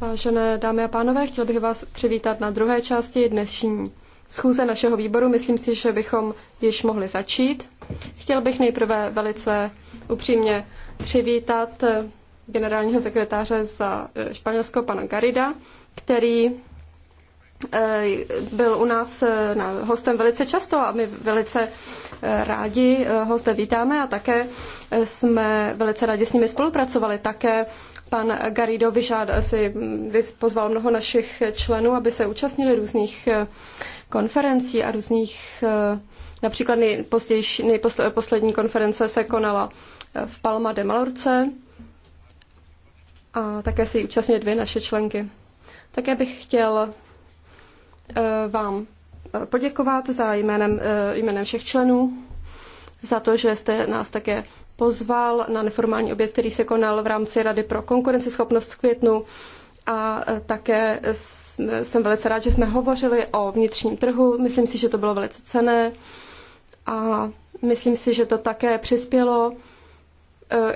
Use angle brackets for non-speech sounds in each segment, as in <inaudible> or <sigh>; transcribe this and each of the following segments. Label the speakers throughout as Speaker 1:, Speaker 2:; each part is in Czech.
Speaker 1: Vážené dámy a pánové, chtěl bych vás přivítat na druhé části dnešní schůze našeho výboru. Myslím si, že bychom již mohli začít. Chtěl bych nejprve velice upřímně přivítat generálního sekretáře za eh, Španělsko, pana Garida, který Eh, byl u nás eh, hostem velice často a my velice eh, rádi ho zde vítáme a také jsme velice rádi s nimi spolupracovali. Také pan Garido vyžád, asi hm, pozval mnoho našich členů, aby se účastnili různých konferencí a různých Například nejposlední konference se konala v Palma de Malorce a také se jí účastnily dvě naše členky. Také bych chtěl Eh, vám eh, poděkovat za jménem, eh, jménem všech členů, za to, že jste nás také pozval na neformální oběd, který se konal v rámci Rady pro konkurenceschopnost v květnu. A také jsem velice rád, že jsme hovořili o vnitřním trhu. Myslím si, že to bylo velice cené a myslím si, že to také přispělo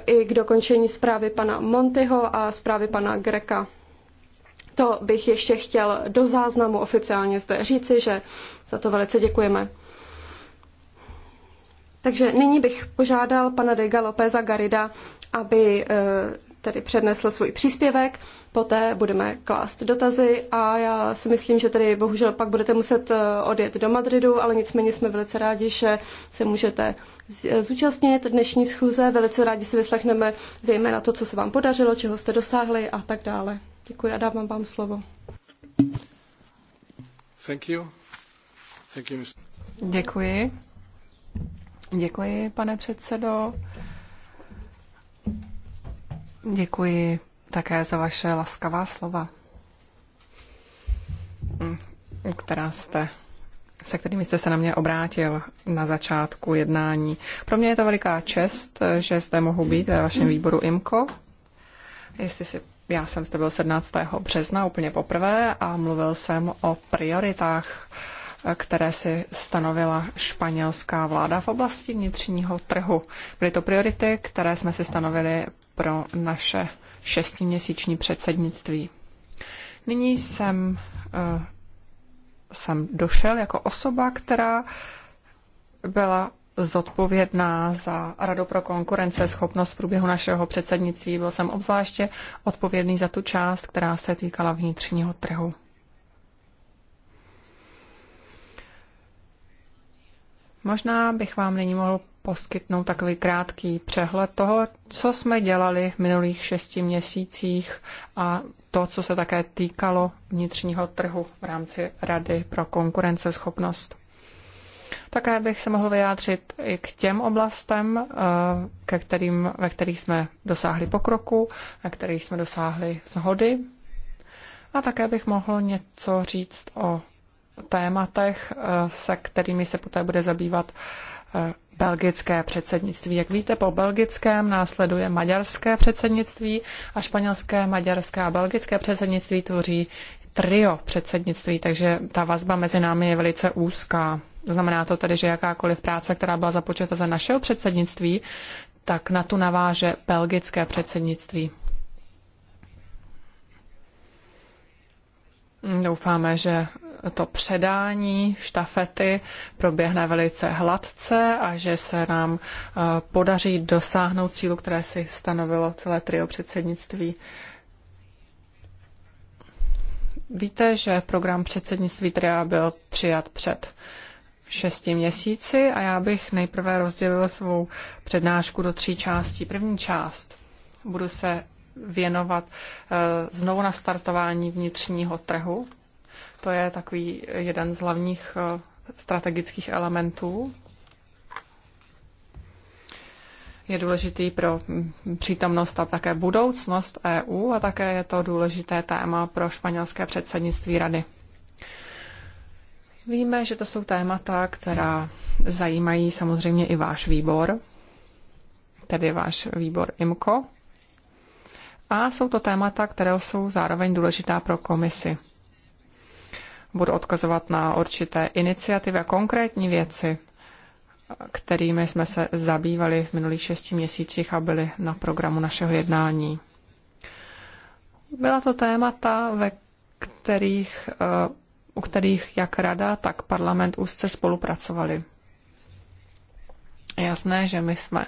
Speaker 1: i k dokončení zprávy pana Montyho a zprávy pana Greka. To bych ještě chtěl do záznamu oficiálně zde říci, že za to velice děkujeme. Takže nyní bych požádal pana Dega Lópeza Garida, aby eh, tedy přednesl svůj příspěvek, poté budeme klást dotazy a já si myslím, že tedy bohužel pak budete muset eh, odjet do Madridu, ale nicméně jsme velice rádi, že se můžete eh, zúčastnit dnešní schůze. Velice rádi si vyslechneme zejména to, co se vám podařilo, čeho jste dosáhli a
Speaker 2: tak dále. Děkuji a dávám vám slovo.
Speaker 3: Thank you. Thank you,
Speaker 2: Děkuji. Děkuji, pane předsedo. Děkuji také za vaše laskavá slova, která jste, se kterými jste se na mě obrátil na začátku jednání. Pro mě je to veliká čest, že zde mohu být ve vašem výboru IMCO. Jestli si já jsem zde byl 17. března úplně poprvé a mluvil jsem o prioritách, které si stanovila španělská vláda v oblasti vnitřního trhu. Byly to priority, které jsme si stanovili pro naše šestiměsíční předsednictví. Nyní jsem eh, jsem došel jako osoba, která byla zodpovědná za Radu pro konkurence schopnost v průběhu našeho předsednictví. Byl jsem obzvláště odpovědný za tu část, která se týkala vnitřního trhu. Možná bych vám nyní mohl poskytnout takový krátký přehled toho, co jsme dělali v minulých šesti měsících a to, co se také týkalo vnitřního trhu v rámci Rady pro konkurenceschopnost. Také bych se mohl vyjádřit i k těm oblastem, eh, ke kterým, ve kterých jsme dosáhli pokroku, ve kterých jsme dosáhli shody. A také bych mohl něco říct o tématech, eh, se kterými se poté bude zabývat eh, belgické předsednictví. Jak víte, po belgickém následuje maďarské předsednictví a španělské, maďarské a belgické předsednictví tvoří trio předsednictví, takže ta vazba mezi námi je velice úzká. Znamená to tedy, že jakákoliv práce, která byla započata za našeho předsednictví, tak na tu naváže belgické předsednictví. Doufáme, že to předání štafety proběhne velice hladce a že se nám eh, podaří dosáhnout cílu, které si stanovilo celé trio předsednictví. Víte, že program předsednictví tria byl přijat před šesti měsíci a já bych nejprve rozdělil svou přednášku do tří částí. První část budu se věnovat eh, znovu na startování vnitřního trhu. To je takový jeden z hlavních eh, strategických elementů. Je důležitý pro mm, přítomnost a také budoucnost EU a také je to důležité téma pro španělské předsednictví rady. Víme, že to jsou témata, která zajímají samozřejmě i váš výbor, tedy váš výbor IMCO. A jsou to témata, které jsou zároveň důležitá pro komisi budu odkazovat na určité iniciativy a konkrétní věci, kterými jsme se zabývali v minulých šesti měsících a byly na programu našeho jednání. Byla to témata, ve kterých, eh, u kterých jak rada, tak parlament úzce spolupracovali. Jasné, že my jsme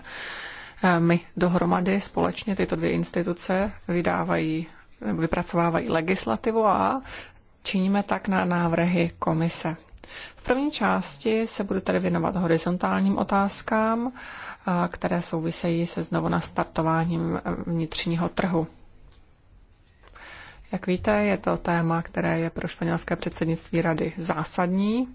Speaker 2: eh, my dohromady společně tyto dvě instituce vydávají nebo vypracovávají legislativu a činíme tak na návrhy komise. V první části se budu tady věnovat horizontálním otázkám, které souvisejí se znovu nastartováním vnitřního trhu. Jak víte, je to téma, které je pro španělské předsednictví rady zásadní.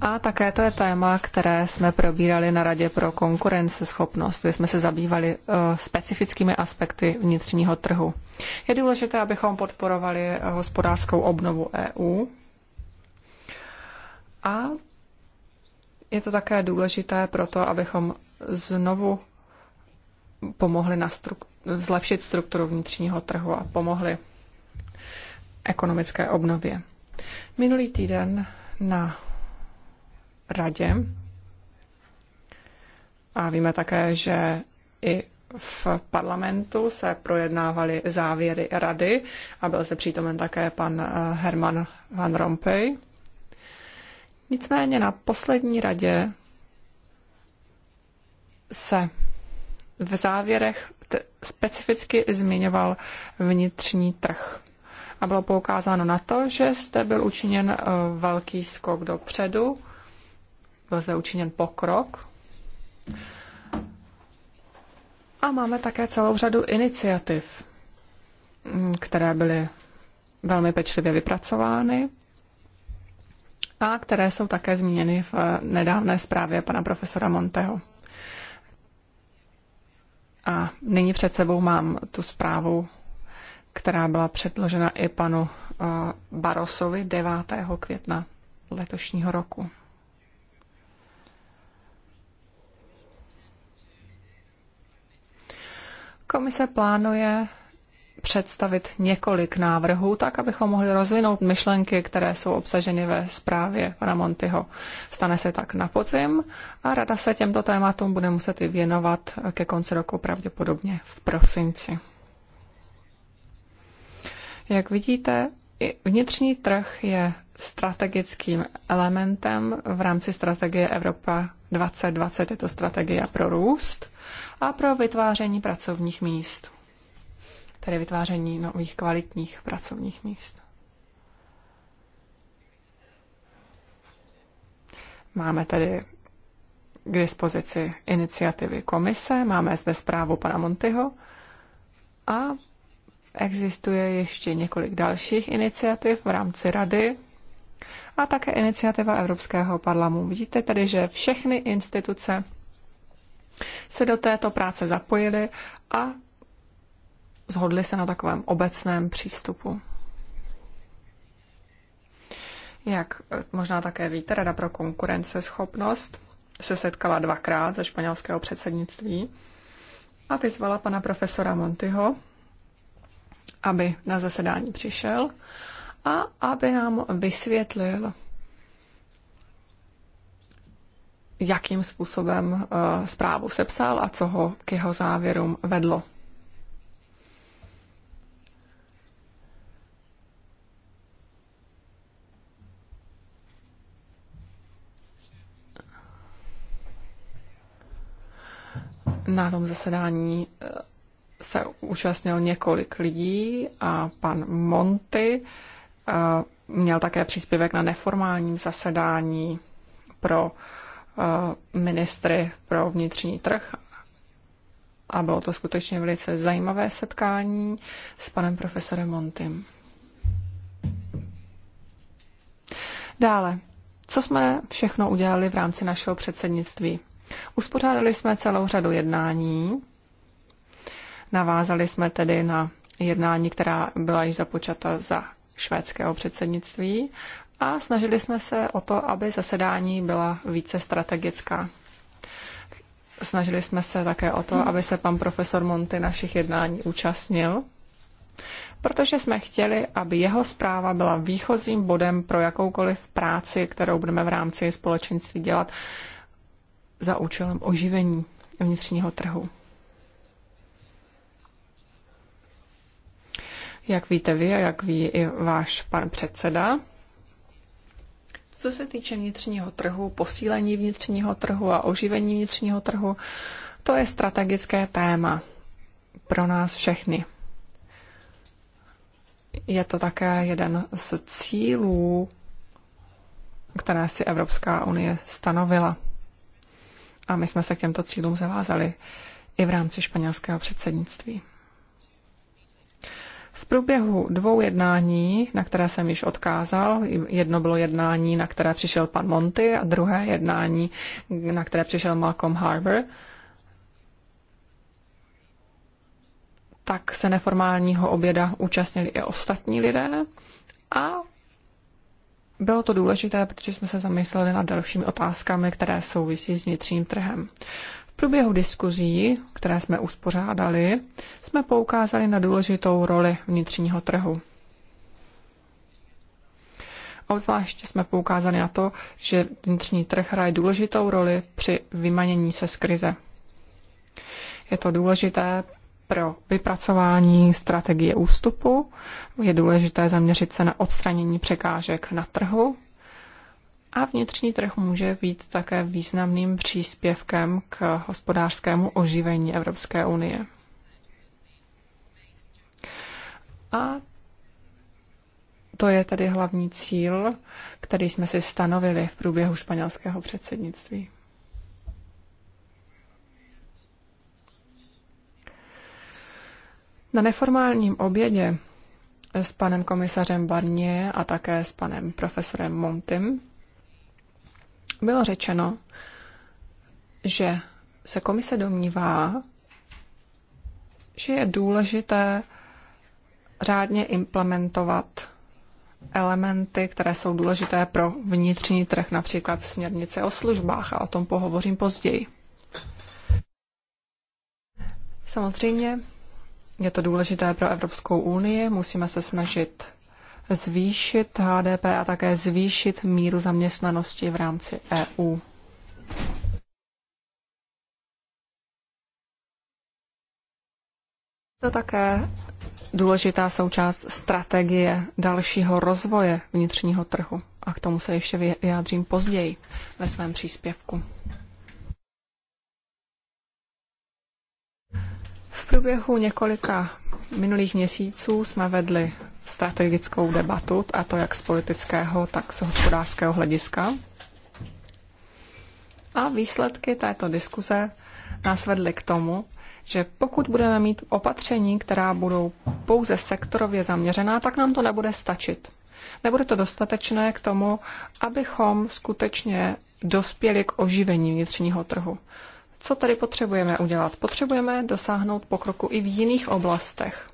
Speaker 2: A také to je téma, které jsme probírali na Radě pro konkurenceschopnost, kde jsme se zabývali eh, specifickými aspekty vnitřního trhu. Je důležité, abychom podporovali eh, hospodářskou obnovu EU a je to také důležité proto, abychom znovu pomohli na struk- zlepšit strukturu vnitřního trhu a pomohli ekonomické obnově. Minulý týden na radě. A víme také, že i v parlamentu se projednávaly závěry rady a byl zde přítomen také pan eh, Herman Van Rompuy. Nicméně na poslední radě se v závěrech specificky zmiňoval vnitřní trh. A bylo poukázáno na to, že zde byl učiněn eh, velký skok dopředu byl zde učiněn pokrok. A máme také celou řadu iniciativ, které byly velmi pečlivě vypracovány a které jsou také zmíněny v nedávné zprávě pana profesora Monteho. A nyní před sebou mám tu zprávu, která byla předložena i panu eh, Barosovi 9. května letošního roku. Komise plánuje představit několik návrhů, tak abychom mohli rozvinout myšlenky, které jsou obsaženy ve zprávě pana Montyho. Stane se tak na podzim a rada se těmto tématům bude muset i věnovat ke konci roku pravděpodobně v prosinci. Jak vidíte, vnitřní trh je strategickým elementem v rámci strategie Evropa 2020 je to strategie pro růst a pro vytváření pracovních míst, tedy vytváření nových kvalitních pracovních míst. Máme tedy k dispozici iniciativy komise, máme zde zprávu pana Montyho a existuje ještě několik dalších iniciativ v rámci rady, a také iniciativa Evropského parlamentu. Vidíte tedy, že všechny instituce se do této práce zapojily a zhodli se na takovém obecném přístupu. Jak eh, možná také víte, Rada pro konkurenceschopnost se setkala dvakrát ze španělského předsednictví a vyzvala pana profesora Montyho, aby na zasedání přišel a aby nám vysvětlil, jakým způsobem eh, zprávu sepsal a co ho k jeho závěrům vedlo. Na tom zasedání eh, se účastnil několik lidí a pan Monty Eh, měl také příspěvek na neformální zasedání pro eh, ministry pro vnitřní trh a bylo to skutečně velice zajímavé setkání s panem profesorem Montym. Dále, co jsme všechno udělali v rámci našeho předsednictví? Uspořádali jsme celou řadu jednání, navázali jsme tedy na jednání, která byla již započata za švédského předsednictví a snažili jsme se o to, aby zasedání byla více strategická. Snažili jsme se také o to, aby se pan profesor Monty našich jednání účastnil, protože jsme chtěli, aby jeho zpráva byla výchozím bodem pro jakoukoliv práci, kterou budeme v rámci společenství dělat za účelem oživení vnitřního trhu. jak víte vy a jak ví i váš pan předseda. Co se týče vnitřního trhu, posílení vnitřního trhu a oživení vnitřního trhu, to je strategické téma pro nás všechny. Je to také jeden z cílů, které si Evropská unie stanovila. A my jsme se k těmto cílům zavázali i v rámci španělského předsednictví. V průběhu dvou jednání, na které jsem již odkázal, jedno bylo jednání, na které přišel pan Monty a druhé jednání, na které přišel Malcolm Harbour, tak se neformálního oběda účastnili i ostatní lidé a bylo to důležité, protože jsme se zamysleli nad dalšími otázkami, které souvisí s vnitřním trhem průběhu diskuzí, které jsme uspořádali, jsme poukázali na důležitou roli vnitřního trhu. Obzvláště jsme poukázali na to, že vnitřní trh hraje důležitou roli při vymanění se z krize. Je to důležité pro vypracování strategie ústupu, je důležité zaměřit se na odstranění překážek na trhu a vnitřní trh může být také významným příspěvkem k hospodářskému oživení Evropské unie. A to je tedy hlavní cíl, který jsme si stanovili v průběhu španělského předsednictví. Na neformálním obědě s panem komisařem Barnier a také s panem profesorem Montem bylo řečeno, že se komise domnívá, že je důležité řádně implementovat elementy, které jsou důležité pro vnitřní trh, například směrnice o službách, a o tom pohovořím později. Samozřejmě je to důležité pro Evropskou unii, musíme se snažit zvýšit HDP a také zvýšit míru zaměstnanosti v rámci EU. To také důležitá součást strategie dalšího rozvoje vnitřního trhu. A k tomu se ještě vyjádřím později ve svém příspěvku. V průběhu několika minulých měsíců jsme vedli strategickou debatu, a to jak z politického, tak z hospodářského hlediska. A výsledky této diskuze nás vedly k tomu, že pokud budeme mít opatření, která budou pouze sektorově zaměřená, tak nám to nebude stačit. Nebude to dostatečné k tomu, abychom skutečně dospěli k oživení vnitřního trhu. Co tady potřebujeme udělat? Potřebujeme dosáhnout pokroku i v jiných oblastech.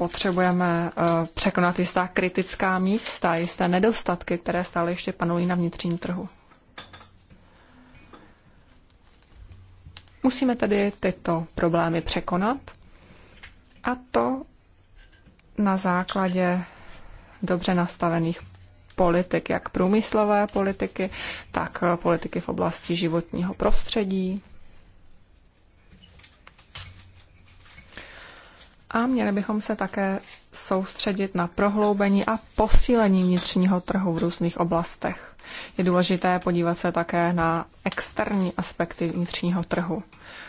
Speaker 2: potřebujeme eh, překonat jistá kritická místa, jisté nedostatky, které stále ještě panují na vnitřním trhu. Musíme tedy tyto problémy překonat a to na základě dobře nastavených politik, jak průmyslové politiky, tak eh, politiky v oblasti životního prostředí, a měli bychom se také soustředit na prohloubení a posílení vnitřního trhu v různých oblastech. Je důležité podívat se také na externí aspekty vnitřního trhu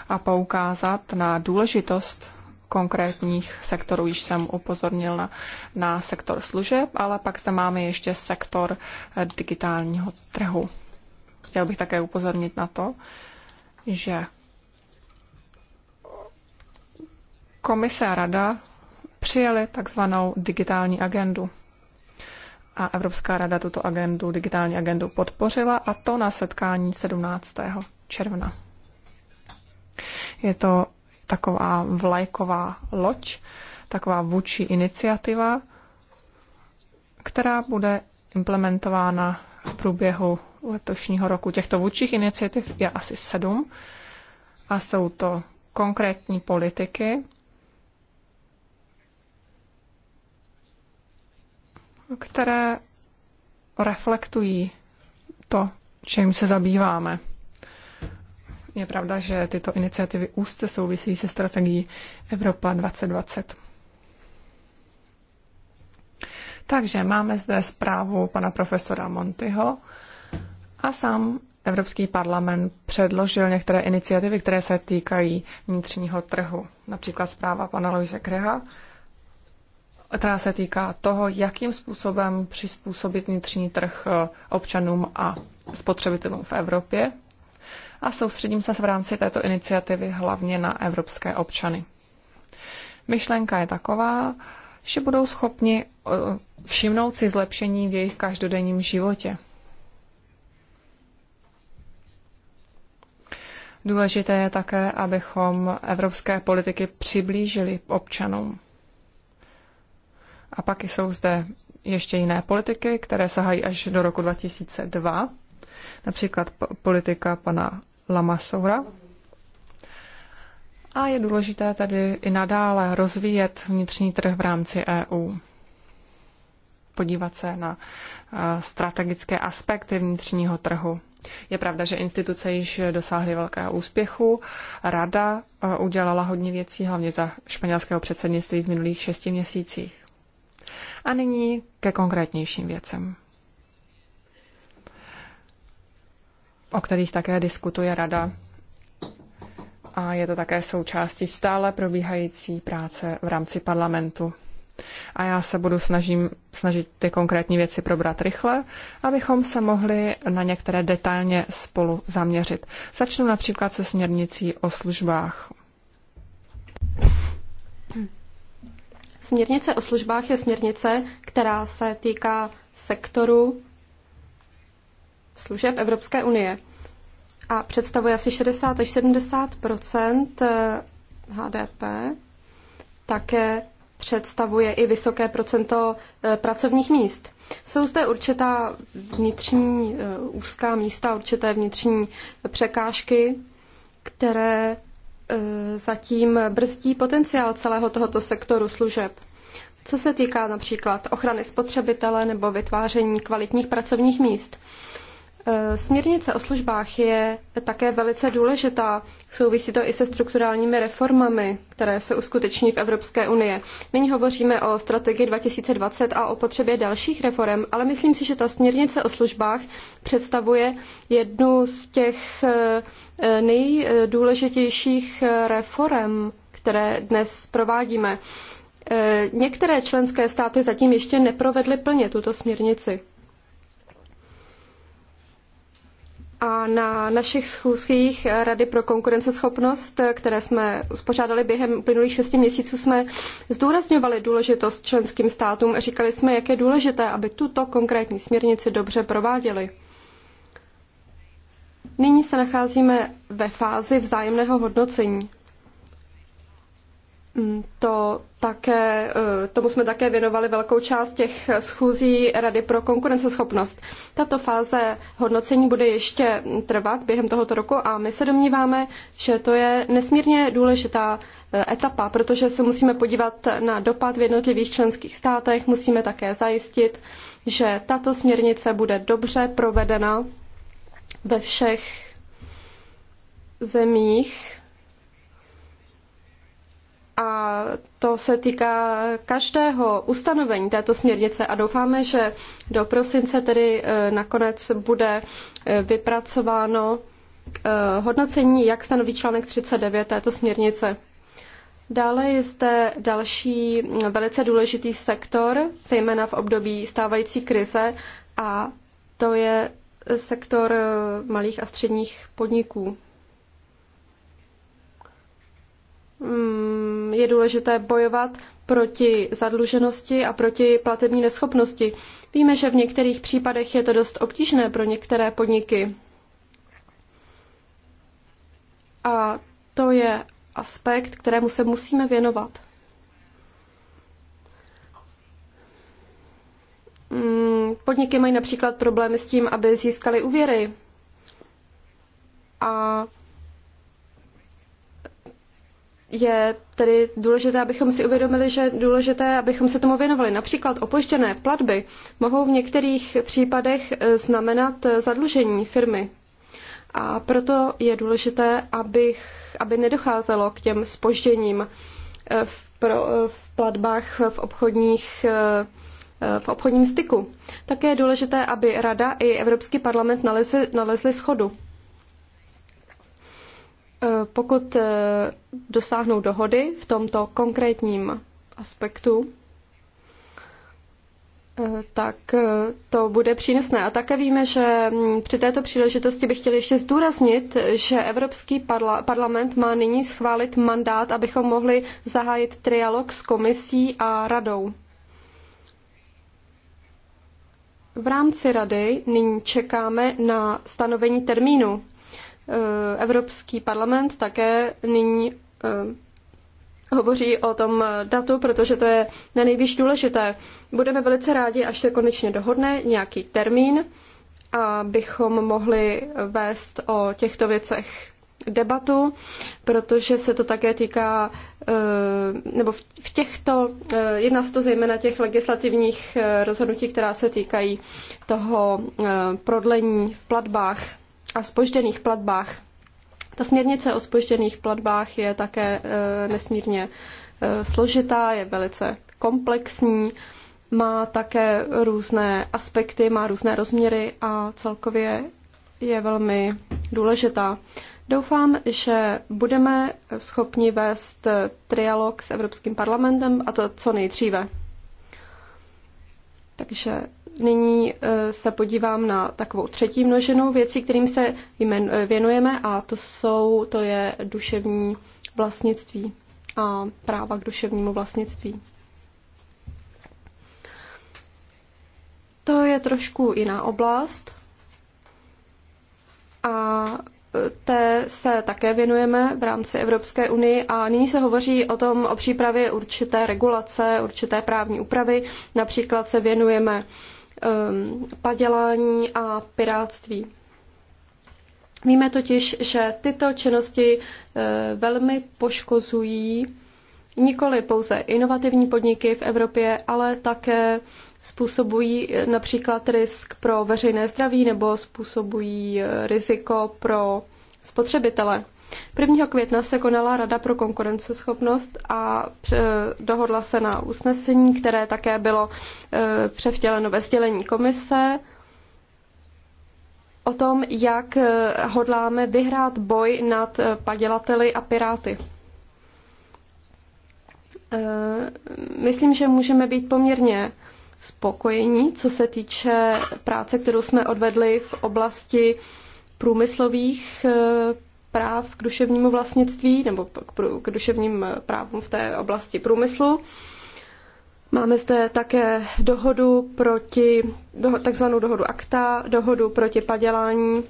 Speaker 2: a poukázat na důležitost konkrétních sektorů, již jsem upozornil na, na sektor služeb, ale pak zde máme ještě sektor eh, digitálního trhu. Chtěl bych také upozornit na to, že Komise a rada přijaly takzvanou digitální agendu. A Evropská rada tuto agendu, digitální agendu podpořila a to na setkání 17. června. Je to taková vlajková loď, taková vůči iniciativa, která bude implementována v průběhu letošního roku. Těchto vůčích iniciativ je asi sedm a jsou to konkrétní politiky, které reflektují to, čím se zabýváme. Je pravda, že tyto iniciativy úzce souvisí se strategií Evropa 2020. Takže máme zde zprávu pana profesora Montyho a sám Evropský parlament předložil některé iniciativy, které se týkají vnitřního trhu. Například zpráva pana Louise Kreha která se týká toho, jakým způsobem přizpůsobit vnitřní trh eh, občanům a spotřebitelům v Evropě. A soustředím se v rámci této iniciativy hlavně na evropské občany. Myšlenka je taková, že budou schopni eh, všimnout si zlepšení v jejich každodenním životě. Důležité je také, abychom evropské politiky přiblížili občanům. A pak jsou zde ještě jiné politiky, které sahají až do roku 2002, například politika pana Lamasoura. A je důležité tedy i nadále rozvíjet vnitřní trh v rámci EU. Podívat se na eh, strategické aspekty vnitřního trhu. Je pravda, že instituce již dosáhly velkého úspěchu. Rada eh, udělala hodně věcí, hlavně za španělského předsednictví v minulých šesti měsících. A nyní ke konkrétnějším věcem, o kterých také diskutuje Rada. A je to také součástí stále probíhající práce v rámci parlamentu. A já se budu snažím, snažit ty konkrétní věci probrat rychle, abychom se mohli na některé detailně spolu zaměřit. Začnu například se směrnicí o službách.
Speaker 1: Směrnice o službách je směrnice, která se týká sektoru služeb Evropské unie a představuje asi 60 až 70 eh, HDP. Také představuje i vysoké procento eh, pracovních míst. Jsou zde určitá vnitřní eh, úzká místa, určité vnitřní překážky, které E, zatím brzdí potenciál celého tohoto sektoru služeb. Co se týká například ochrany spotřebitele nebo vytváření kvalitních pracovních míst. Eh, směrnice o službách je také velice důležitá. Souvisí to i se strukturálními reformami, které se uskuteční v Evropské unii. Nyní hovoříme o strategii 2020 a o potřebě dalších reform, ale myslím si, že ta směrnice o službách představuje jednu z těch eh, nejdůležitějších eh, reform, které dnes provádíme. Některé členské státy zatím ještě neprovedly plně tuto směrnici. A na našich schůzích Rady pro konkurenceschopnost, které jsme uspořádali během uplynulých šesti měsíců, jsme zdůrazňovali důležitost členským státům. a Říkali jsme, jak je důležité, aby tuto konkrétní směrnici dobře prováděli. Nyní se nacházíme ve fázi vzájemného hodnocení. Mm, to také, eh, tomu jsme také věnovali velkou část těch schůzí Rady pro konkurenceschopnost. Tato fáze hodnocení bude ještě trvat během tohoto roku a my se domníváme, že to je nesmírně důležitá eh, etapa, protože se musíme podívat na dopad v jednotlivých členských státech, musíme také zajistit, že tato směrnice bude dobře provedena ve všech zemích a to se týká každého ustanovení této směrnice a doufáme, že do prosince tedy eh, nakonec bude eh, vypracováno eh, hodnocení, jak stanoví článek 39 této směrnice. Dále je zde další velice důležitý sektor, zejména v období stávající krize, a to je sektor malých a středních podniků. je důležité bojovat proti zadluženosti a proti platební neschopnosti. Víme, že v některých případech je to dost obtížné pro některé podniky. A to je aspekt, kterému se musíme věnovat. Mm, podniky mají například problémy s tím, aby získali úvěry. A je tedy důležité, abychom si uvědomili, že je důležité, abychom se tomu věnovali. Například opožděné platby mohou v některých případech eh, znamenat eh, zadlužení firmy. A proto je důležité, abych, aby nedocházelo k těm spožděním eh, v, pro, v platbách v obchodních v obchodním styku. Také je důležité, aby Rada i Evropský parlament nalezli, nalezli schodu. Eh, pokud eh, dosáhnou dohody v tomto konkrétním aspektu, eh, tak to bude přínosné. A také víme, že mm, při této příležitosti bych chtěl ještě zdůraznit, že Evropský parla- parlament má nyní schválit mandát, abychom mohli zahájit trialog s komisí a radou. V rámci rady nyní čekáme na stanovení termínu Eh, Evropský parlament také nyní eh, hovoří o tom datu, protože to je na nejvyšší důležité. Budeme velice rádi, až se konečně dohodne nějaký termín, abychom mohli vést o těchto věcech debatu, protože se to také týká, eh, nebo v těchto, jedná se to zejména těch legislativních rozhodnutí, která se týkají toho prodlení v platbách a spožděných platbách. Ta směrnice o spožděných platbách je také eh, nesmírně eh, složitá, je velice komplexní, má také různé aspekty, má různé rozměry a celkově je velmi důležitá. Doufám, že budeme schopni vést eh, trialog s Evropským parlamentem a to co nejdříve. Takže Nyní eh, se podívám na takovou třetí množinu věcí, kterým se jmen, eh, věnujeme a to jsou, to je duševní vlastnictví a práva k duševnímu vlastnictví. To je trošku jiná oblast a eh, té se také věnujeme v rámci Evropské unie a nyní se hovoří o tom, o přípravě určité regulace, určité právní úpravy. Například se věnujeme uh, Um, padělání a piráctví. Víme totiž, že tyto činnosti uh, velmi poškozují nikoli pouze inovativní podniky v Evropě, ale také způsobují eh, například risk pro veřejné zdraví nebo způsobují eh, riziko pro spotřebitele. 1. května se konala Rada pro konkurenceschopnost a dohodla se na usnesení, které také bylo eh, převtěleno ve sdělení komise o tom, jak eh, hodláme vyhrát boj nad eh, padělateli a piráty. Myslím, že můžeme být poměrně spokojení, co se týče práce, kterou jsme odvedli v oblasti průmyslových práv k duševnímu vlastnictví nebo k duševním právům v té oblasti průmyslu. Máme zde také dohodu proti, takzvanou dohodu akta, dohodu proti padělání.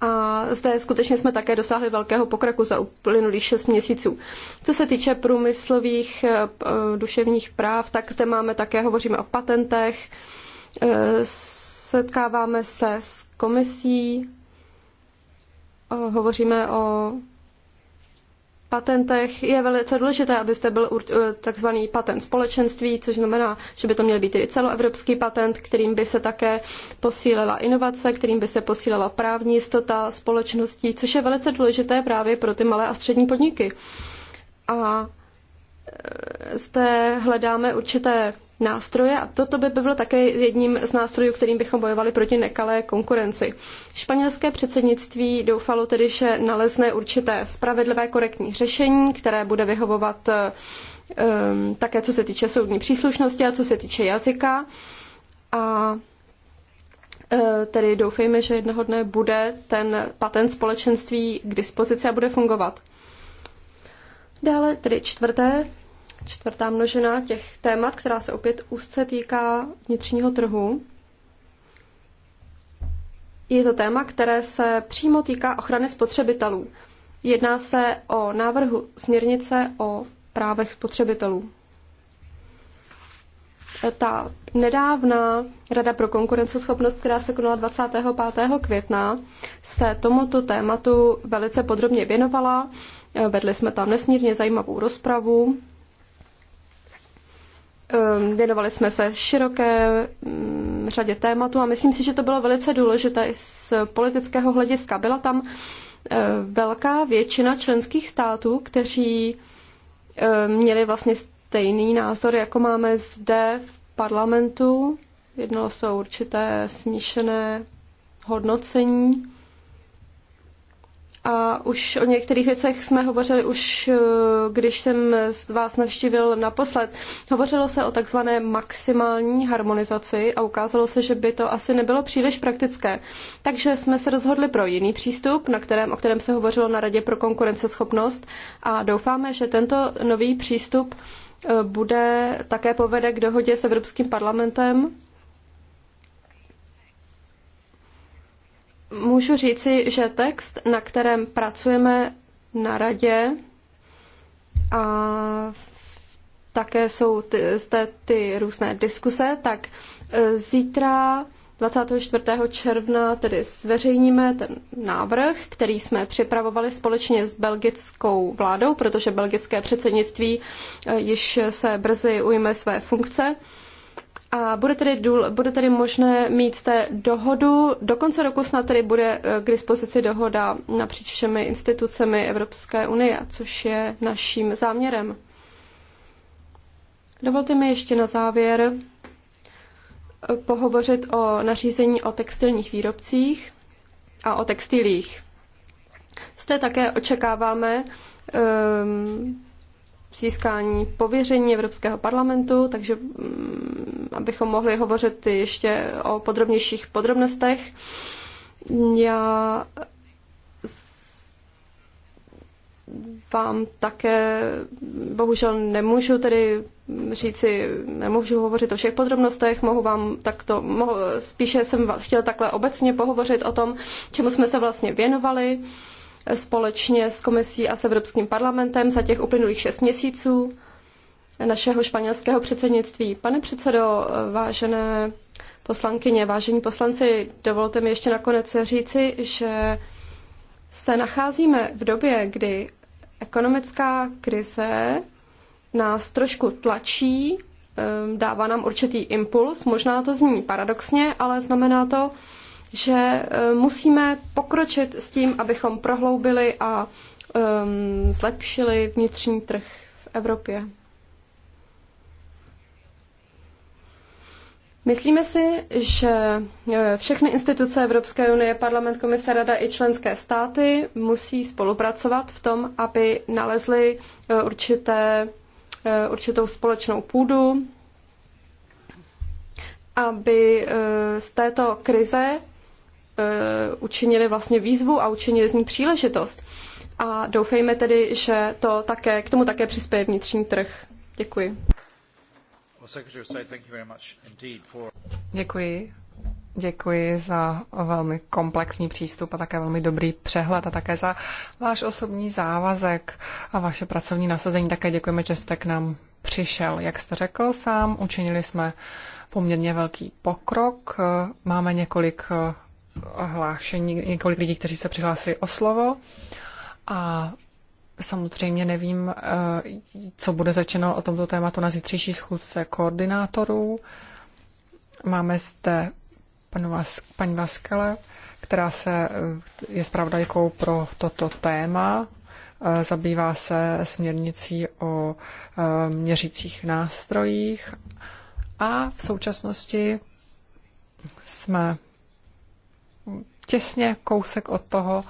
Speaker 1: A zde skutečně jsme také dosáhli velkého pokroku za uplynulých 6 měsíců. Co se týče průmyslových eh, eh, duševních práv, tak zde máme také, hovoříme o patentech, eh, s setkáváme se s komisí, eh, hovoříme o patentech. Je velice důležité, abyste byl eh, takzvaný patent společenství, což znamená, že by to měl být i celoevropský patent, kterým by se také posílila inovace, kterým by se posílala právní jistota společností, což je velice důležité právě pro ty malé a střední podniky. A eh, zde hledáme určité nástroje a toto by bylo také jedním z nástrojů, kterým bychom bojovali proti nekalé konkurenci. Španělské předsednictví doufalo tedy, že nalezne určité spravedlivé korektní řešení, které bude vyhovovat um, také co se týče soudní příslušnosti a co se týče jazyka. A eh, tedy doufejme, že jednoho dne bude ten patent společenství k dispozici a bude fungovat. Dále tedy čtvrté čtvrtá množina těch témat, která se opět úzce týká vnitřního trhu. Je to téma, které se přímo týká ochrany spotřebitelů. Jedná se o návrhu směrnice o právech spotřebitelů. Ta nedávná Rada pro konkurenceschopnost, která se konala 25. května, se tomuto tématu velice podrobně věnovala. Vedli jsme tam nesmírně zajímavou rozpravu Ehm, věnovali jsme se široké mm, řadě tématů a myslím si, že to bylo velice důležité i z politického hlediska. Byla tam eh, velká většina členských států, kteří ehm, měli vlastně stejný názor, jako máme zde v parlamentu. Jednalo se o určité smíšené hodnocení. A už o některých věcech jsme hovořili už, eh, když jsem z vás navštívil naposled. Hovořilo se o takzvané maximální harmonizaci a ukázalo se, že by to asi nebylo příliš praktické. Takže jsme se rozhodli pro jiný přístup, na kterém, o kterém se hovořilo na Radě pro konkurenceschopnost a doufáme, že tento nový přístup eh, bude také povede k dohodě s Evropským parlamentem Můžu říci, že text, na kterém pracujeme na radě a také jsou ty, zde ty různé diskuse, tak e, zítra 24. června tedy zveřejníme ten návrh, který jsme připravovali společně s belgickou vládou, protože belgické předsednictví e, již se brzy ujme své funkce. A bude tedy, důl, bude tedy možné mít té dohodu, do konce roku snad tedy bude eh, k dispozici dohoda napříč všemi institucemi Evropské unie, což je naším záměrem. Dovolte mi ještě na závěr eh, pohovořit o nařízení o textilních výrobcích a o textilích. Zde také očekáváme um, získání pověření Evropského parlamentu, takže mm, abychom mohli hovořit ještě o podrobnějších podrobnostech. Já vám také bohužel nemůžu tedy říci, nemůžu hovořit o všech podrobnostech, mohu vám takto, mohu, spíše jsem chtěl takhle obecně pohovořit o tom, čemu jsme se vlastně věnovali společně s komisí a s Evropským parlamentem za těch uplynulých šest měsíců našeho španělského předsednictví. Pane předsedo, vážené poslankyně, vážení poslanci, dovolte mi ještě nakonec říci, že se nacházíme v době, kdy ekonomická krize nás trošku tlačí, ehm, dává nám určitý impuls. Možná to zní paradoxně, ale znamená to, že eh, musíme pokročit s tím, abychom prohloubili a um, zlepšili vnitřní trh v Evropě. Myslíme si, že eh, všechny instituce Evropské unie, parlament, komise, rada i členské státy musí spolupracovat v tom, aby nalezly eh, určité, určitou společnou půdu, aby z této krize Eh, učinili vlastně výzvu a učinili z ní příležitost. A doufejme tedy, že to také,
Speaker 2: k tomu také přispěje vnitřní trh. Děkuji. Děkuji. Děkuji za velmi komplexní přístup a také velmi dobrý přehled a také za váš osobní závazek a vaše pracovní nasazení. Také děkujeme, že jste k nám přišel. Jak jste řekl sám, učinili jsme poměrně velký pokrok. Máme několik hlášení několik lidí, kteří se přihlásili o slovo. A samozřejmě nevím, eh, co bude začeno o tomto tématu na zítřejší schůzce koordinátorů. Máme zde paní Vaskele, která se eh, je zpravodajkou pro toto téma. Eh, zabývá se směrnicí o měřících nástrojích a v současnosti jsme těsně kousek od toho,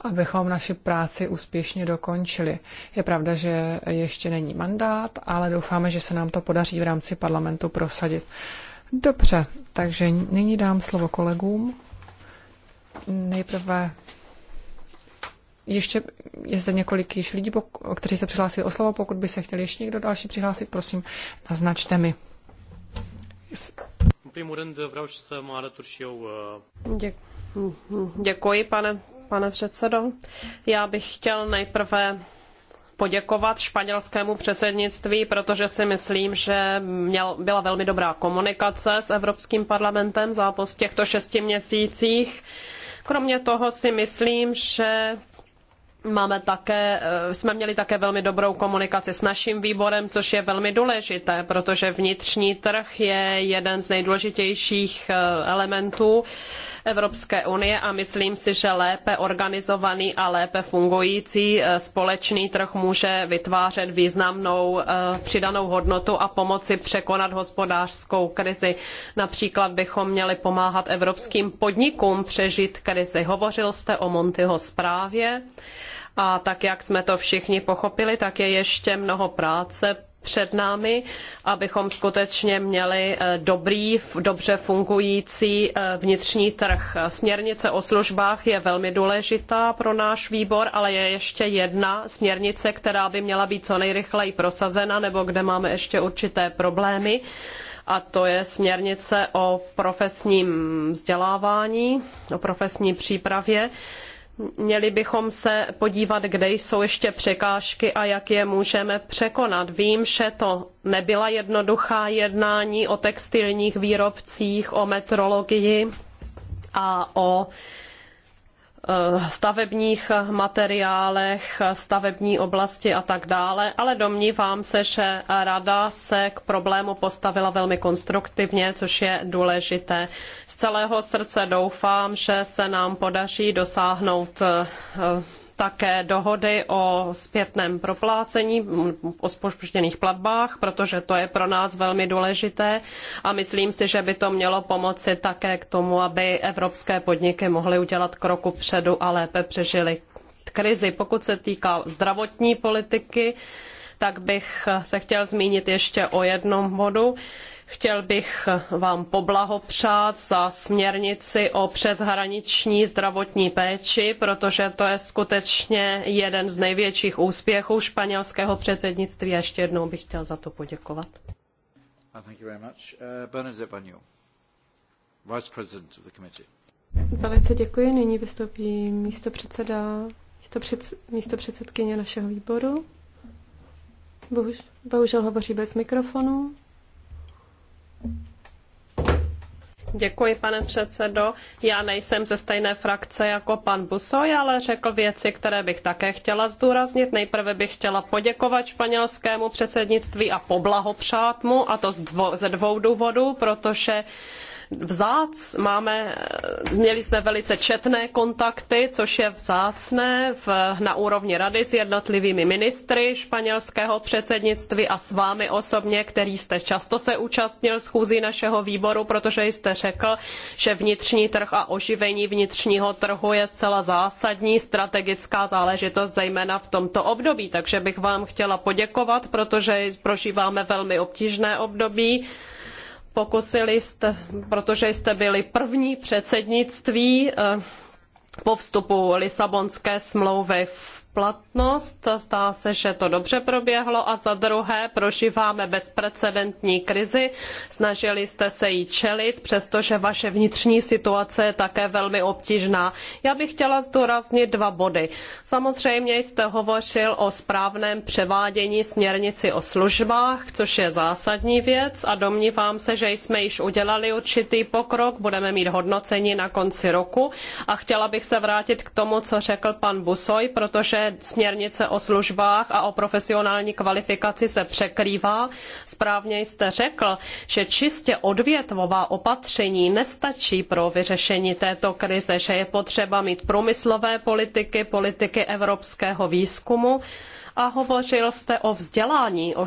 Speaker 2: abychom naši práci úspěšně dokončili. Je pravda, že ještě není mandát, ale doufáme, že se nám to podaří v rámci parlamentu prosadit. Dobře, takže nyní dám slovo kolegům. Nejprve ještě je zde několik již lidí, kteří se přihlásili o slovo. Pokud by se chtěl ještě někdo další přihlásit, prosím, naznačte mi
Speaker 4: primul rând vreau să mă alătur și eu.
Speaker 2: Uh, děkuji,
Speaker 4: pane, pane předsedo. Já bych chtěl nejprve poděkovat španělskému předsednictví, protože si myslím, že měl, byla velmi dobrá komunikace s Evropským parlamentem za v těchto šesti měsících. Kromě toho si myslím, že Máme také, eh, jsme měli také velmi dobrou komunikaci s naším výborem, což je velmi důležité, protože vnitřní trh je jeden z nejdůležitějších eh, elementů Evropské unie a myslím si, že lépe organizovaný a lépe fungující eh, společný trh může vytvářet významnou přidanou hodnotu a pomoci překonat hospodářskou krizi. Například bychom měli pomáhat evropským podnikům přežít krizi. Hovořil jste o Montyho zprávě a tak, jak jsme to všichni pochopili, tak je ještě mnoho práce před námi, abychom skutečně měli eh, dobrý, dobře fungující eh, vnitřní trh. Směrnice o službách je velmi důležitá pro náš výbor, ale je ještě jedna směrnice, která by měla být co nejrychleji prosazena, nebo kde máme ještě určité problémy, a to je směrnice o profesním vzdělávání, o profesní přípravě Měli bychom se podívat, kde jsou ještě překážky a jak je můžeme překonat. Vím, že to nebyla jednoduchá jednání o textilních výrobcích, o metrologii a o uh, Eh, stavebních materiálech, stavební oblasti a tak dále, ale domnívám se, že rada se k problému postavila velmi konstruktivně, což je důležité. Z celého srdce doufám, že se nám podaří dosáhnout eh, také dohody o zpětném proplácení, o zpožděných platbách, protože to je pro nás velmi důležité a myslím si, že by to mělo pomoci také k tomu, aby evropské podniky mohly udělat kroku předu a lépe přežily krizi. Pokud se týká zdravotní politiky, tak bych se chtěl zmínit ještě o jednom bodu Chtěl bych vám poblahopřát za směrnici o přeshraniční zdravotní péči, protože to je skutečně jeden z největších úspěchů španělského předsednictví. A ještě jednou bych chtěl za to poděkovat.
Speaker 1: Velice děkuji. Nyní vystoupí místo předseda, místo, před, místo předsedkyně našeho výboru. Bohuž, bohužel hovoří bez mikrofonu.
Speaker 4: Děkuji, pane předsedo. Já nejsem ze stejné frakce jako pan Busoj, ale řekl věci, které bych také chtěla zdůraznit. Nejprve bych chtěla poděkovat španělskému předsednictví a poblahopřát mu, a to ze dvou důvodů, protože vzác, máme, měli jsme velice četné kontakty, což je vzácné v, na úrovni rady s jednotlivými ministry španělského předsednictví a s vámi osobně, který jste často se účastnil schůzí našeho výboru, protože jste řekl, že vnitřní trh a oživení vnitřního trhu je zcela zásadní strategická záležitost, zejména v tomto období. Takže bych vám chtěla poděkovat, protože prožíváme velmi obtížné období. Pokusili jste, protože jste byli první předsednictví eh, po vstupu Lisabonské smlouvy v platnost. Zdá se, že to dobře proběhlo a za druhé prožíváme bezprecedentní krizi. Snažili jste se jí čelit, přestože vaše vnitřní situace je také velmi obtížná. Já bych chtěla zdůraznit dva body. Samozřejmě jste hovořil o správném převádění směrnici o službách, což je zásadní věc a domnívám se, že jsme již udělali určitý pokrok, budeme mít hodnocení na konci roku a chtěla bych se vrátit k tomu, co řekl pan Busoj, protože směrnice o službách a o profesionální kvalifikaci se překrývá. Správně jste řekl, že čistě odvětvová opatření nestačí pro vyřešení této krize, že je potřeba mít průmyslové politiky, politiky evropského výzkumu a hovořil jste o vzdělání, o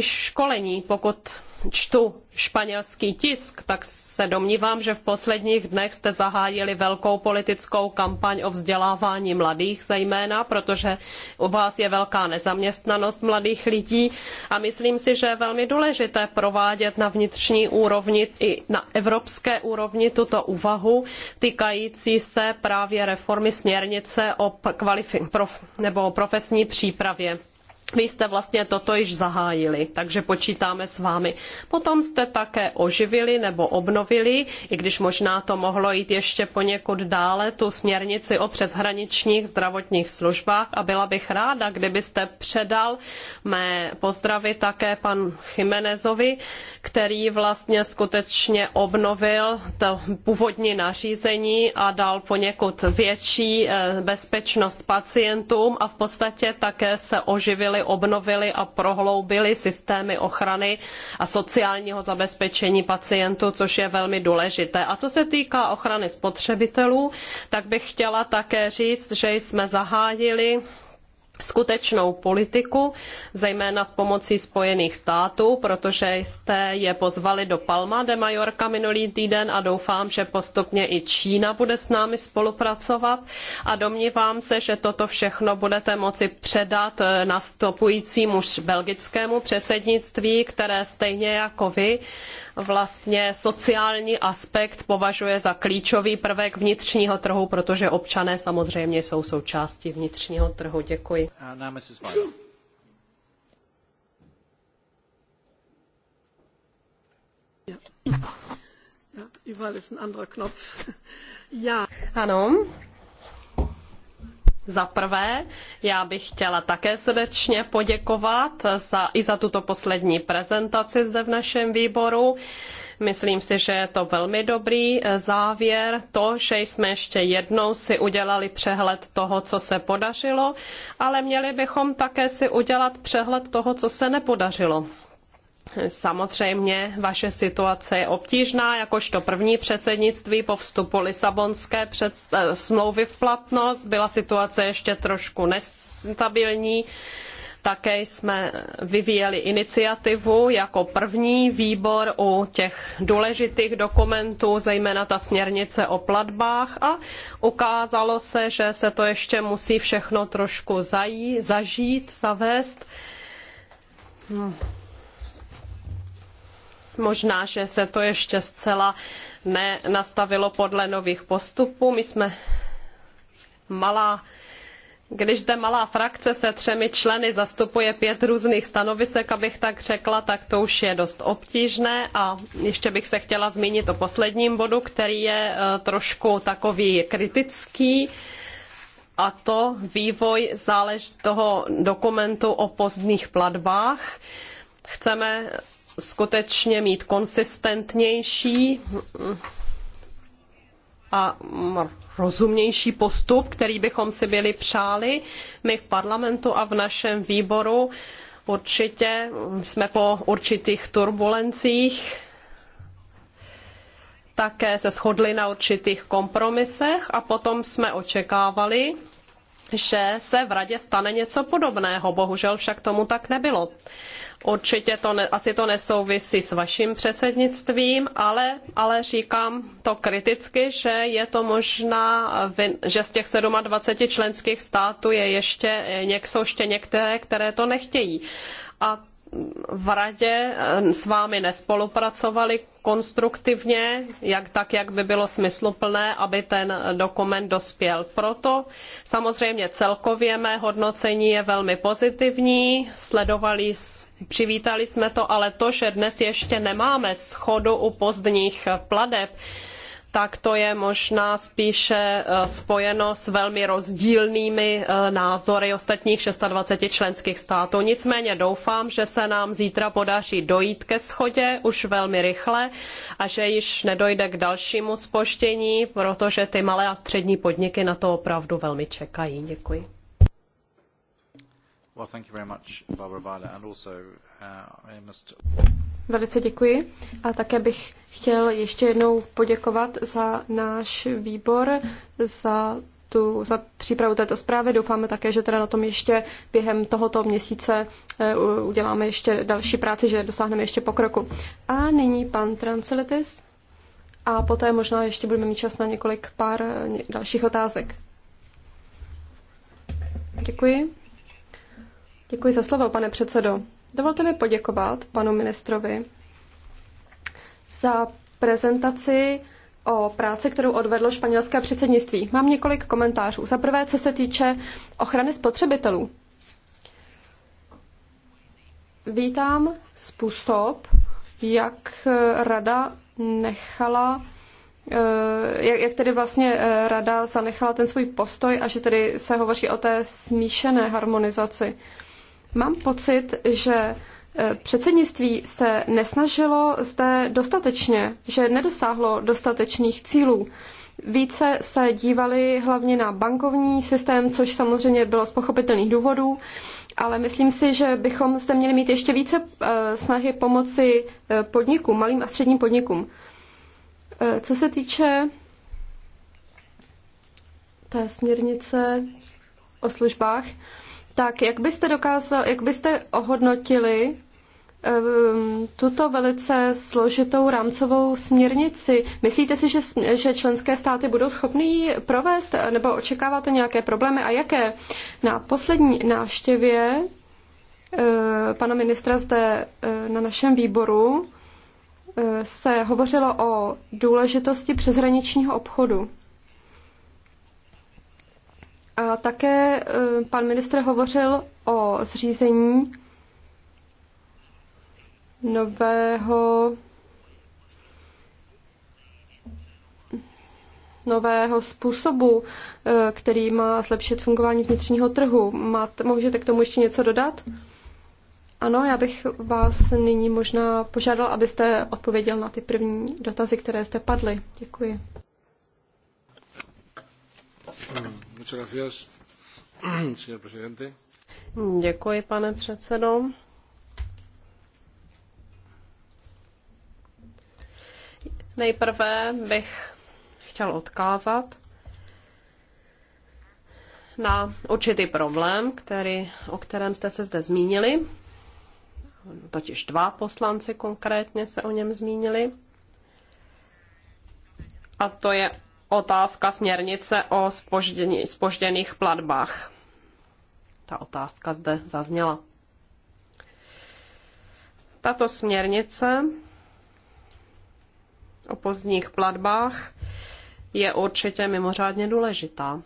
Speaker 4: školení, pokud čtu španělský tisk, tak se domnívám, že v posledních dnech jste zahájili velkou politickou kampaň o vzdělávání mladých zejména, protože u vás je velká nezaměstnanost mladých lidí a myslím si, že je velmi důležité provádět na vnitřní úrovni i na evropské úrovni tuto úvahu týkající se právě reformy směrnice o kvalifi- prof, nebo o profesní přípravě vy jste vlastně toto již zahájili, takže počítáme s vámi. Potom jste také oživili nebo obnovili, i když možná to mohlo jít ještě poněkud dále, tu směrnici o přeshraničních zdravotních službách a byla bych ráda, kdybyste předal mé pozdravy také pan Chimenezovi, který vlastně skutečně obnovil to původní nařízení a dal poněkud větší eh, bezpečnost pacientům a v podstatě také se oživili obnovily obnovili a prohloubili systémy ochrany a sociálního zabezpečení pacientů, což je velmi důležité. A co se týká ochrany spotřebitelů, tak bych chtěla také říct, že jsme zahájili skutečnou politiku, zejména s pomocí Spojených států, protože jste je pozvali do Palma de Mallorca minulý týden a doufám, že postupně i Čína bude s námi spolupracovat a domnívám se, že toto všechno budete moci předat eh, nastupujícímu belgickému předsednictví, které stejně jako vy vlastně sociální aspekt považuje za klíčový prvek vnitřního trhu, protože občané samozřejmě jsou součástí vnitřního trhu. Děkuji. Děkuji. Ano. Za prvé, já bych chtěla také srdečně poděkovat za, i za tuto poslední prezentaci zde v našem výboru. Myslím si, že je to velmi dobrý eh, závěr. To, že jsme ještě jednou si udělali přehled toho, co se podařilo, ale měli bychom také si udělat přehled toho, co se nepodařilo. Samozřejmě vaše situace je obtížná, jakožto první předsednictví po vstupu Lisabonské před, eh, smlouvy v platnost byla situace ještě trošku nestabilní také jsme vyvíjeli iniciativu jako první výbor u těch důležitých dokumentů, zejména ta směrnice o platbách a ukázalo se, že se to ještě musí všechno trošku zají, zažít, zavést. Možná, že se to ještě zcela nenastavilo podle nových postupů. My jsme malá když zde malá frakce se třemi členy zastupuje pět různých stanovisek, abych tak řekla, tak to už je dost obtížné. A ještě bych se chtěla zmínit o posledním bodu, který je e, trošku takový kritický a to vývoj zálež toho dokumentu o pozdních platbách. Chceme skutečně mít konsistentnější a mm, rozumnější postup, který bychom si byli přáli my v parlamentu a v našem výboru. Určitě jsme po určitých turbulencích také se shodli na určitých kompromisech a potom jsme očekávali, že se v radě stane něco podobného. Bohužel však tomu tak nebylo. Určitě to ne, asi to nesouvisí s vaším předsednictvím, ale, ale říkám to kriticky, že je to možná, že z těch 27 členských států je ještě, jsou ještě některé, které to nechtějí. A v radě eh, s vámi nespolupracovali konstruktivně, jak tak, jak by bylo smysluplné, aby ten dokument dospěl. Proto samozřejmě celkově mé hodnocení je velmi pozitivní, sledovali, přivítali jsme to, ale to, že dnes ještě nemáme schodu u pozdních pladeb, tak to je možná spíše eh, spojeno s velmi rozdílnými eh, názory ostatních 26 členských států. Nicméně doufám, že se nám zítra podaří dojít ke schodě už velmi rychle a že již nedojde k dalšímu spoštění, protože ty malé a střední podniky na to opravdu velmi čekají. Děkuji.
Speaker 3: Well, thank you very much, Barbara Weiler, and also uh, I must...
Speaker 1: Velice děkuji a také bych chtěl ještě jednou poděkovat za náš výbor, za tu, za přípravu této zprávy. Doufáme také, že teda na tom ještě během tohoto měsíce eh, uděláme ještě další práci, že dosáhneme ještě pokroku. A nyní pan Transilitis. A poté možná ještě budeme mít čas na několik pár eh, dalších otázek. Děkuji. Děkuji za slovo, pane předsedo. Dovolte mi poděkovat panu ministrovi za prezentaci o práci, kterou odvedlo španělské předsednictví. Mám několik komentářů. Za prvé, co se týče ochrany spotřebitelů. Vítám způsob, jak rada nechala eh, jak, jak tedy vlastně eh, rada zanechala ten svůj postoj a že tedy se hovoří o té smíšené harmonizaci. Mám pocit, že eh, předsednictví se nesnažilo zde dostatečně, že nedosáhlo dostatečných cílů. Více se dívali hlavně na bankovní systém, což samozřejmě bylo z pochopitelných důvodů, ale myslím si, že bychom zde měli mít ještě více eh, snahy pomoci eh, podnikům, malým a středním podnikům. Co se týče té směrnice o službách, tak jak byste, dokázal, jak byste ohodnotili ehm, tuto velice složitou rámcovou směrnici. Myslíte si, že, že členské státy budou schopny ji provést nebo očekáváte nějaké problémy a jaké? Na poslední návštěvě eh, pana ministra zde eh, na našem výboru eh, se hovořilo o důležitosti přeshraničního obchodu. A také e, pan ministr hovořil o zřízení nového nového způsobu, e, který má zlepšit fungování vnitřního trhu. Máte, můžete k tomu ještě něco dodat? Ano, já bych vás nyní možná požádal, abyste odpověděl na ty první dotazy, které jste padly. Děkuji.
Speaker 3: Hmm. <clears throat>
Speaker 1: Děkuji, pane předsedající
Speaker 4: Nejprve bych chtěl odkázat na určitý problém, který, o kterém jste se zde zmínili. Totiž dva poslanci konkrétně se o něm zmínili. A to je otázka směrnice o spoždění, spožděných platbách. Ta otázka zde zazněla. Tato směrnice o pozdních platbách je určitě mimořádně důležitá.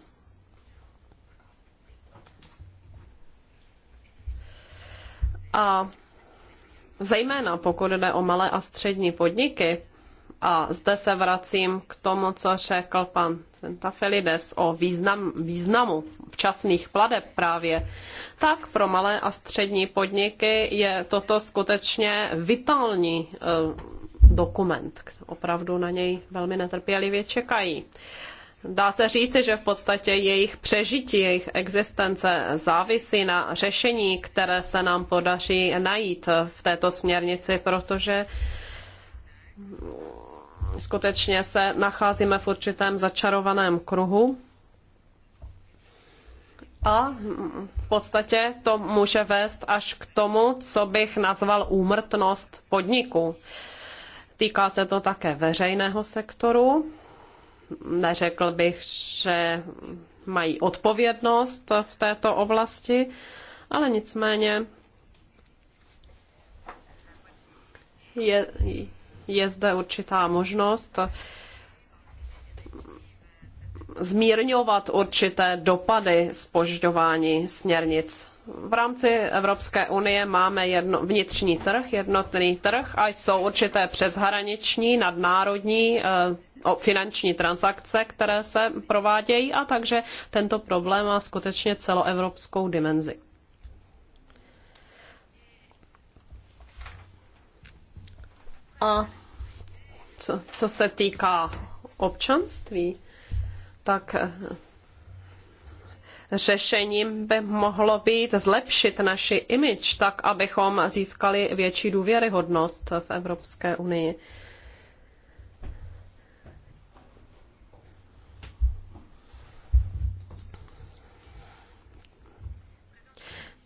Speaker 4: A zejména pokud jde o malé a střední podniky, a zde se vracím k tomu, co řekl pan Tentafilides o význam, významu včasných pladeb právě. Tak pro malé a střední podniky je toto skutečně vitální eh, dokument. Opravdu na něj velmi netrpělivě čekají. Dá se říci, že v podstatě jejich přežití, jejich existence závisí na řešení, které se nám podaří najít v této směrnici, protože skutečně se nacházíme v určitém začarovaném kruhu. A v podstatě to může vést až k tomu, co bych nazval úmrtnost podniku. Týká se to také veřejného sektoru. Neřekl bych, že mají odpovědnost v této oblasti, ale nicméně je, je zde určitá možnost zmírňovat určité dopady spožďování směrnic. V rámci Evropské unie máme jedno, vnitřní trh, jednotný trh a jsou určité přeshraniční, nadnárodní eh, finanční transakce, které se provádějí a takže tento problém má skutečně celoevropskou dimenzi. A co, co se týká občanství, tak eh, řešením by mohlo být zlepšit naši image, tak abychom získali větší důvěryhodnost v Evropské unii.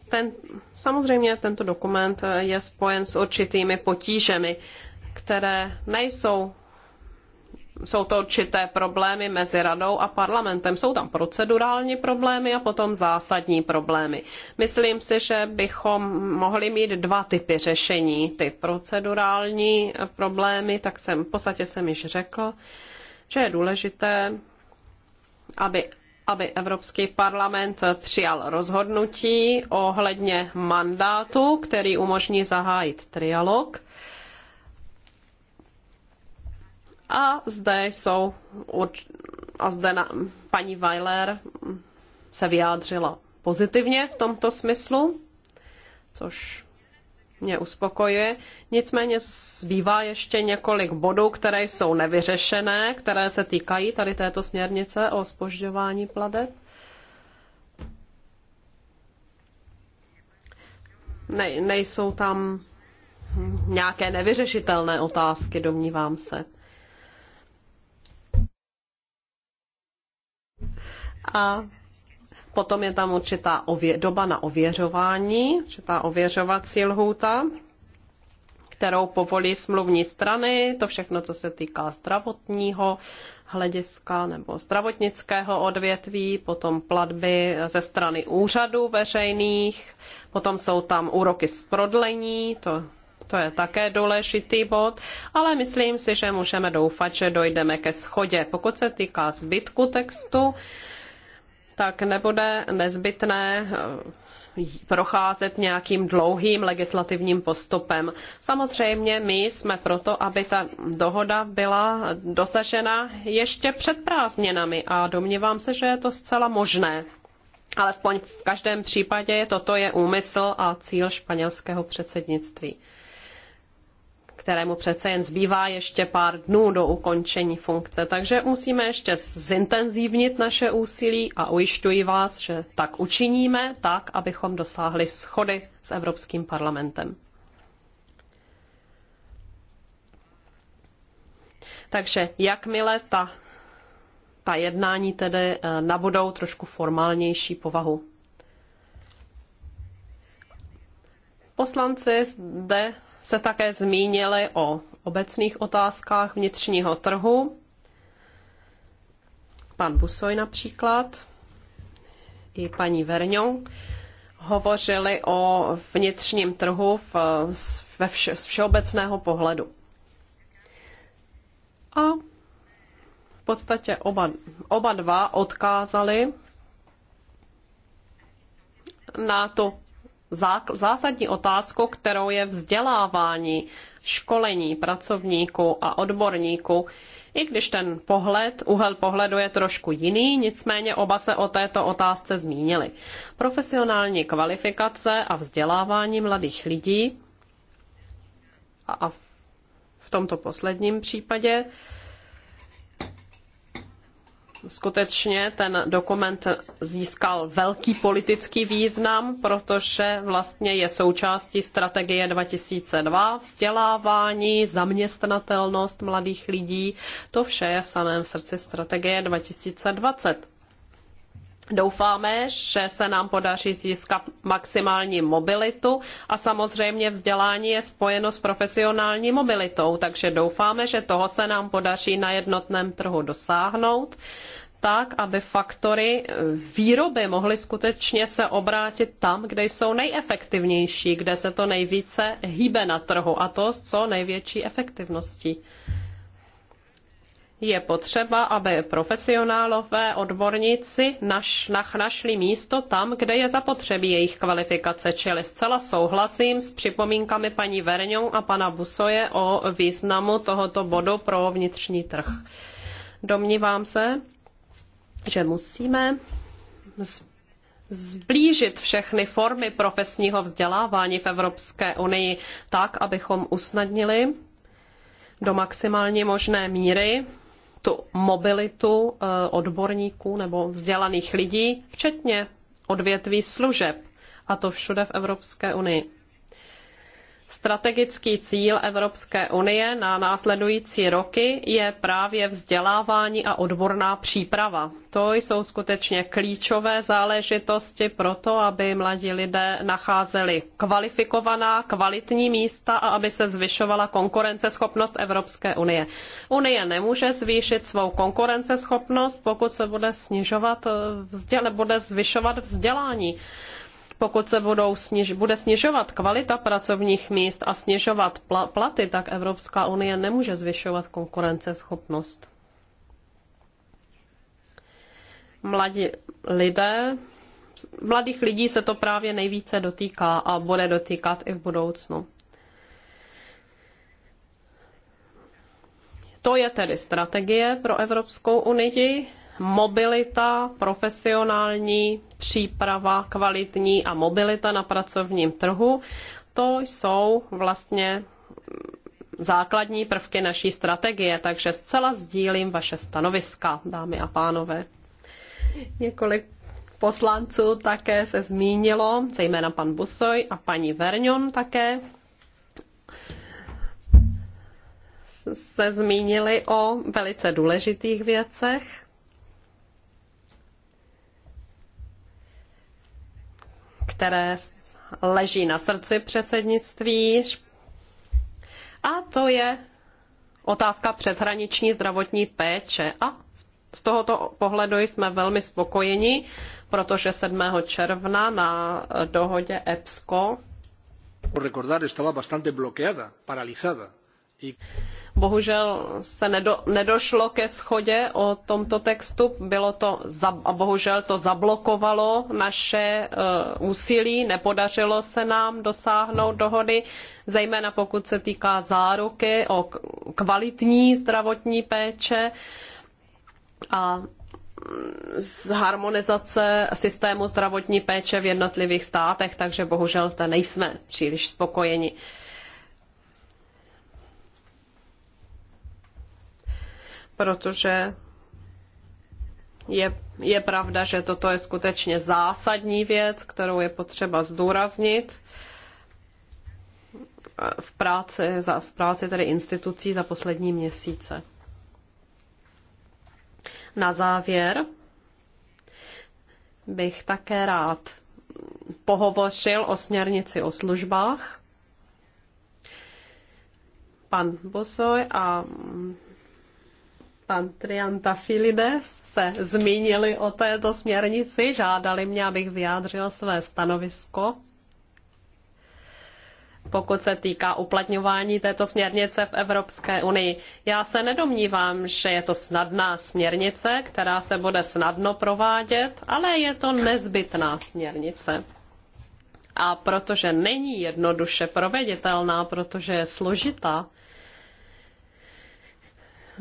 Speaker 4: Ten, samozřejmě tento dokument je spojen s určitými potížemi které nejsou jsou to určité problémy mezi radou a parlamentem. Jsou tam procedurální problémy a potom zásadní problémy. Myslím si, že bychom mohli mít dva typy řešení. Ty procedurální problémy, tak jsem v podstatě jsem již řekl, že je důležité, aby aby Evropský parlament přijal rozhodnutí ohledně mandátu, který umožní zahájit trialog. Uh, a zde jsou a zde na, paní Weiler se vyjádřila pozitivně v tomto smyslu, což mě uspokojuje. Nicméně zbývá ještě několik bodů, které jsou nevyřešené, které se týkají tady této směrnice o spožďování pladeb. Ne, nejsou tam nějaké nevyřešitelné otázky, domnívám se. a potom je tam určitá ově- doba na ověřování, určitá ověřovací lhůta, kterou povolí smluvní strany, to všechno, co se týká zdravotního hlediska nebo zdravotnického odvětví, potom platby ze strany úřadů veřejných, potom jsou tam úroky z prodlení, to to je také důležitý bod, ale myslím si, že můžeme doufat, že dojdeme ke schodě. Pokud se týká zbytku textu, tak nebude nezbytné eh, procházet nějakým dlouhým legislativním postupem. Samozřejmě my jsme proto, aby ta dohoda byla dosažena ještě před prázdninami a domnívám se, že je to zcela možné. Alespoň v každém případě toto je úmysl a cíl španělského předsednictví kterému přece jen zbývá ještě pár dnů do ukončení funkce. Takže musíme ještě zintenzívnit naše úsilí a ujišťuji vás, že tak učiníme, tak, abychom dosáhli schody s Evropským parlamentem. Takže jakmile ta, ta jednání tedy eh, nabudou trošku formálnější povahu. Poslanci zde se také zmínili o obecných otázkách vnitřního trhu. Pan Busoj například i paní Verňo hovořili o vnitřním trhu v, ve vše, z všeobecného pohledu. A v podstatě oba, oba dva odkázali na tu zásadní otázku, kterou je vzdělávání, školení pracovníků a odborníků. I když ten pohled, úhel pohledu je trošku jiný, nicméně oba se o této otázce zmínili. Profesionální kvalifikace a vzdělávání mladých lidí a v tomto posledním případě skutečně ten dokument získal velký politický význam, protože vlastně je součástí strategie 2002, vzdělávání, zaměstnatelnost mladých lidí. To vše je v samém srdci strategie 2020. Doufáme, že se nám podaří získat maximální mobilitu a samozřejmě vzdělání je spojeno s profesionální mobilitou, takže doufáme, že toho se nám podaří na jednotném trhu dosáhnout tak, aby faktory výroby mohly skutečně se obrátit tam, kde jsou nejefektivnější, kde se to nejvíce hýbe na trhu a to s co největší efektivností je potřeba, aby profesionálové odborníci naš, nach, našli místo tam, kde je zapotřebí jejich kvalifikace, čili zcela souhlasím s připomínkami paní Verňou a pana Busoje o významu tohoto bodu pro vnitřní trh. Domnívám se, že musíme zblížit všechny formy profesního vzdělávání v Evropské unii tak, abychom usnadnili do maximálně možné míry tu mobilitu eh, odborníků nebo vzdělaných lidí, včetně odvětví služeb, a to všude v Evropské unii. Strategický cíl Evropské unie na následující roky je právě vzdělávání a odborná příprava. To jsou skutečně klíčové záležitosti pro to, aby mladí lidé nacházeli kvalifikovaná, kvalitní místa a aby se zvyšovala konkurenceschopnost Evropské unie. Unie nemůže zvýšit svou konkurenceschopnost, pokud se bude snižovat, eh, vzděle, bude zvyšovat vzdělání. Pokud se budou sniž, bude snižovat kvalita pracovních míst a snižovat platy, tak Evropská unie nemůže zvyšovat konkurenceschopnost. Mladí lidé, mladých lidí se to právě nejvíce dotýká a bude dotýkat i v budoucnu. To je tedy strategie pro Evropskou unii mobilita, profesionální příprava, kvalitní a mobilita na pracovním trhu, to jsou vlastně základní prvky naší strategie, takže zcela sdílím vaše stanoviska, dámy a pánové. Několik poslanců také se zmínilo, zejména pan Busoj a paní Vernion také se zmínili o velice důležitých věcech. které leží na srdci předsednictví. A to je otázka přeshraniční zdravotní péče. A z tohoto pohledu jsme velmi spokojeni, protože 7. června na dohodě EPSCO.
Speaker 3: Por recordar, estaba bastante bloqueada, paralizada
Speaker 4: Bohužel se nedo, nedošlo ke schodě o tomto textu, bylo to za, a bohužel to zablokovalo naše eh, úsilí, nepodařilo se nám dosáhnout dohody, zejména pokud se týká záruky o kvalitní zdravotní péče a z harmonizace systému zdravotní péče v jednotlivých státech, takže bohužel zde nejsme příliš spokojeni. protože je, je pravda, že toto je skutečně zásadní věc, kterou je potřeba zdůraznit v práci, v práci tedy institucí za poslední měsíce. Na závěr bych také rád pohovořil o směrnici o službách. Pan Bosoj a pan Triantafilides se zmínili o této směrnici, žádali mě, abych vyjádřil své stanovisko. Pokud se týká uplatňování této směrnice v Evropské unii, já se nedomnívám, že je to snadná směrnice, která se bude snadno provádět, ale je to nezbytná směrnice. A protože není jednoduše proveditelná, protože je složitá,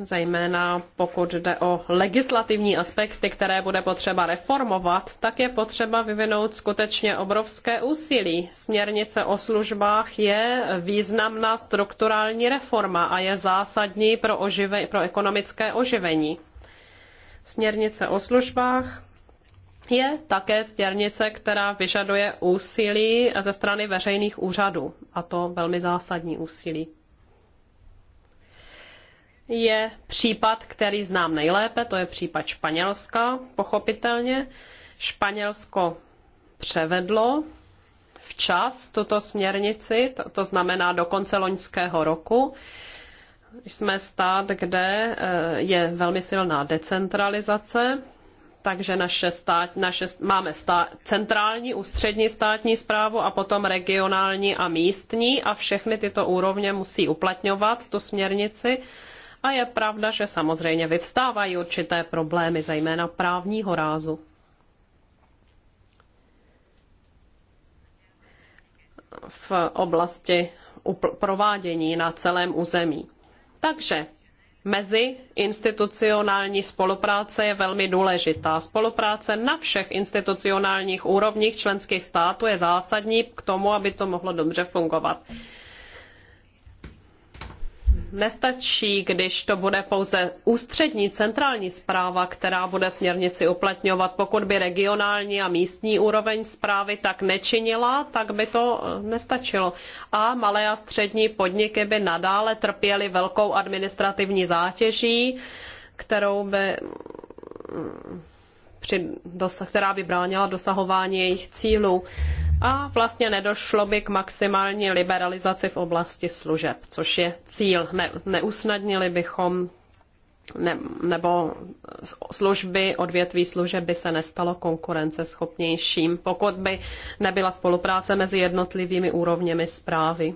Speaker 4: zejména pokud jde o legislativní aspekty, které bude potřeba reformovat, tak je potřeba vyvinout skutečně obrovské úsilí. Směrnice o službách je významná strukturální reforma a je zásadní pro, ožive, pro ekonomické oživení. Směrnice o službách je také směrnice, která vyžaduje úsilí ze strany veřejných úřadů, a to velmi zásadní úsilí je případ, který znám nejlépe, to je případ Španělska, pochopitelně. Španělsko převedlo včas tuto směrnici, to znamená do konce loňského roku. Jsme stát, kde eh, je velmi silná decentralizace, takže naše stát, naše, máme stát, centrální, ústřední státní správu a potom regionální a místní a všechny tyto úrovně musí uplatňovat tu směrnici a je pravda, že samozřejmě vyvstávají určité problémy, zejména právního rázu. v oblasti provádění na celém území. Takže mezi institucionální spolupráce je velmi důležitá. Spolupráce na všech institucionálních úrovních členských států je zásadní k tomu, aby to mohlo dobře fungovat nestačí, když to bude pouze ústřední centrální správa, která bude směrnici uplatňovat. Pokud by regionální a místní úroveň správy tak nečinila, tak by to eh, nestačilo. A malé a střední podniky by nadále trpěly velkou administrativní zátěží, kterou by mm, která by bránila dosahování jejich cílů a vlastně nedošlo by k maximální liberalizaci v oblasti služeb, což je cíl. Ne, neusnadnili bychom ne, nebo služby, odvětví služeb by se nestalo konkurenceschopnějším, pokud by nebyla spolupráce mezi jednotlivými úrovněmi zprávy.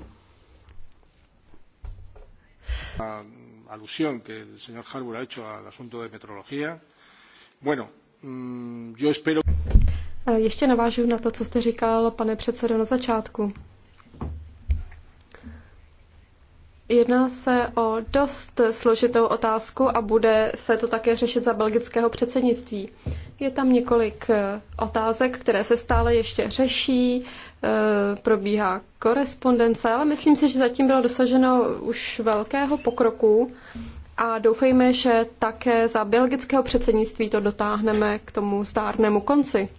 Speaker 3: A, alusión que el señor Harbour ha hecho al asunto de metrología. Bueno, mm, yo espero...
Speaker 1: Ještě navážu na to, co jste říkal, pane předsedo, na začátku. Jedná se o dost složitou otázku a bude se to také řešit za belgického předsednictví. Je tam několik eh, otázek, které se stále ještě řeší, eh, probíhá korespondence, ale myslím si, že zatím bylo dosaženo už velkého pokroku a doufejme, že také za belgického předsednictví to dotáhneme k tomu zdárnému konci.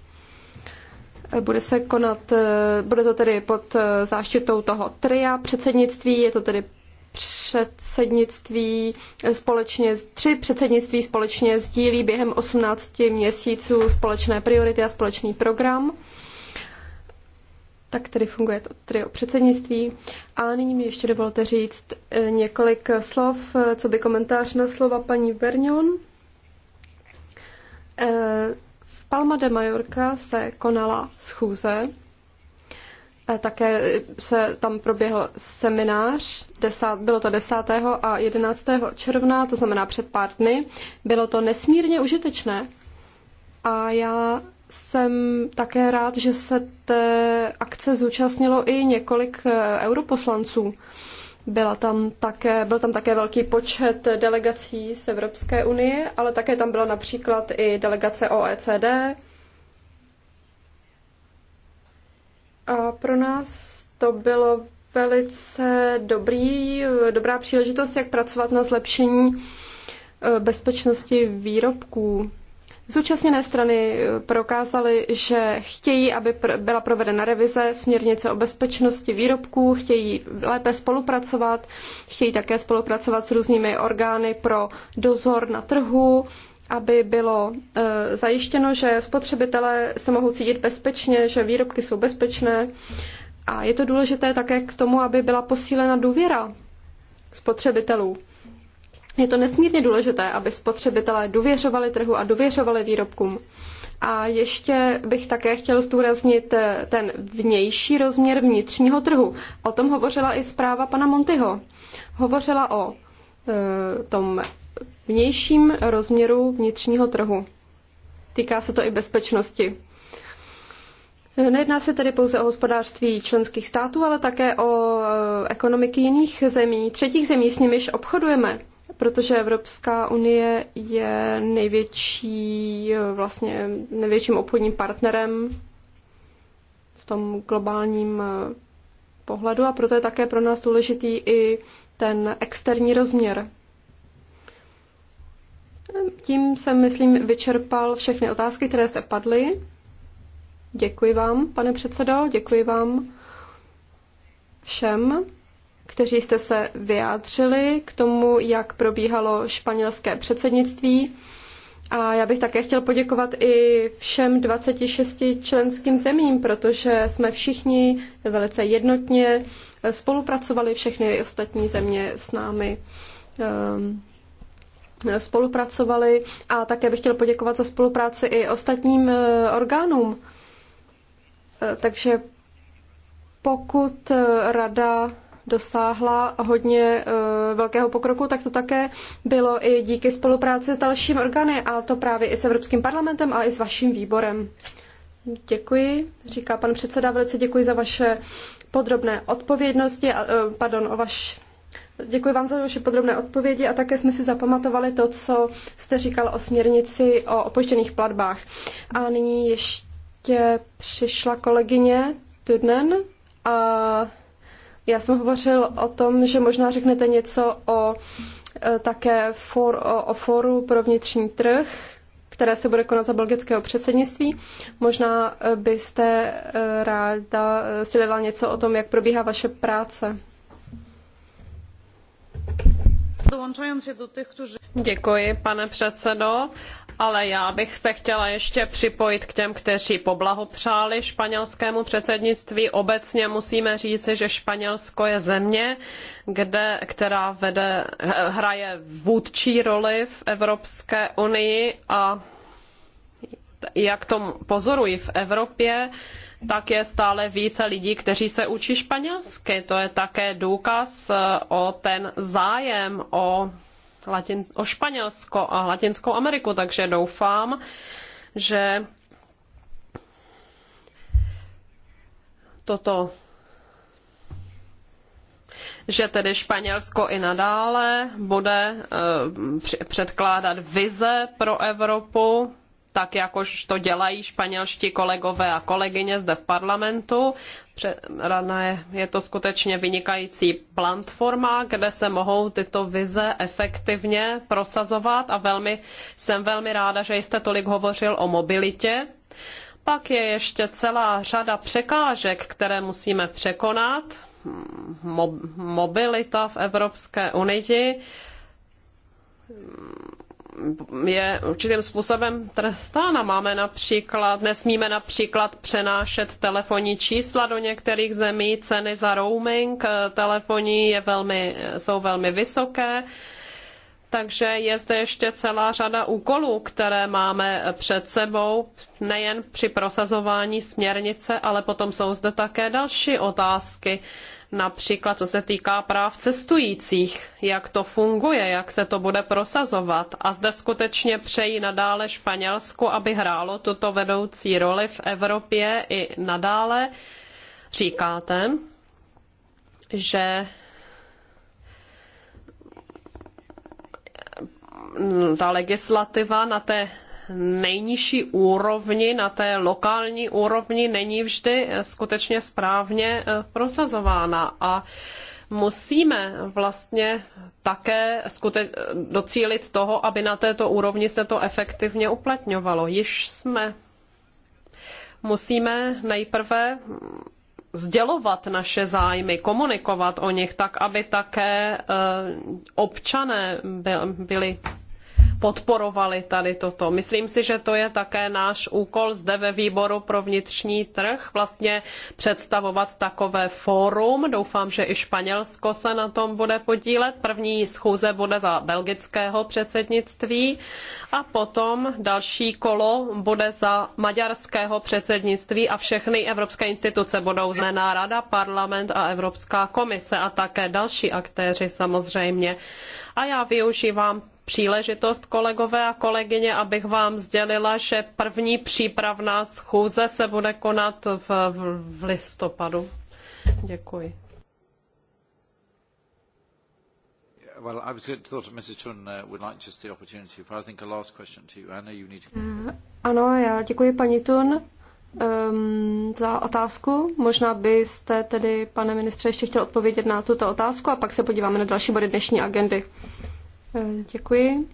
Speaker 1: Bude se konat, eh, bude to tedy pod eh, záštitou toho tria předsednictví, je to tedy předsednictví eh, společně, tři předsednictví společně sdílí během 18 měsíců společné priority a společný program. Tak tedy funguje to trio předsednictví. A nyní mi ještě dovolte říct několik slov, co by komentář na slova paní Vernion. Palma de Mallorca se konala schůze, také se tam proběhl seminář, desát, bylo to 10. a 11. června, to znamená před pár dny. Bylo to nesmírně užitečné a já jsem také rád, že se té akce zúčastnilo i několik eh, europoslanců. Byla tam také, byl tam také velký počet delegací z Evropské unie, ale také tam byla například i delegace OECD. A pro nás to bylo velice dobrý, dobrá příležitost, jak pracovat na zlepšení eh, bezpečnosti výrobků. Zúčastněné strany eh, prokázaly, že chtějí, aby pr- byla provedena revize směrnice o bezpečnosti výrobků, chtějí lépe spolupracovat, chtějí také spolupracovat s různými orgány pro dozor na trhu, aby bylo e, zajištěno, že spotřebitelé se mohou cítit bezpečně, že výrobky jsou bezpečné. A je to důležité také k tomu, aby byla posílena důvěra spotřebitelů. Je to nesmírně důležité, aby spotřebitelé důvěřovali trhu a důvěřovali výrobkům. A ještě bych také chtěl zdůraznit eh, ten vnější rozměr vnitřního trhu. O tom hovořila i zpráva pana Montyho. Hovořila o e, tom vnějším rozměru vnitřního trhu. Týká se to i bezpečnosti. Eh, nejedná se tedy pouze o hospodářství členských států, ale také o ekonomiky jiných zemí, třetích zemí, s nimiž obchodujeme protože Evropská unie je největší, eh, vlastně největším obchodním partnerem v tom globálním eh, pohledu a proto je také pro nás důležitý i ten externí rozměr. Tím jsem, myslím, vyčerpal všechny otázky, které jste padly. Děkuji vám, pane předsedo, děkuji vám všem kteří jste se vyjádřili k tomu, jak probíhalo španělské předsednictví. A já bych také chtěl poděkovat i všem 26 členským zemím, protože jsme všichni velice jednotně spolupracovali, všechny ostatní země s námi ehm, spolupracovali a také bych chtěl poděkovat za spolupráci i ostatním eh, orgánům. Eh, takže pokud eh, rada dosáhla hodně eh, velkého pokroku, tak to také bylo i díky spolupráci s dalšími orgány, a to právě i s Evropským parlamentem a i s vaším výborem. Děkuji, říká pan předseda, velice děkuji za vaše podrobné odpovědnosti, eh, pardon, o vaš, děkuji vám za vaše podrobné odpovědi a také jsme si zapamatovali to, co jste říkal o směrnici o opožděných platbách. A nyní ještě přišla kolegyně Tudnen a já jsem hovořil o tom, že možná řeknete něco o e, také for, o, o foru pro vnitřní trh, které se bude konat za belgického předsednictví. Možná e, byste e, ráda sdělila něco o tom, jak probíhá vaše práce.
Speaker 4: Děkuji, pane předsedo, ale já bych se chtěla ještě připojit k těm, kteří poblahopřáli španělskému předsednictví. Obecně musíme říci, že Španělsko je země, která hraje vůdčí roli v Evropské unii a jak to pozoruji v Evropě, tak je stále více lidí, kteří se učí španělsky. To je také důkaz eh, o ten zájem o, Latin, o Španělsko a Latinskou Ameriku, takže doufám, že toto že tedy Španělsko i nadále bude eh, předkládat vize pro Evropu, tak jakož to dělají španělští kolegové a kolegyně zde v parlamentu. Je to skutečně vynikající platforma, kde se mohou tyto vize efektivně prosazovat a velmi, jsem velmi ráda, že jste tolik hovořil o mobilitě. Pak je ještě celá řada překážek, které musíme překonat. Mobilita v Evropské unii je určitým způsobem trestána. Máme například, nesmíme například přenášet telefonní čísla do některých zemí, ceny za roaming, eh, telefonní je velmi, eh, jsou velmi vysoké. Takže je zde ještě celá řada úkolů, které máme eh, před sebou, nejen při prosazování směrnice, ale potom jsou zde také další otázky například co se týká práv cestujících, jak to funguje, jak se to bude prosazovat. A zde skutečně přeji nadále Španělsku, aby hrálo tuto vedoucí roli v Evropě i nadále. Říkáte, že ta legislativa na té nejnižší úrovni, na té lokální úrovni, není vždy skutečně správně eh, prosazována. A musíme vlastně také skute- docílit toho, aby na této úrovni se to efektivně uplatňovalo. Již jsme. Musíme nejprve sdělovat naše zájmy, komunikovat o nich tak, aby také eh, občané byli podporovali tady toto. Myslím si, že to je také náš úkol zde ve výboru pro vnitřní trh, vlastně představovat takové fórum. Doufám, že i Španělsko se na tom bude podílet. První schůze bude za belgického předsednictví a potom další kolo bude za maďarského předsednictví a všechny evropské instituce budou znamená Rada, parlament a Evropská komise a také další aktéři samozřejmě. A já využívám příležitost, kolegové a kolegyně, abych vám sdělila, že první přípravná schůze se bude konat v, v listopadu. Děkuji.
Speaker 1: Ano, já děkuji paní Tun um, za otázku. Možná byste tedy, pane ministře, ještě chtěl odpovědět na tuto otázku a pak se podíváme na další body dnešní agendy. Děkuji.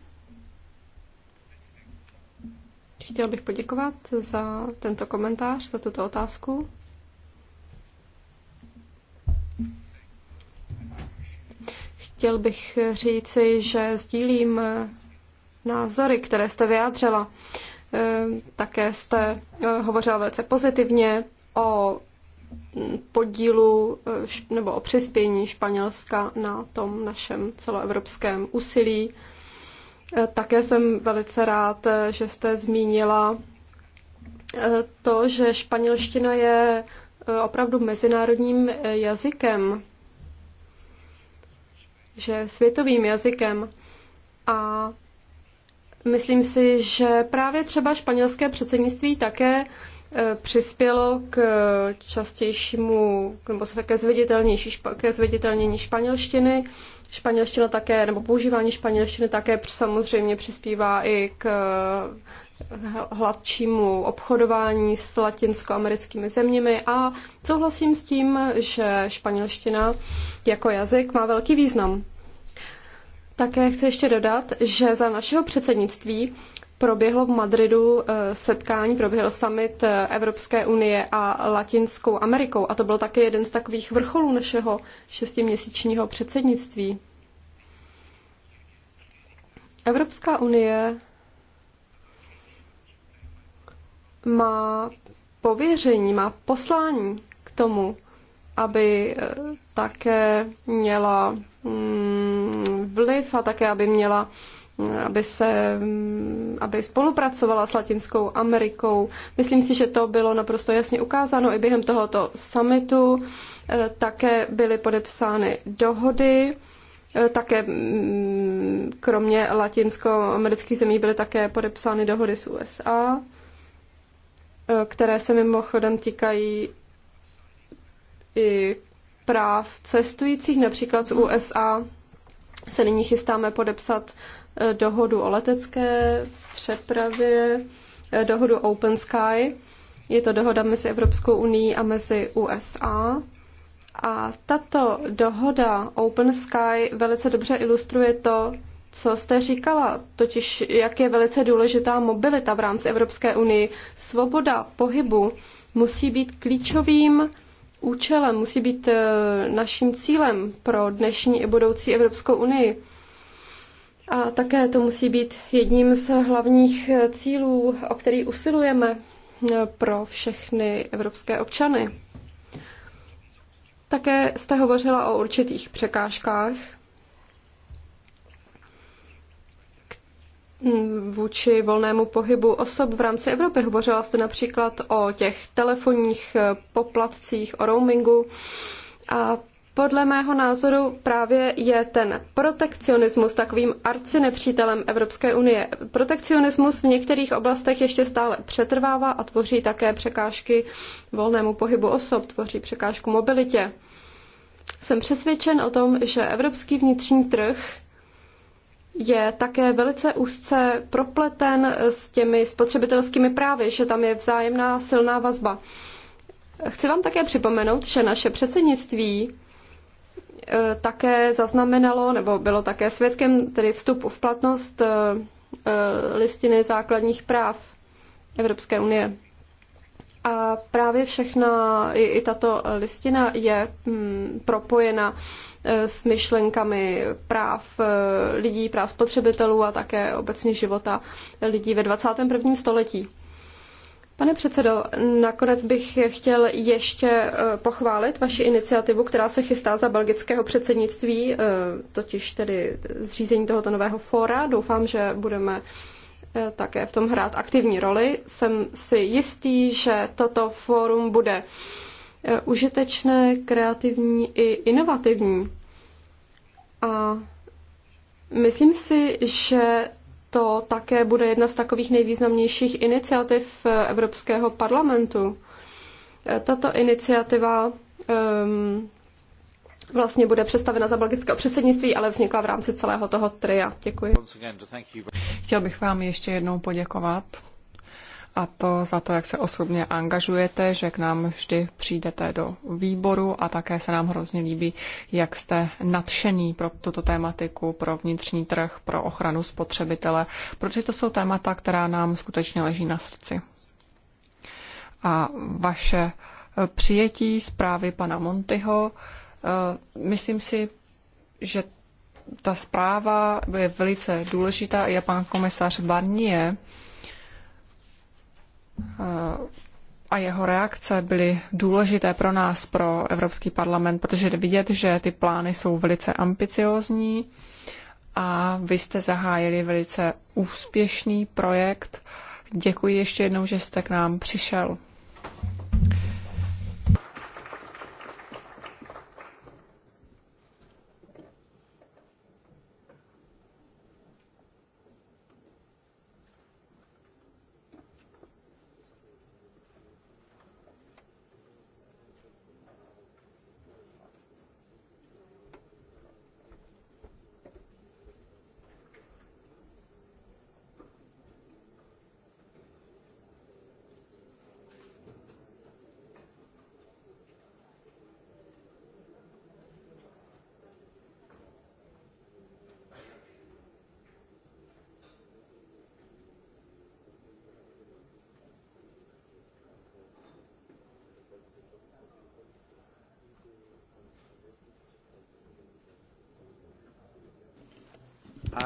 Speaker 1: Chtěl bych poděkovat za tento komentář, za tuto otázku. Chtěl bych říci, že sdílím názory, které jste vyjádřila. Také jste eh, hovořila velice pozitivně o podílu eh, nebo o přispění Španělska na tom našem celoevropském úsilí. Eh, také jsem velice rád, eh, že jste zmínila to, že španělština je opravdu mezinárodním jazykem, že světovým jazykem. A myslím si, že právě třeba španělské předsednictví také Eh, přispělo k eh, častějšímu, nebo ke, zviditelnější, ke zviditelnění španělštiny. Španělština také, nebo používání španělštiny také samozřejmě přispívá i k eh, hladčímu obchodování s latinskoamerickými zeměmi a souhlasím s tím, že španělština jako jazyk má velký význam. Také chci ještě dodat, že za našeho předsednictví proběhlo v Madridu eh, setkání, proběhl summit eh, Evropské unie a Latinskou Amerikou a to byl také jeden z takových vrcholů našeho šestiměsíčního předsednictví. Evropská unie má pověření, má poslání k tomu, aby eh, také měla mm, vliv a také, aby měla aby, se, aby spolupracovala s Latinskou Amerikou. Myslím si, že to bylo naprosto jasně ukázáno i během tohoto summitu. Eh, také byly podepsány dohody, eh, také mm, kromě latinsko-amerických zemí byly také podepsány dohody s USA, eh, které se mimochodem týkají i práv cestujících, například z USA se nyní chystáme podepsat uh, dohodu o letecké přepravě, eh, dohodu Open Sky. Je to dohoda mezi Evropskou unii a mezi USA. A tato dohoda Open Sky velice dobře ilustruje to, co jste říkala, totiž jak je velice důležitá mobilita v rámci Evropské unie. Svoboda pohybu musí být klíčovým účelem, musí být eh, naším cílem pro dnešní i budoucí Evropskou unii. A také to musí být jedním z hlavních cílů, o který usilujeme e, pro všechny evropské občany. Také jste hovořila o určitých překážkách vůči volnému pohybu osob v rámci Evropy. Hovořila jste například o těch telefonních e, poplatcích, o roamingu a podle mého názoru právě je ten protekcionismus takovým arcinepřítelem Evropské unie. Protekcionismus v některých oblastech ještě stále přetrvává a tvoří také překážky volnému pohybu osob, tvoří překážku mobilitě. Jsem přesvědčen o tom, že evropský vnitřní trh je také velice úzce propleten s těmi spotřebitelskými právy, že tam je vzájemná silná vazba. Chci vám také připomenout, že naše předsednictví Eh, také zaznamenalo, nebo bylo také svědkem tedy vstupu v platnost eh, eh, listiny základních práv Evropské unie. A právě všechna, i, i tato listina je mm, propojena s myšlenkami práv lidí, práv spotřebitelů a také obecně života lidí ve 21. století. Pane předsedo, nakonec bych chtěl ještě eh, pochválit vaši iniciativu, která se chystá za belgického předsednictví, eh, totiž tedy zřízení tohoto nového fóra. Doufám, že budeme eh, také v tom hrát aktivní roli. Jsem si jistý, že toto fórum bude užitečné, kreativní i inovativní. A myslím si, že to také bude jedna z takových nejvýznamnějších iniciativ eh, Evropského parlamentu. Eh, tato iniciativa um, vlastně bude
Speaker 2: představena za belgického předsednictví, ale vznikla v rámci celého toho tria. Děkuji. Chtěl bych vám ještě jednou poděkovat a to za to, jak se osobně angažujete, že k nám vždy přijdete do výboru a také se nám hrozně líbí, jak jste nadšený pro tuto tématiku, pro vnitřní trh, pro ochranu spotřebitele, protože to jsou témata, která nám skutečně leží na srdci. A vaše eh, přijetí zprávy pana Montyho, eh, myslím si, že ta zpráva je velice důležitá. Je pan komisař Barnier, a jeho reakce byly důležité pro nás, pro Evropský parlament, protože vidět, že ty plány jsou velice ambiciozní a vy jste zahájili velice úspěšný projekt. Děkuji ještě jednou, že jste k nám přišel.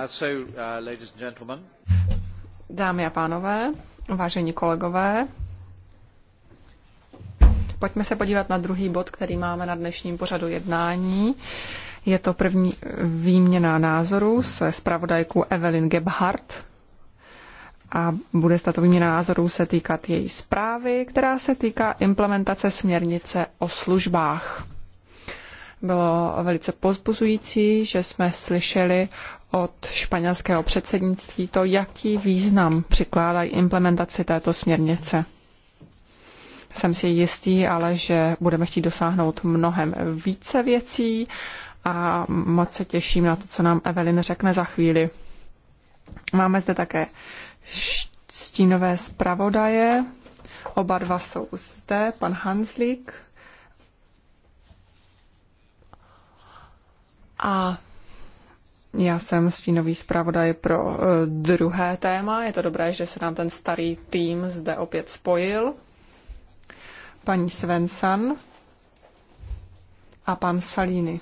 Speaker 3: Uh, so, uh,
Speaker 2: Dámy a pánové, vážení kolegové, pojďme se podívat na druhý bod, který máme na dnešním pořadu jednání. Je to první výměna názorů se zpravodajkou Evelyn Gebhardt a bude tato výměna názorů se týkat její zprávy, která se týká implementace směrnice o službách bylo velice pozbuzující, že jsme slyšeli od španělského předsednictví to, jaký význam přikládají implementaci této směrnice. Jsem si jistý, ale že budeme chtít dosáhnout mnohem více věcí a moc se těším na to, co nám Evelyn řekne za chvíli. Máme zde také stínové zpravodaje. Oba dva jsou zde, pan Hanslík. A já jsem stínový zpravodaj pro eh, druhé téma. Je to dobré, že se nám ten starý tým zde opět spojil. Paní Svensson a pan Salini.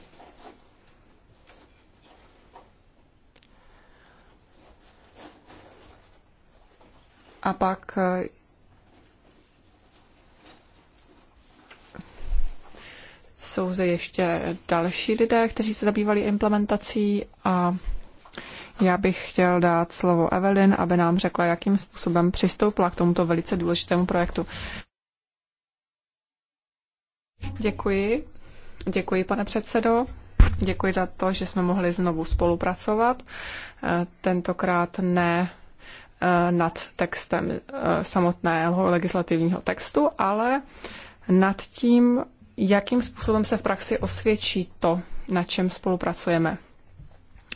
Speaker 2: A pak eh, Jsou zde ještě další lidé, kteří se zabývali implementací a já bych chtěl dát slovo Evelyn, aby nám řekla, jakým způsobem přistoupila k tomuto velice důležitému projektu. Děkuji. Děkuji, pane předsedo. Děkuji za to, že jsme mohli znovu spolupracovat. Tentokrát ne eh, nad textem eh, samotného legislativního textu, ale nad tím, jakým způsobem se v praxi osvědčí to, na čem spolupracujeme.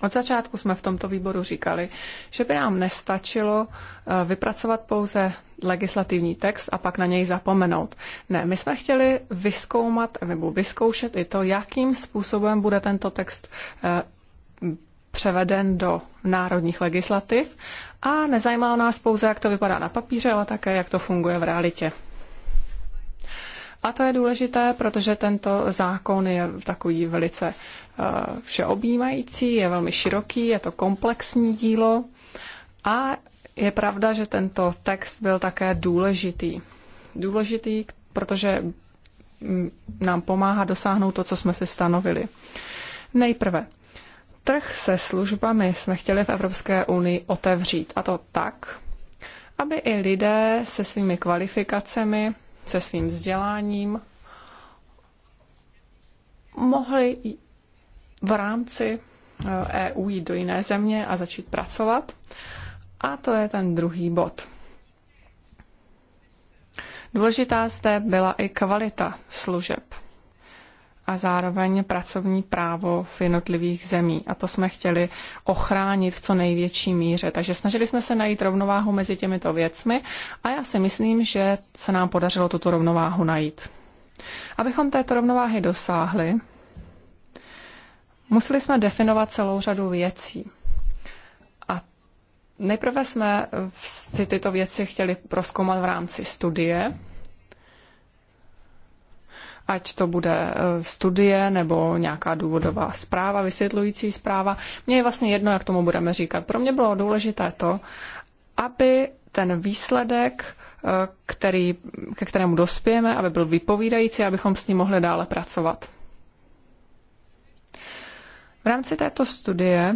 Speaker 2: Od začátku jsme v tomto výboru říkali, že by nám nestačilo eh, vypracovat pouze legislativní text a pak na něj zapomenout. Ne, my jsme chtěli vyskoumat nebo vyzkoušet i to, jakým způsobem bude tento text eh, převeden do národních legislativ a nezajímalo nás pouze, jak to vypadá na papíře, ale také, jak to funguje v realitě. A to je důležité, protože tento zákon je takový velice eh, všeobjímající, je velmi široký, je to komplexní dílo a je pravda, že tento text byl také důležitý. Důležitý, protože mm, nám pomáhá dosáhnout to, co jsme si stanovili. Nejprve, trh se službami jsme chtěli v Evropské unii otevřít, a to tak, aby i lidé se svými kvalifikacemi se svým vzděláním mohli v rámci EU eh, e jít do jiné země a začít pracovat. A to je ten druhý bod. Důležitá zde byla i kvalita služeb a zároveň pracovní právo v jednotlivých zemí. A to jsme chtěli ochránit v co největší míře. Takže snažili jsme se najít rovnováhu mezi těmito věcmi a já si myslím, že se nám podařilo tuto rovnováhu najít. Abychom této rovnováhy dosáhli, museli jsme definovat celou řadu věcí. A nejprve jsme si tyto věci chtěli proskoumat v rámci studie, ať to bude eh, studie nebo nějaká důvodová zpráva, vysvětlující zpráva. Mně je vlastně jedno, jak tomu budeme říkat. Pro mě bylo důležité to, aby ten výsledek, eh, který, ke kterému dospějeme, aby byl vypovídající, abychom s ním mohli dále pracovat. V rámci této studie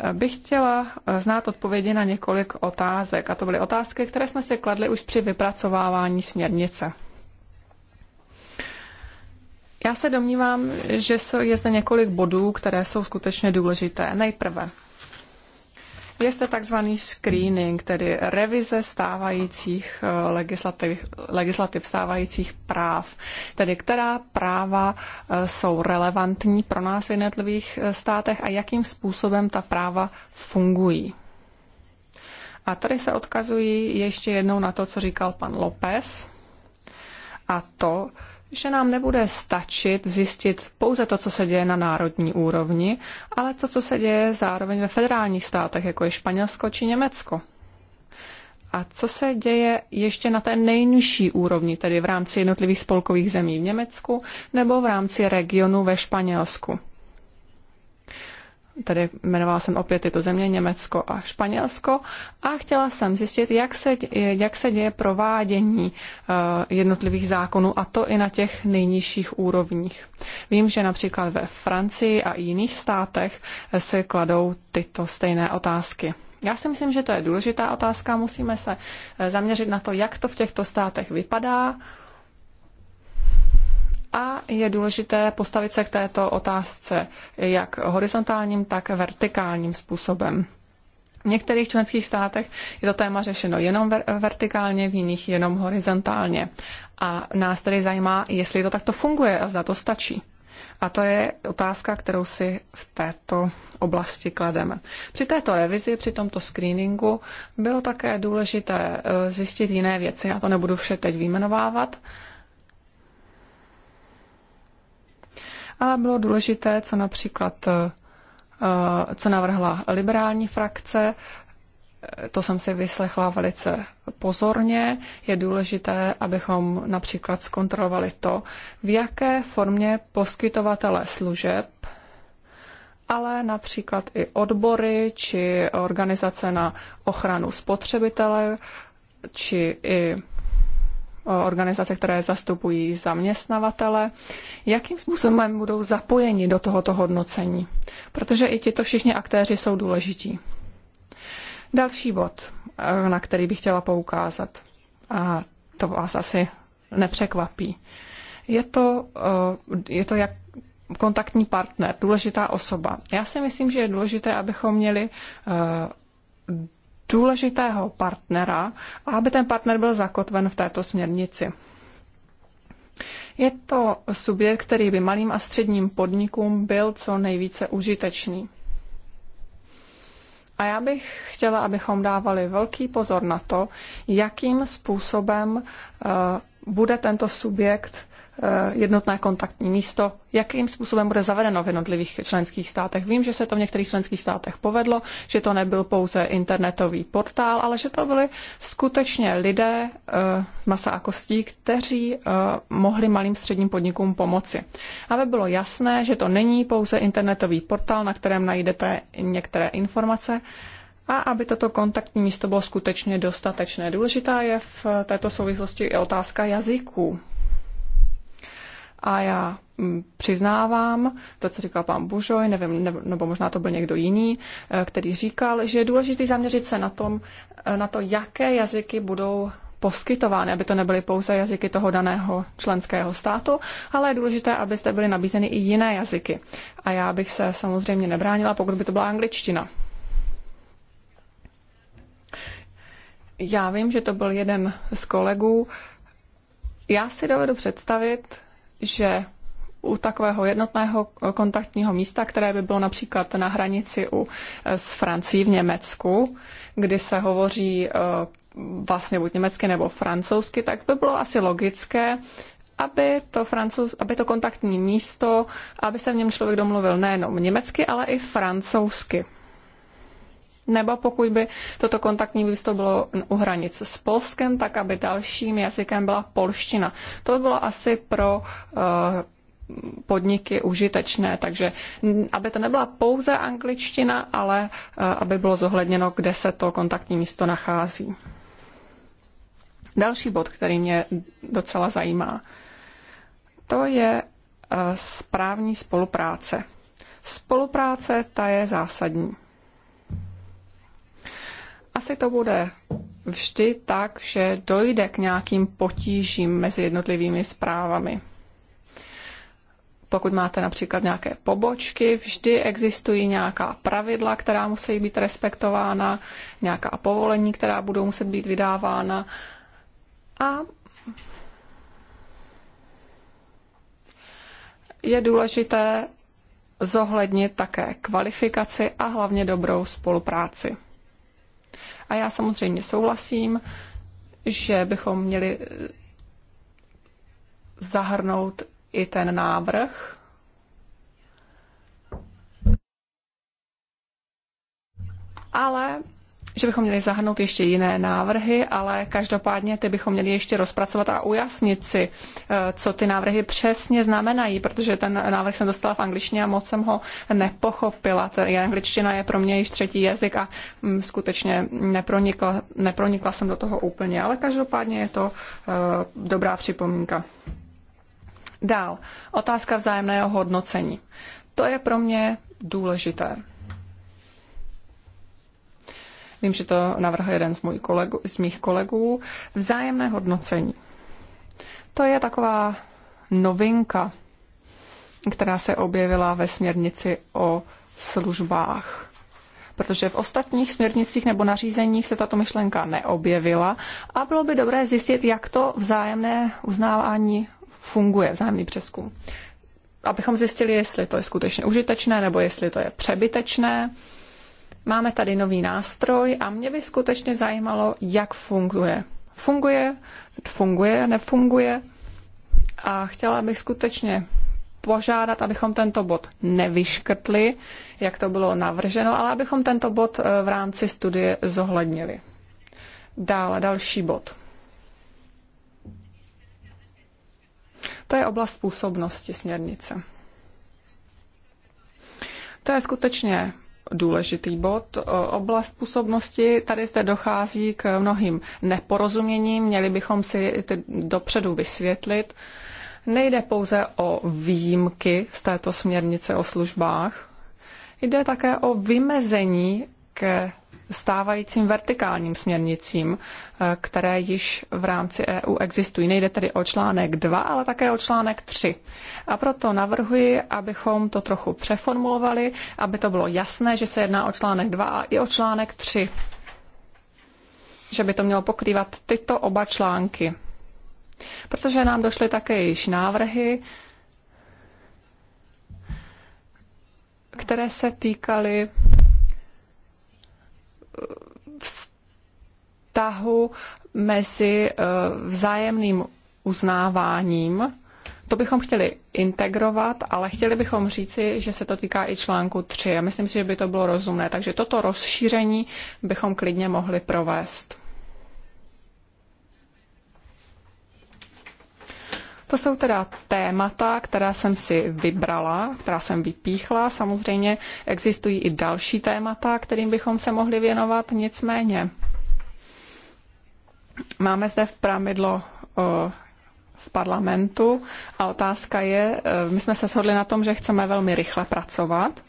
Speaker 2: eh, bych chtěla znát odpovědi na několik otázek. A to byly otázky, které jsme si kladli už při vypracovávání směrnice. Já se domnívám, že je zde několik bodů, které jsou skutečně důležité. Nejprve je zde takzvaný screening, tedy revize stávajících eh, legislativ, legislativ stávajících práv, tedy která práva eh, jsou relevantní pro nás v jednotlivých eh, státech a jakým způsobem ta práva fungují. A tady se odkazují ještě jednou na to, co říkal pan López, a to, že nám nebude stačit zjistit pouze to, co se děje na národní úrovni, ale to, co se děje zároveň ve federálních státech, jako je Španělsko či Německo. A co se děje ještě na té nejnižší úrovni, tedy v rámci jednotlivých spolkových zemí v Německu nebo v rámci regionu ve Španělsku? Tady jmenovala jsem opět tyto země, Německo a Španělsko, a chtěla jsem zjistit, jak se, jak se děje provádění eh, jednotlivých zákonů, a to i na těch nejnižších úrovních. Vím, že například ve Francii a jiných státech eh, se kladou tyto stejné otázky. Já si myslím, že to je důležitá otázka. Musíme se eh, zaměřit na to, jak to v těchto státech vypadá, a je důležité postavit se k této otázce jak horizontálním, tak vertikálním způsobem. V některých členských státech je to téma řešeno jenom ver- vertikálně, v jiných jenom horizontálně. A nás tedy zajímá, jestli to takto funguje a zda to stačí. A to je otázka, kterou si v této oblasti klademe. Při této revizi, při tomto screeningu bylo také důležité eh, zjistit jiné věci. Já to nebudu vše teď vyjmenovávat, ale bylo důležité, co například eh, co navrhla liberální frakce, to jsem si vyslechla velice pozorně. Je důležité, abychom například zkontrolovali to, v jaké formě poskytovatele služeb, ale například i odbory či organizace na ochranu spotřebitele, či i organizace, které zastupují zaměstnavatele, jakým způsobem budou zapojeni do tohoto hodnocení, protože i tito všichni aktéři jsou důležití. Další bod, eh, na který bych chtěla poukázat, a to vás asi nepřekvapí, je to, eh, je to jak kontaktní partner, důležitá osoba. Já si myslím, že je důležité, abychom měli eh, důležitého partnera a aby ten partner byl zakotven v této směrnici. Je to subjekt, který by malým a středním podnikům byl co nejvíce užitečný. A já bych chtěla, abychom dávali velký pozor na to, jakým způsobem eh, bude tento subjekt Eh, jednotné kontaktní místo, jakým způsobem bude zavedeno v jednotlivých členských státech. Vím, že se to v některých členských státech povedlo, že to nebyl pouze internetový portál, ale že to byly skutečně lidé z eh, masa a kostí, kteří eh, mohli malým středním podnikům pomoci. Aby bylo jasné, že to není pouze internetový portál, na kterém najdete některé informace, a aby toto kontaktní místo bylo skutečně dostatečné. Důležitá je v této souvislosti i otázka jazyků a já mm, přiznávám to, co říkal pan Bužoj, nevím, nebo možná to byl někdo jiný, eh, který říkal, že je důležité zaměřit se na, tom, eh, na to, jaké jazyky budou poskytovány, aby to nebyly pouze jazyky toho daného členského státu, ale je důležité, aby zde byly nabízeny i jiné jazyky. A já bych se samozřejmě nebránila, pokud by to byla angličtina. Já vím, že to byl jeden z kolegů. Já si dovedu představit, že u takového jednotného kontaktního místa, které by bylo například na hranici u, e, s Francí v Německu, kdy se hovoří e, vlastně buď německy nebo francouzsky, tak by bylo asi logické, aby to, francouz, aby to kontaktní místo, aby se v něm člověk domluvil nejenom německy, ale i francouzsky nebo pokud by toto kontaktní místo bylo u hranic s Polskem, tak aby dalším jazykem byla polština. To by bylo asi pro eh, podniky užitečné, takže mm, aby to nebyla pouze angličtina, ale eh, aby bylo zohledněno, kde se to kontaktní místo nachází. Další bod, který mě docela zajímá, to je eh, správní spolupráce. Spolupráce ta je zásadní asi to bude vždy tak, že dojde k nějakým potížím mezi jednotlivými zprávami. Pokud máte například nějaké pobočky, vždy existují nějaká pravidla, která musí být respektována, nějaká povolení, která budou muset být vydávána. A je důležité zohlednit také kvalifikaci a hlavně dobrou spolupráci. A já samozřejmě souhlasím, že bychom měli eh, zahrnout i ten návrh. Ale že bychom měli zahrnout ještě jiné návrhy, ale každopádně ty bychom měli ještě rozpracovat a ujasnit si, eh, co ty návrhy přesně znamenají, protože ten návrh jsem dostala v angličtině a moc jsem ho nepochopila. Tedy angličtina je pro mě již třetí jazyk a mm, skutečně nepronikla, nepronikla jsem do toho úplně, ale každopádně je to eh, dobrá připomínka. Dál, otázka vzájemného hodnocení. To je pro mě důležité vím, že to navrhl jeden z, můj kolegu, z mých kolegů, vzájemné hodnocení. To je taková novinka, která se objevila ve směrnici o službách. Protože v ostatních směrnicích nebo nařízeních se tato myšlenka neobjevila a bylo by dobré zjistit, jak to vzájemné uznávání funguje, vzájemný přeskum. Abychom zjistili, jestli to je skutečně užitečné nebo jestli to je přebytečné Máme tady nový nástroj a mě by skutečně zajímalo, jak funguje. Funguje, funguje, nefunguje. A chtěla bych skutečně požádat, abychom tento bod nevyškrtli, jak to bylo navrženo, ale abychom tento bod eh, v rámci studie zohlednili. Dále další bod. To je oblast působnosti směrnice. To je skutečně důležitý bod. Oblast působnosti, tady zde dochází k mnohým neporozuměním, měli bychom si ty dopředu vysvětlit. Nejde pouze o výjimky z této směrnice o službách, jde také o vymezení ke stávajícím vertikálním směrnicím, eh, které již v rámci EU existují. Nejde tedy o článek 2, ale také o článek 3. A proto navrhuji, abychom to trochu přeformulovali, aby to bylo jasné, že se jedná o článek 2 a i o článek 3. Že by to mělo pokrývat tyto oba články. Protože nám došly také již návrhy, které se týkaly vztahu mezi eh, vzájemným uznáváním. To bychom chtěli integrovat, ale chtěli bychom říci, že se to týká i článku 3. Já myslím si, že by to bylo rozumné. Takže toto rozšíření bychom klidně mohli provést. To jsou teda témata, která jsem si vybrala, která jsem vypíchla. Samozřejmě existují i další témata, kterým bychom se mohli věnovat, nicméně. Máme zde v pramidlo eh, v parlamentu a otázka je, eh, my jsme se shodli na tom, že chceme velmi rychle pracovat.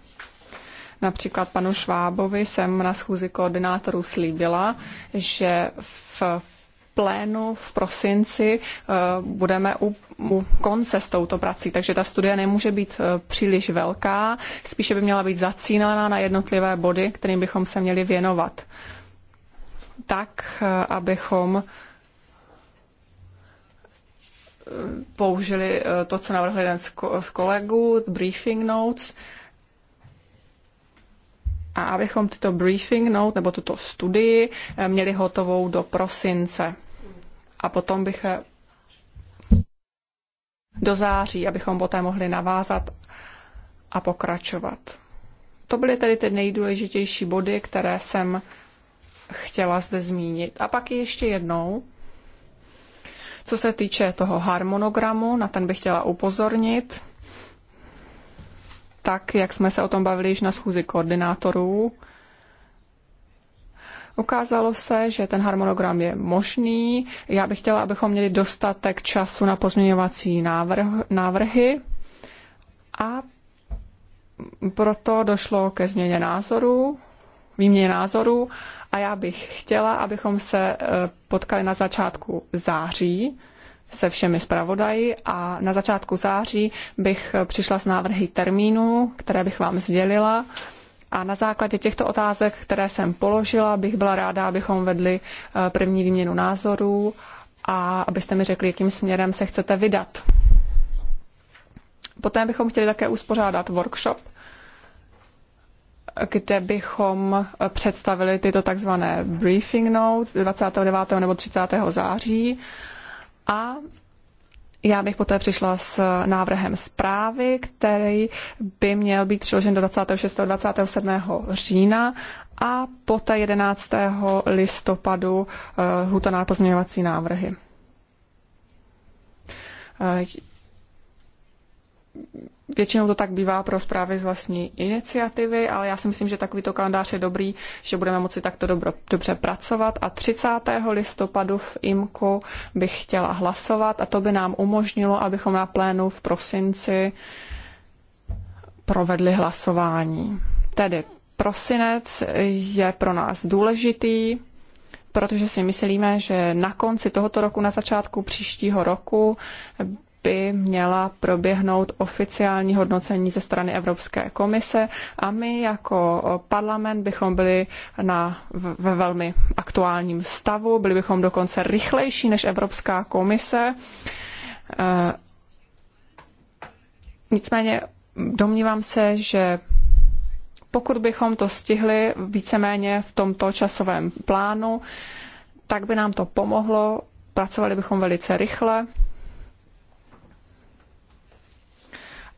Speaker 2: Například panu Švábovi jsem na schůzi koordinátorů slíbila, že v plénu v prosinci eh, budeme u, u konce s touto prací, takže ta studie nemůže být eh, příliš velká, spíše by měla být zacílená na jednotlivé body, kterým bychom se měli věnovat. Tak, eh, abychom použili to, co navrhl jeden z kolegů, briefing notes, a abychom tyto briefing note nebo tuto studii měli hotovou do prosince a potom bych eh, do září, abychom poté mohli navázat a pokračovat. To byly tedy ty nejdůležitější body, které jsem chtěla zde zmínit. A pak ještě jednou, co se týče toho harmonogramu, na ten bych chtěla upozornit, tak jak jsme se o tom bavili již na schůzi koordinátorů, Ukázalo se, že ten harmonogram je možný. Já bych chtěla, abychom měli dostatek času na pozměňovací návrh, návrhy a proto došlo ke změně názoru, výměně názoru a já bych chtěla, abychom se eh, potkali na začátku září se všemi zpravodaji a na začátku září bych přišla s návrhy termínu, které bych vám sdělila a na základě těchto otázek, které jsem položila, bych byla ráda, abychom vedli eh, první výměnu názorů a abyste mi řekli, jakým směrem se chcete vydat. Poté bychom chtěli také uspořádat workshop, kde bychom eh, představili tyto takzvané briefing notes 29. nebo 30. září a já bych poté přišla s návrhem zprávy, který by měl být přiložen do 26. 27. října a poté 11. listopadu hluta eh, na pozměňovací návrhy eh, Většinou to tak bývá pro zprávy z vlastní iniciativy, ale já si myslím, že takovýto kalendář je dobrý, že budeme moci takto dobro, dobře pracovat. A 30. listopadu v IMKU bych chtěla hlasovat a to by nám umožnilo, abychom na plénu v prosinci provedli hlasování. Tedy prosinec je pro nás důležitý, protože si myslíme, že na konci tohoto roku, na začátku příštího roku by měla proběhnout oficiální hodnocení ze strany Evropské komise a my jako parlament bychom byli na, ve velmi aktuálním stavu, byli bychom dokonce rychlejší než Evropská komise. Eh, nicméně domnívám se, že pokud bychom to stihli víceméně v tomto časovém plánu, tak by nám to pomohlo, pracovali bychom velice rychle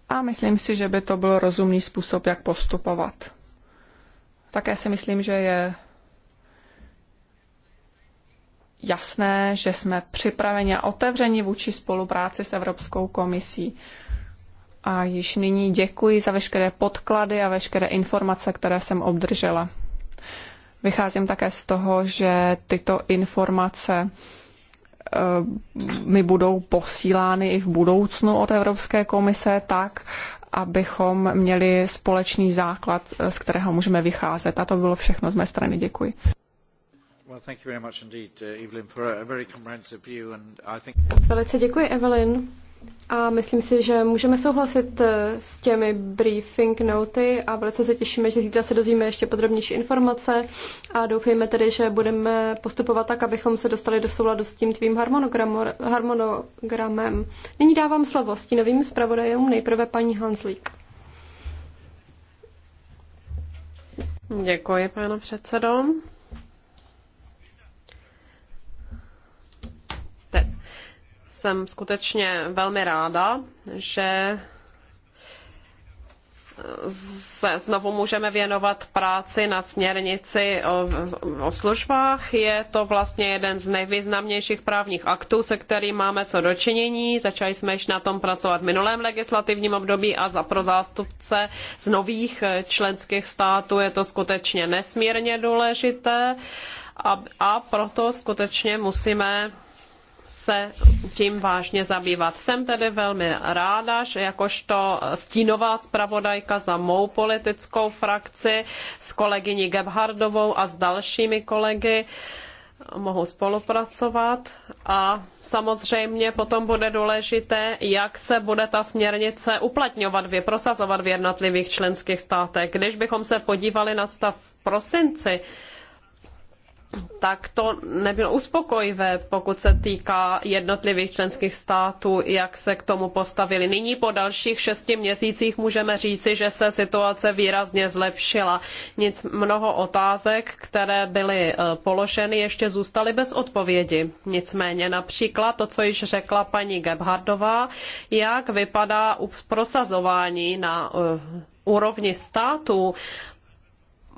Speaker 2: a myslím si, že by to byl rozumný způsob, jak postupovat. Také si myslím, že je jasné, že jsme připraveni a otevřeni vůči spolupráci s Evropskou komisí. A již nyní děkuji za veškeré podklady a veškeré informace, které jsem obdržela. Vycházím také z toho, že tyto informace Eh, mi budou posílány i v budoucnu od Evropské komise tak, abychom měli společný základ, eh, z kterého můžeme vycházet. A to bylo všechno z mé strany. Děkuji.
Speaker 3: Eh,
Speaker 1: Velice děkuji, Evelyn. A myslím si, že můžeme souhlasit eh, s těmi briefing noty a velice se těšíme, že zítra se dozvíme ještě podrobnější informace a doufejme tedy, že budeme postupovat tak, abychom se dostali do souladu s tím tvým harmonogramem. Nyní dávám slovo stínovým zpravodajům, nejprve paní Hanslík.
Speaker 4: Děkuji, pane předsedo. jsem skutečně velmi ráda, že se znovu můžeme věnovat práci na směrnici o, o, službách. Je to vlastně jeden z nejvýznamnějších právních aktů, se kterým máme co dočinění. Začali jsme již na tom pracovat v minulém legislativním období a za, pro zástupce z nových členských států je to skutečně nesmírně důležité a, a proto skutečně musíme se tím vážně zabývat. Jsem tedy velmi ráda, že jakožto stínová zpravodajka za mou politickou frakci s kolegyní Gebhardovou a s dalšími kolegy mohu spolupracovat a samozřejmě potom bude důležité, jak se bude ta směrnice uplatňovat, prosazovat v jednotlivých členských státech. Když bychom se podívali na stav v prosinci, tak to nebylo uspokojivé, pokud se týká jednotlivých členských států, jak se k tomu postavili. Nyní po dalších šesti měsících můžeme říci, že se situace výrazně zlepšila. Nic mnoho otázek, které byly e, položeny, ještě zůstaly bez odpovědi. Nicméně například to, co již řekla paní Gebhardová, jak vypadá prosazování na e, úrovni států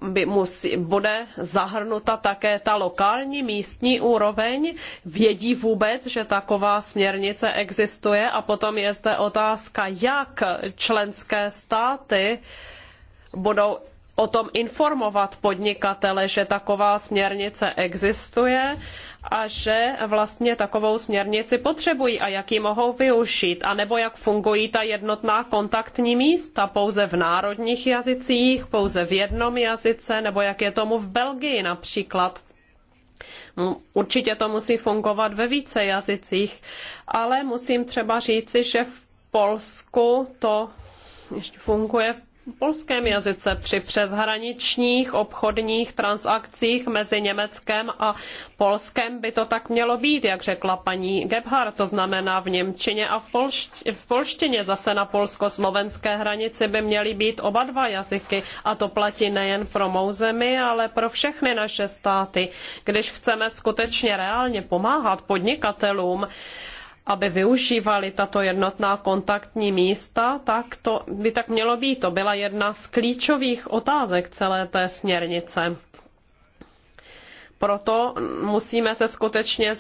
Speaker 4: by musí, bude zahrnuta také ta lokální místní úroveň? Vědí vůbec, že taková směrnice existuje? A potom je zde otázka, jak členské státy budou o tom informovat podnikatele, že taková směrnice existuje a že vlastně takovou směrnici potřebují a jak ji mohou využít, anebo jak fungují ta jednotná kontaktní místa pouze v národních jazycích, pouze v jednom jazyce, nebo jak je tomu v Belgii například. Určitě to musí fungovat ve více jazycích, ale musím třeba říci, že v Polsku to funguje v polském jazyce při přeshraničních obchodních transakcích mezi Německem a Polskem by to tak mělo být, jak řekla paní Gebhardt, to znamená v Němčině a v, polšt, v polštině zase na polsko-slovenské hranici by měly být oba dva jazyky a to platí nejen pro mou zemi, ale pro všechny naše státy. Když chceme skutečně reálně pomáhat podnikatelům, aby využívali tato jednotná kontaktní místa, tak to by tak mělo být. To byla jedna z klíčových otázek celé té směrnice. Proto musíme se skutečně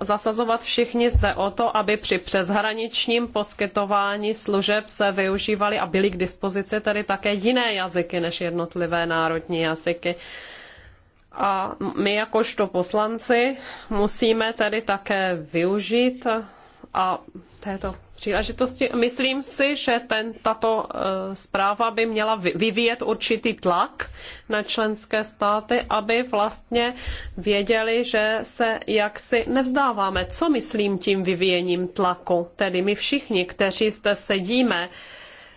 Speaker 4: zasazovat všichni zde o to, aby při přeshraničním poskytování služeb se využívaly a byly k dispozici tedy také jiné jazyky než jednotlivé národní jazyky. A my jakožto poslanci musíme tedy také využít a této příležitosti. Myslím si, že ten, tato eh, zpráva by měla vyvíjet určitý tlak na členské státy, aby vlastně věděli, že se jaksi nevzdáváme. Co myslím tím vyvíjením tlaku? Tedy my všichni, kteří zde sedíme,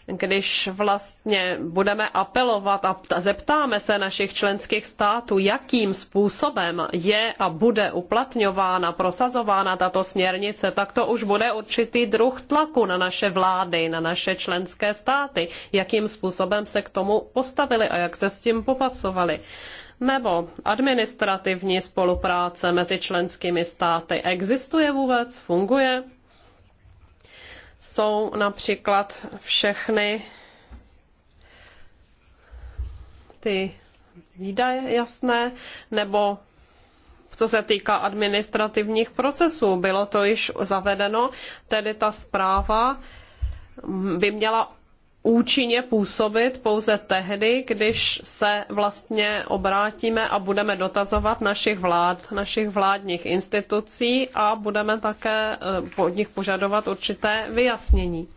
Speaker 4: když vlastně budeme apelovat a zeptáme se našich členských států, jakým způsobem je a bude uplatňována, prosazována tato směrnice, tak to už bude určitý druh tlaku na naše vlády, na naše členské státy, jakým způsobem se k tomu postavili a jak se s tím popasovali nebo administrativní spolupráce mezi členskými státy existuje vůbec, funguje? jsou například všechny ty výdaje jasné, nebo co se týká administrativních procesů, bylo to již zavedeno, tedy ta zpráva by měla účinně působit pouze tehdy, když se vlastně obrátíme a budeme dotazovat našich vlád, našich vládních institucí a budeme také eh, od nich požadovat určité vyjasnění.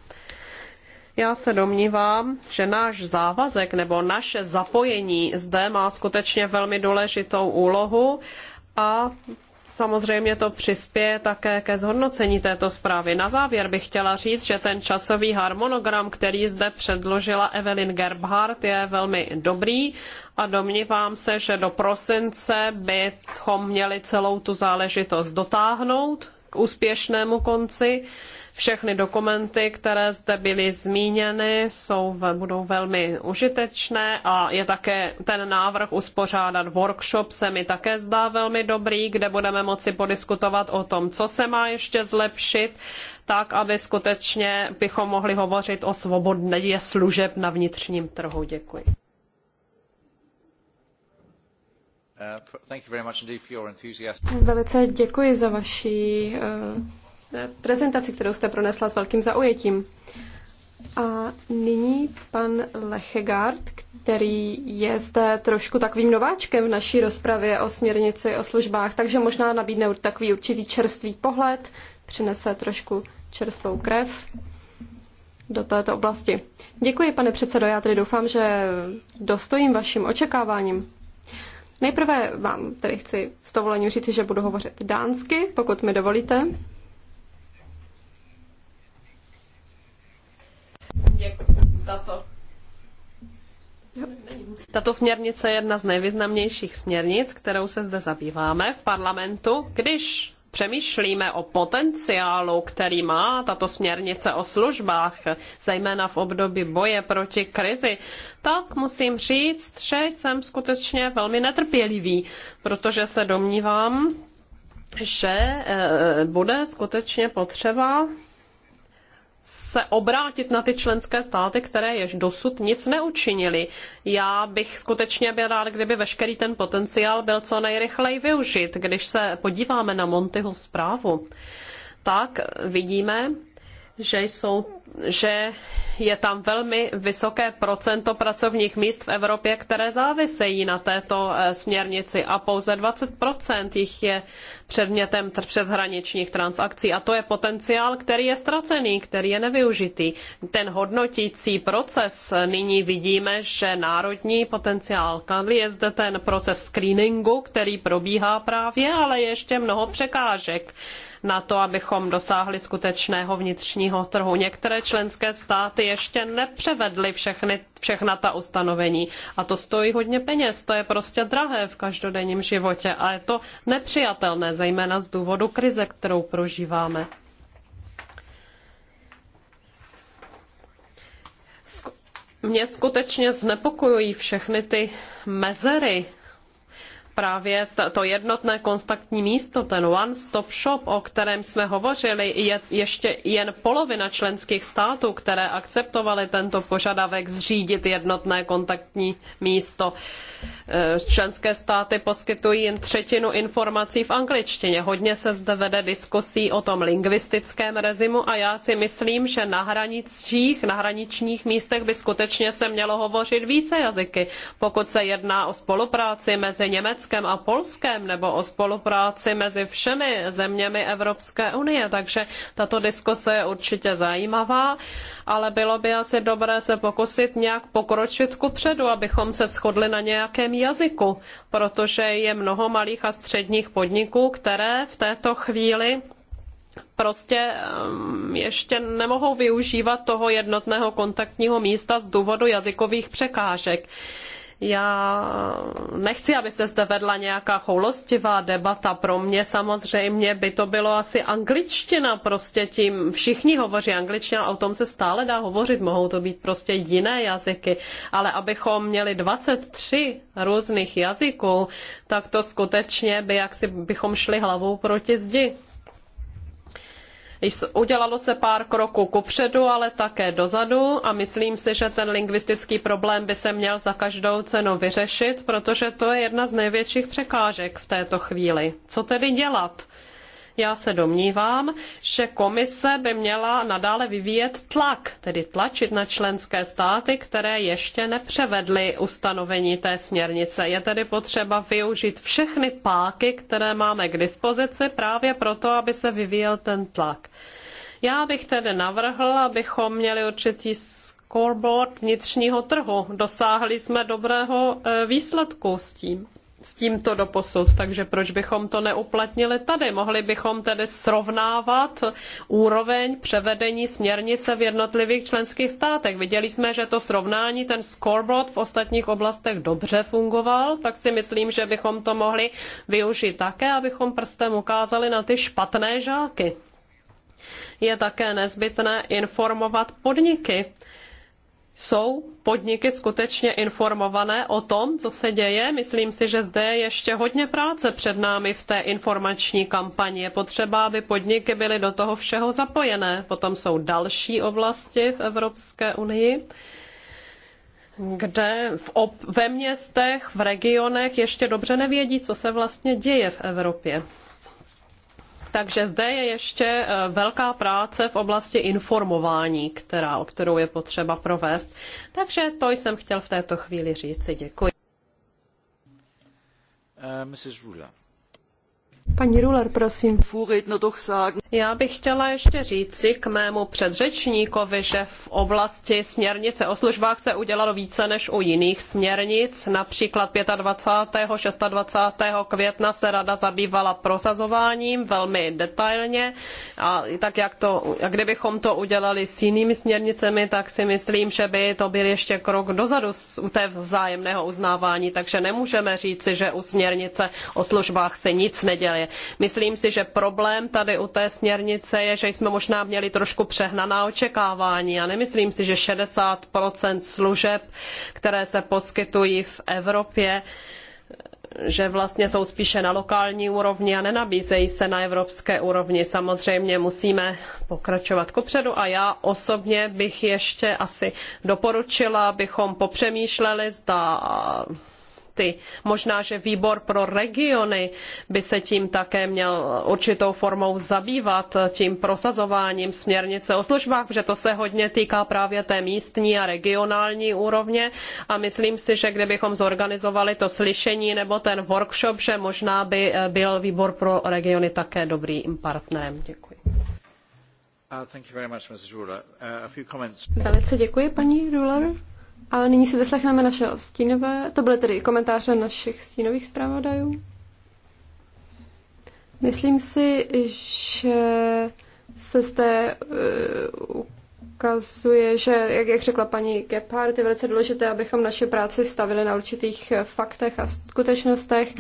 Speaker 4: Já se domnívám, že náš závazek nebo naše zapojení zde má skutečně velmi důležitou úlohu a Samozřejmě to přispěje také ke zhodnocení této zprávy. Na závěr bych chtěla říct, že ten časový harmonogram, který zde předložila Evelyn Gerbhardt, je velmi dobrý a domnívám se, že do prosince bychom měli celou tu záležitost dotáhnout, k úspěšnému konci. Všechny dokumenty, které zde byly zmíněny, jsou, budou velmi užitečné a je také ten návrh uspořádat workshop se mi také zdá velmi dobrý, kde budeme moci podiskutovat o tom, co se má ještě zlepšit, tak, aby skutečně bychom mohli hovořit o svobodě služeb na vnitřním trhu. Děkuji.
Speaker 1: Uh, Velice děkuji za vaši eh, prezentaci, kterou jste pronesla s velkým zaujetím. A nyní pan Lechegard, který je zde trošku takovým nováčkem v naší rozpravě o směrnici o službách, takže možná nabídne takový určitý čerstvý pohled, přinese trošku čerstvou krev do této oblasti. Děkuji, pane předsedo, já tedy doufám, že dostojím vašim očekáváním. Nejprve vám tedy chci s dovolením říct, že budu hovořit dánsky, pokud mi dovolíte.
Speaker 4: Děkuji za to. Tato směrnice je jedna z nejvýznamnějších směrnic, kterou se zde zabýváme v parlamentu, když přemýšlíme o potenciálu, který má tato směrnice o službách, zejména v období boje proti krizi, tak musím říct, že jsem skutečně velmi netrpělivý, protože se domnívám, že eh, bude skutečně potřeba se obrátit na ty členské státy, které jež dosud nic neučinili. Já bych skutečně byl rád, kdyby veškerý ten potenciál byl co nejrychleji využit. Když se podíváme na Montyho zprávu, tak vidíme, že jsou že je tam velmi vysoké procento pracovních míst v Evropě, které závisejí na této eh, směrnici a pouze 20% jich je předmětem přeshraničních transakcí a to je potenciál, který je ztracený, který je nevyužitý. Ten hodnotící proces eh, nyní vidíme, že národní potenciál Kadly je zde ten proces screeningu, který probíhá právě, ale je ještě mnoho překážek na to, abychom dosáhli skutečného vnitřního trhu. Některé členské státy ještě nepřevedly všechny, všechna ta ustanovení. A to stojí hodně peněz, to je prostě drahé v každodenním životě a je to nepřijatelné, zejména z důvodu krize, kterou prožíváme. Mě skutečně znepokojují všechny ty mezery právě to jednotné kontaktní místo, ten one-stop shop, o kterém jsme hovořili, je ještě jen polovina členských států, které akceptovaly tento požadavek zřídit jednotné kontaktní místo. E, členské státy poskytují jen třetinu informací v angličtině. Hodně se zde vede diskusí o tom lingvistickém rezimu a já si myslím, že na hranicích, na hraničních místech by skutečně se mělo hovořit více jazyky, pokud se jedná o spolupráci mezi Německem Rakouskem a Polskem nebo o spolupráci mezi všemi zeměmi Evropské unie. Takže tato diskuse je určitě zajímavá, ale bylo by asi dobré se pokusit nějak pokročit ku předu, abychom se shodli na nějakém jazyku, protože je mnoho malých a středních podniků, které v této chvíli prostě ehm, ještě nemohou využívat toho jednotného kontaktního místa z důvodu jazykových překážek. Já nechci, aby se zde vedla nějaká choulostivá debata. Pro mě samozřejmě by to bylo asi angličtina, prostě tím všichni hovoří angličtina, o tom se stále dá hovořit, mohou to být prostě jiné jazyky, ale abychom měli 23 různých jazyků, tak to skutečně by jaksi bychom šli hlavou proti zdi. Udělalo se pár kroků kupředu, ale také dozadu a myslím si, že ten lingvistický problém by se měl za každou cenu vyřešit, protože to je jedna z největších překážek v této chvíli. Co tedy dělat? já se domnívám, že komise by měla nadále vyvíjet tlak, tedy tlačit na členské státy, které ještě nepřevedly ustanovení té směrnice. Je tedy potřeba využít všechny páky, které máme k dispozici právě proto, aby se vyvíjel ten tlak. Já bych tedy navrhl, abychom měli určitý scoreboard vnitřního trhu. Dosáhli jsme dobrého eh, výsledku s tím s tímto doposud, takže proč bychom to neuplatnili tady? Mohli bychom tedy srovnávat úroveň převedení směrnice v jednotlivých členských státech. Viděli jsme, že to srovnání, ten scoreboard v ostatních oblastech dobře fungoval, tak si myslím, že bychom to mohli využít také, abychom prstem ukázali na ty špatné žáky. Je také nezbytné informovat podniky jsou podniky skutečně informované o tom, co se děje. Myslím si, že zde je ještě hodně práce před námi v té informační kampani. Je potřeba, aby podniky byly do toho všeho zapojené. Potom jsou další oblasti v Evropské unii kde v ob, ve městech, v regionech ještě dobře nevědí, co se vlastně děje v Evropě. Takže zde je ještě eh, velká práce v oblasti informování, která, o kterou je potřeba provést. Takže to jsem chtěl v této chvíli říci. Děkuji.
Speaker 3: Uh, Mrs. Rula.
Speaker 4: Paní Ruler, prosím. Já bych chtěla ještě říci k mému předřečníkovi, že v oblasti směrnice o službách se udělalo více než u jiných směrnic. Například 25. 26. května se rada zabývala prosazováním velmi detailně a tak jak to, jak kdybychom to udělali s jinými směrnicemi, tak si myslím, že by to byl ještě krok dozadu u té vzájemného uznávání, takže nemůžeme říci, že u směrnice o službách se nic nedělá uváděli. Myslím si, že problém tady u té směrnice je, že jsme možná měli trošku přehnaná očekávání a nemyslím si, že 60% služeb, které se poskytují v Evropě, že vlastně jsou spíše na lokální úrovni a nenabízejí se na evropské úrovni. Samozřejmě musíme pokračovat kopředu a já osobně bych ještě asi doporučila, abychom popřemýšleli, zda projekty. Možná, že výbor pro regiony by se tím také měl určitou formou zabývat, tím prosazováním směrnice o službách, protože to se hodně týká právě té místní a regionální úrovně a myslím si, že kdybychom zorganizovali to slyšení nebo ten workshop, že možná by eh, byl výbor pro regiony také dobrým partnerem. Děkuji.
Speaker 3: Uh, uh,
Speaker 1: Velice děkuji, paní Ruler. A nyní si vyslechneme našeho stínové, to byly tedy komentáře našich stínových zpravodajů. Myslím si, že se zde uh, ukazuje, že, jak, jak řekla paní Gephardt, je velice důležité, abychom naše práci stavili na určitých eh, faktech a skutečnostech.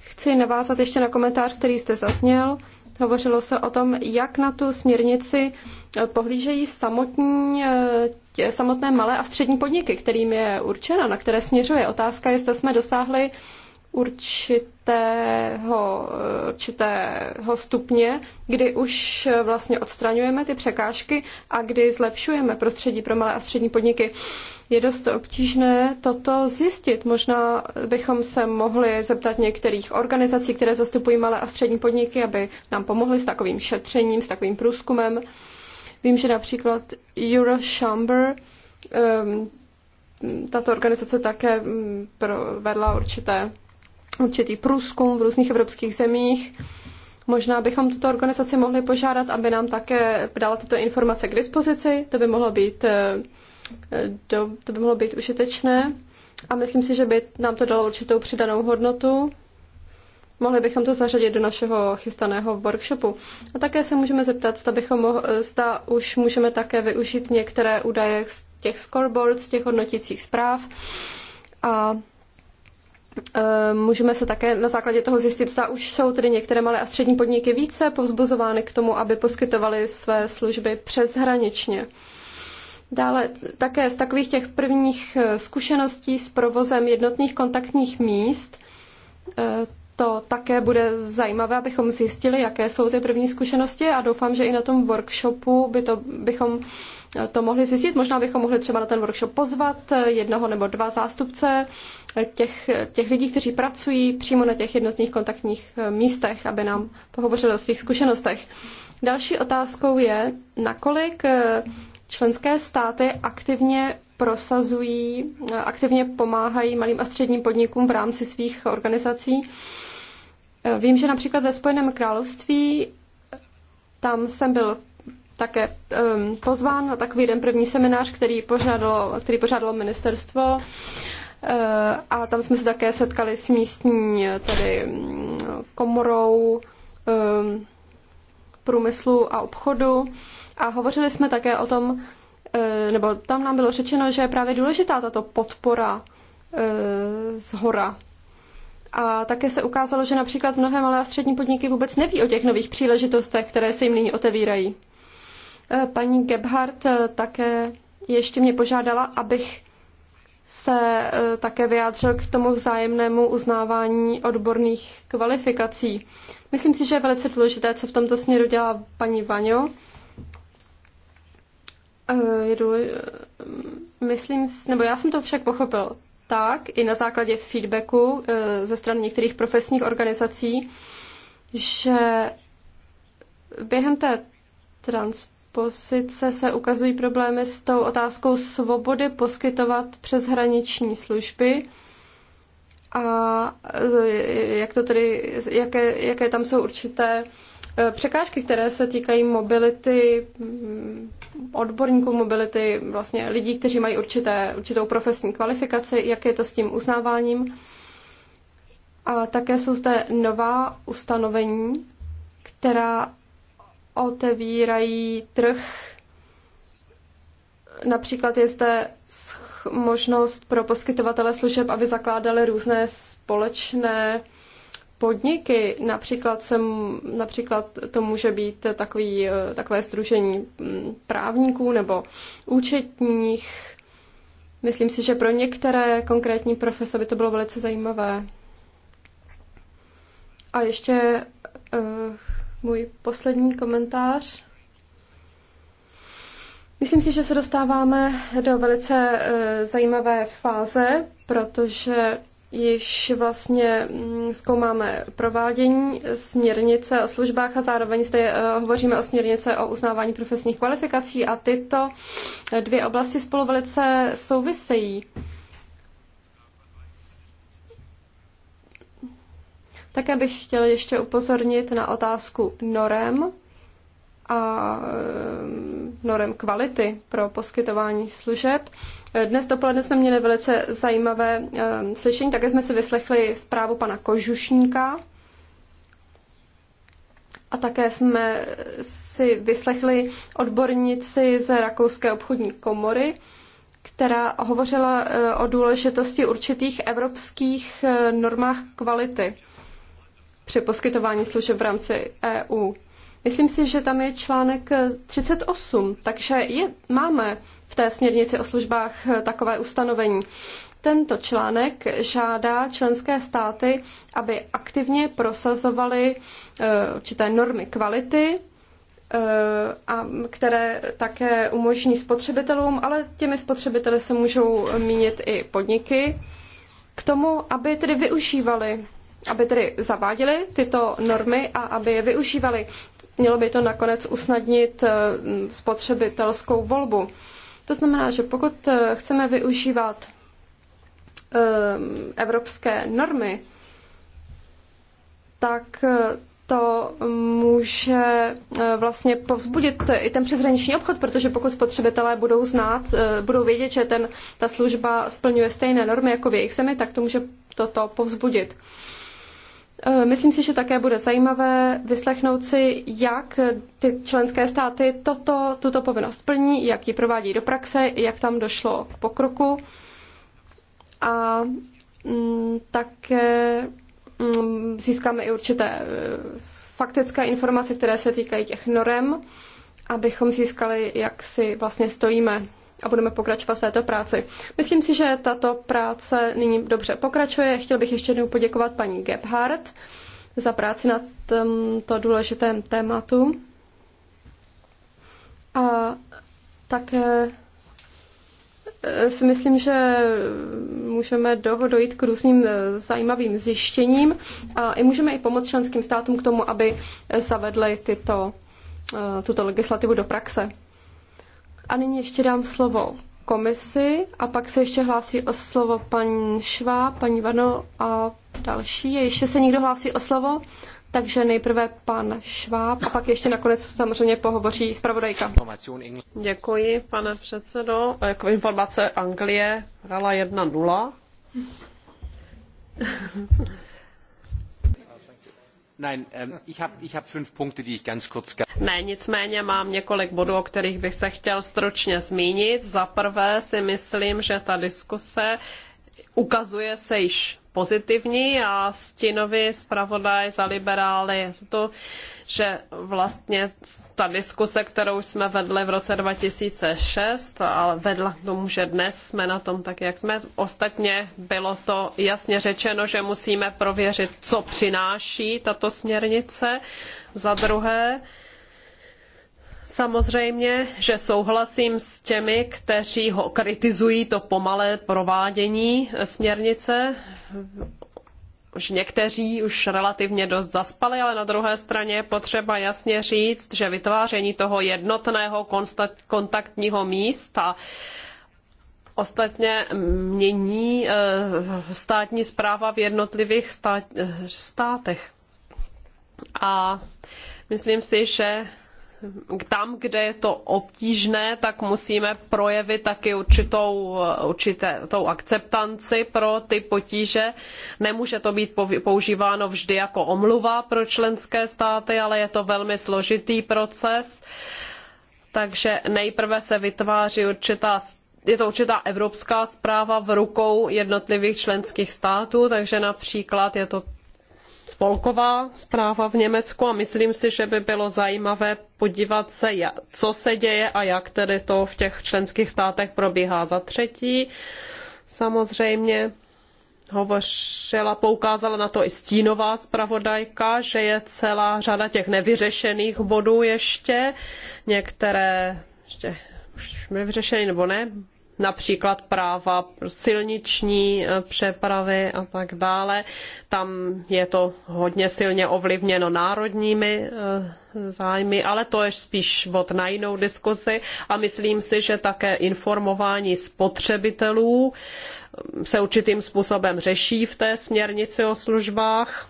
Speaker 1: Chci navázat ještě na komentář, který jste zazněl. Hovořilo se o tom, jak na tu směrnici pohlížejí samotní, eh, tě, samotné malé a střední podniky, kterým je určena, na které směřuje. Otázka je, jestli jsme dosáhli určitého, eh, určitého stupně, kdy už eh, vlastně odstraňujeme ty překážky a kdy zlepšujeme prostředí pro malé a střední podniky. Je dost obtížné toto zjistit. Možná bychom se mohli zeptat některých organizací, které zastupují malé a střední podniky, aby nám pomohly s takovým šetřením, s takovým průzkumem. Vím, že například Eurochamber, ehm, tato organizace také mm, provedla určité, určitý průzkum v různých evropských zemích. Možná bychom tuto organizaci mohli požádat, aby nám také dala tyto informace k dispozici. To by mohlo být, eh, to by mohlo být užitečné. A myslím si, že by nám to dalo určitou přidanou hodnotu. Mohli bychom to zařadit do našeho chystaného workshopu. A také se můžeme zeptat, zda, bychom mohl, zda už můžeme také využít některé údaje z těch scoreboards, z těch hodnotících zpráv. A e, Můžeme se také na základě toho zjistit, zda už jsou tedy některé malé a střední podniky více povzbuzovány k tomu, aby poskytovaly své služby přeshraničně. Dále také z takových těch prvních e, zkušeností s provozem jednotných kontaktních míst, e, to také bude zajímavé, abychom zjistili, jaké jsou ty první zkušenosti a doufám, že i na tom workshopu by to, bychom eh, to mohli zjistit. Možná bychom mohli třeba na ten workshop pozvat eh, jednoho nebo dva zástupce eh, těch, těch lidí, kteří pracují přímo na těch jednotných kontaktních místech, aby nám pohovořili o svých zkušenostech. Další otázkou je, nakolik členské státy aktivně prosazují, aktivně pomáhají malým a středním podnikům v rámci svých organizací. Eh, vím, že například ve Spojeném království eh, tam jsem byl také um, pozván na takový den první seminář, který pořádalo, který pořádalo ministerstvo eh, a tam jsme se také setkali s místní tady mm, komorou um, průmyslu a obchodu a hovořili jsme také o tom, nebo tam nám bylo řečeno, že je právě důležitá tato podpora z hora a také se ukázalo, že například mnohé malé a střední podniky vůbec neví o těch nových příležitostech, které se jim nyní otevírají. E, paní Gebhardt e, také ještě mě požádala, abych se e, také vyjádřil k tomu vzájemnému uznávání odborných kvalifikací. Myslím si, že je velice důležité, co v tomto směru dělá paní Vaňo. Myslím, nebo já jsem to však pochopil tak, i na základě feedbacku eh, ze strany některých profesních organizací, že během té transpozice se ukazují problémy s tou otázkou svobody poskytovat přeshraniční služby a eh, jak to tedy, jaké, jaké tam jsou určité Eh, překážky, které se týkají mobility, mm, odborníků mobility, vlastně lidí, kteří mají určité, určitou profesní kvalifikaci, jak je to s tím uznáváním. A také jsou zde nová ustanovení, která otevírají trh. Například je zde možnost pro poskytovatele služeb, aby zakládali různé společné podniky. Například, sem, například to může být takový, eh, takové združení mm, právníků nebo účetních. Myslím si, že pro některé konkrétní profese by to bylo velice zajímavé. A ještě uh, můj poslední komentář. Myslím si, že se dostáváme do velice uh, zajímavé fáze, protože již vlastně mm, zkoumáme provádění směrnice o službách a zároveň zde eh, hovoříme o směrnice o uznávání profesních kvalifikací a tyto eh, dvě oblasti spolu velice souvisejí. Také bych chtěla ještě upozornit na otázku norem a eh, norem kvality pro poskytování služeb. Dnes dopoledne jsme měli velice zajímavé eh, slyšení, také jsme si vyslechli zprávu pana Kožušníka a také jsme si vyslechli odbornici z Rakouské obchodní komory, která hovořila eh, o důležitosti určitých evropských eh, normách kvality při poskytování služeb v rámci EU. Myslím si, že tam je článek 38, takže je, máme v té směrnici o službách eh, takové ustanovení. Tento článek žádá členské státy, aby aktivně prosazovaly eh, určité normy kvality, eh, a které také umožní spotřebitelům, ale těmi spotřebiteli se můžou mínit i podniky, k tomu, aby tedy využívali, aby tedy zaváděli tyto normy a aby je využívali. Mělo by to nakonec usnadnit spotřebitelskou volbu. To znamená, že pokud eh, chceme využívat eh, evropské normy, tak eh, to může vlastně povzbudit i ten přeshraniční obchod, protože pokud spotřebitelé budou znát, budou vědět, že ten, ta služba splňuje stejné normy jako v jejich zemi, tak to může toto povzbudit. Eh, myslím si, že také bude zajímavé vyslechnout si, jak ty členské státy toto, tuto povinnost plní, jak ji provádí do praxe, jak tam došlo k pokroku. A mm, také mm, získáme i určité eh, faktické informace, které se týkají těch norem, abychom získali, jak si vlastně stojíme a budeme pokračovat v této práci. Myslím si, že tato práce nyní dobře pokračuje. Chtěl bych ještě jednou poděkovat paní Gebhardt za práci na tomto důležitém tématu. A také eh, si myslím, že můžeme dojít k různým eh, zajímavým zjištěním a i můžeme i pomoct členským státům k tomu, aby zavedly tyto, eh, tuto legislativu do praxe. A nyní ještě dám slovo komisi a pak se ještě hlásí o slovo paní Šva, paní Vano a další. Ještě se někdo hlásí o slovo? Takže nejprve pan Šváb a pak ještě nakonec samozřejmě pohovoří zpravodajka. Děkuji,
Speaker 4: pane předsedo. Jako informace Anglie hrala 1-0.
Speaker 3: Nein, ähm, ich
Speaker 2: ich hab fünf die ich ganz kurz...
Speaker 4: Ne, nicméně mám několik bodů, o kterých bych se chtěl stručně zmínit. Za prvé si myslím, že ta diskuse ukazuje se již pozitivní a Stinovi zpravodaj za liberály to, že vlastně ta diskuse, kterou jsme vedli v roce 2006, ale vedla k tomu, že dnes jsme na tom tak, jak jsme. Ostatně bylo to jasně řečeno, že musíme prověřit, co přináší tato směrnice. Za druhé, Samozřejmě, že souhlasím s těmi, kteří ho kritizují to pomalé provádění směrnice. Už někteří už relativně dost zaspali, ale na druhé straně je potřeba jasně říct, že vytváření toho jednotného kontaktního místa ostatně mění eh, státní správa v jednotlivých eh, státech. A myslím si, že tam, kde je to obtížné, tak musíme projevit taky určitou, určitou akceptanci pro ty potíže. Nemůže to být používáno vždy jako omluva pro členské státy, ale je to velmi složitý proces. Takže nejprve se vytváří určitá je to určitá evropská zpráva v rukou jednotlivých členských států, takže například je to spolková zpráva v Německu a myslím si, že by bylo zajímavé podívat se, co se děje a jak tedy to v těch členských státech probíhá. Za třetí, samozřejmě hovořila, poukázala na to i stínová zpravodajka, že je celá řada těch nevyřešených bodů ještě, některé ještě už jsme vyřešeny nebo ne, například práva silniční eh, přepravy a tak dále. Tam je to hodně silně ovlivněno národními eh, zájmy, ale to je spíš bod na jinou diskusi a myslím si, že také informování spotřebitelů eh, se určitým způsobem řeší v té směrnici o službách.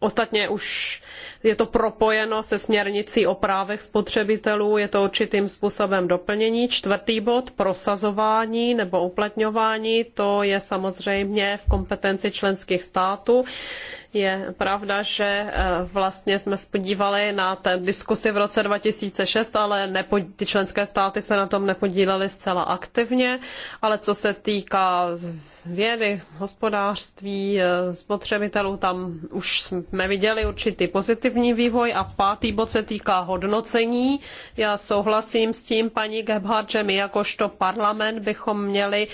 Speaker 4: Ostatně už je to propojeno se směrnicí o právech spotřebitelů, je to určitým způsobem doplnění. Čtvrtý bod, prosazování nebo uplatňování, to je samozřejmě v kompetenci členských států. Je pravda, že eh, vlastně jsme spodívali na té diskusi v roce 2006, ale nepo, ty členské státy se na tom nepodílely zcela aktivně, ale co se týká vědy, hospodářství, eh, spotřebitelů, tam už jsme viděli určitý pozitiv pozitivní vývoj a pátý bod se týká hodnocení. Já souhlasím s tím, paní Gebhardt, že my jakožto parlament bychom měli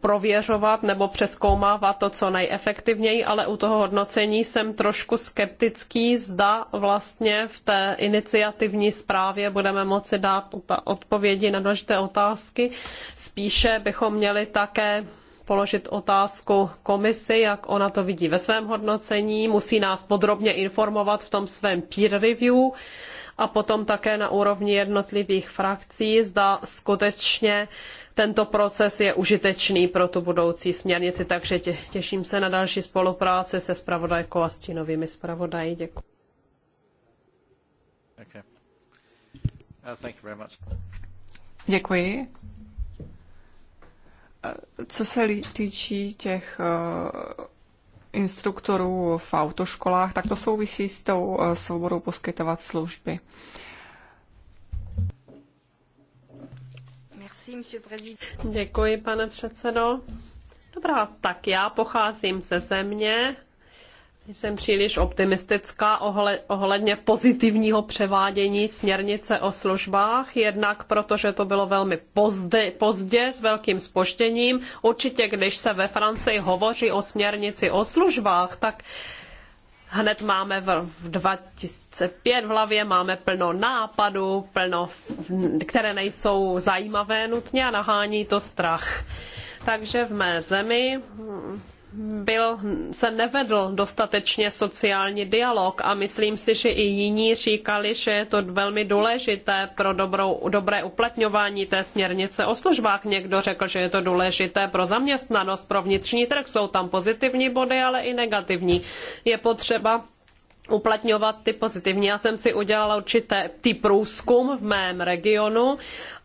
Speaker 4: prověřovat nebo přeskoumávat to, co nejefektivněji, ale u toho hodnocení jsem trošku skeptický, zda vlastně v té iniciativní zprávě budeme moci dát odpovědi na důležité otázky. Spíše bychom měli také položit otázku komisi, jak ona to vidí ve svém hodnocení, musí nás podrobně informovat v tom svém peer review a potom také na úrovni jednotlivých frakcí, zda skutečně tento proces je užitečný pro tu budoucí směrnici, takže tě, těším se na další spolupráci se spravodajkou a stínovými spravodaji.
Speaker 2: Děkuji.
Speaker 3: Okay. Uh,
Speaker 2: Děkuji co se týčí těch eh, instruktorů v autoškolách, tak to souvisí s tou eh, svobodou poskytovat služby.
Speaker 4: Děkuji, pane předsedo. Dobrá, tak já pocházím ze země, jsem příliš optimistická ohledně pozitivního převádění směrnice o službách, jednak protože to bylo velmi pozdě, pozdě s velkým spožděním. Určitě, když se ve Francii hovoří o směrnici o službách, tak hned máme v 2005 v hlavě, máme plno nápadů, plno, které nejsou zajímavé nutně a nahání to strach. Takže v mé zemi byl, se nevedl dostatečně sociální dialog a myslím si, že i jiní říkali, že je to velmi důležité pro dobrou, dobré uplatňování té směrnice o službách. Někdo řekl, že je to důležité pro zaměstnanost, pro vnitřní trh. Jsou tam pozitivní body, ale i negativní. Je potřeba uplatňovat ty pozitivní. Já jsem si udělala určité ty průzkum v mém regionu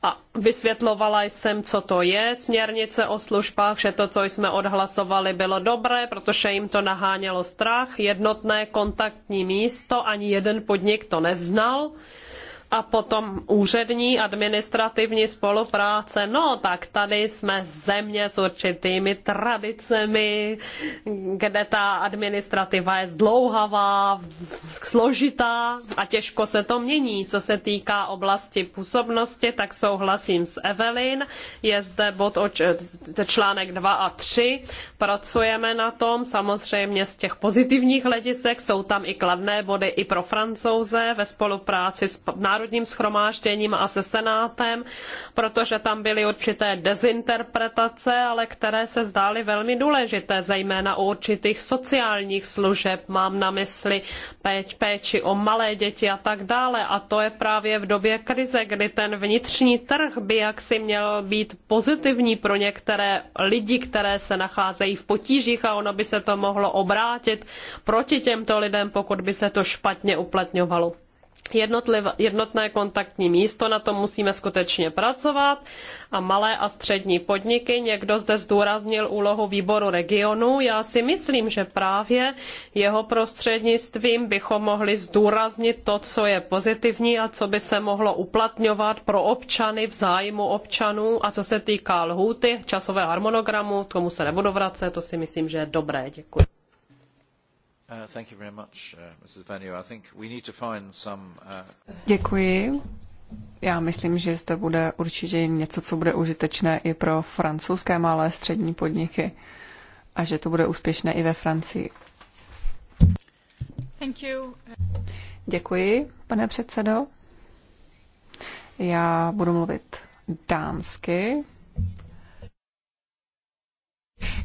Speaker 4: a vysvětlovala jsem, co to je směrnice o službách, že to, co jsme odhlasovali, bylo dobré, protože jim to nahánělo strach, jednotné kontaktní místo, ani jeden podnik to neznal a potom úřední administrativní spolupráce. No, tak tady jsme země s určitými tradicemi, kde ta administrativa je zdlouhavá, složitá a těžko se to mění. Co se týká oblasti působnosti, tak souhlasím s Evelyn. Je zde bod o článek 2 a 3. Pracujeme na tom, samozřejmě z těch pozitivních hledisek jsou tam i kladné body i pro francouze ve spolupráci s národní národním schromážděním a se senátem, protože tam byly určité dezinterpretace, ale které se zdály velmi důležité, zejména u určitých sociálních služeb. Mám na mysli péč, péči o malé děti a tak dále. A to je právě v době krize, kdy ten vnitřní trh by jaksi měl být pozitivní pro některé lidi, které se nacházejí v potížích a ono by se to mohlo obrátit proti těmto lidem, pokud by se to špatně uplatňovalo jednotné kontaktní místo, na tom musíme skutečně pracovat. A malé a střední podniky, někdo zde zdůraznil úlohu výboru regionu. Já si myslím, že právě jeho prostřednictvím bychom mohli zdůraznit to, co je pozitivní a co by se mohlo uplatňovat pro občany v zájmu občanů. A co se týká lhůty, časové harmonogramu, tomu se nebudu vracet, to si myslím, že je dobré. Děkuji.
Speaker 3: Uh, thank you very much, uh, Mrs. Venue. I think we need to find some, uh...
Speaker 2: Děkuji. Já myslím, že zde bude určitě něco, co bude užitečné i pro francouzské malé střední podniky a že to bude úspěšné i ve Francii. Thank you. Děkuji, pane předsedo. Já budu mluvit dánsky.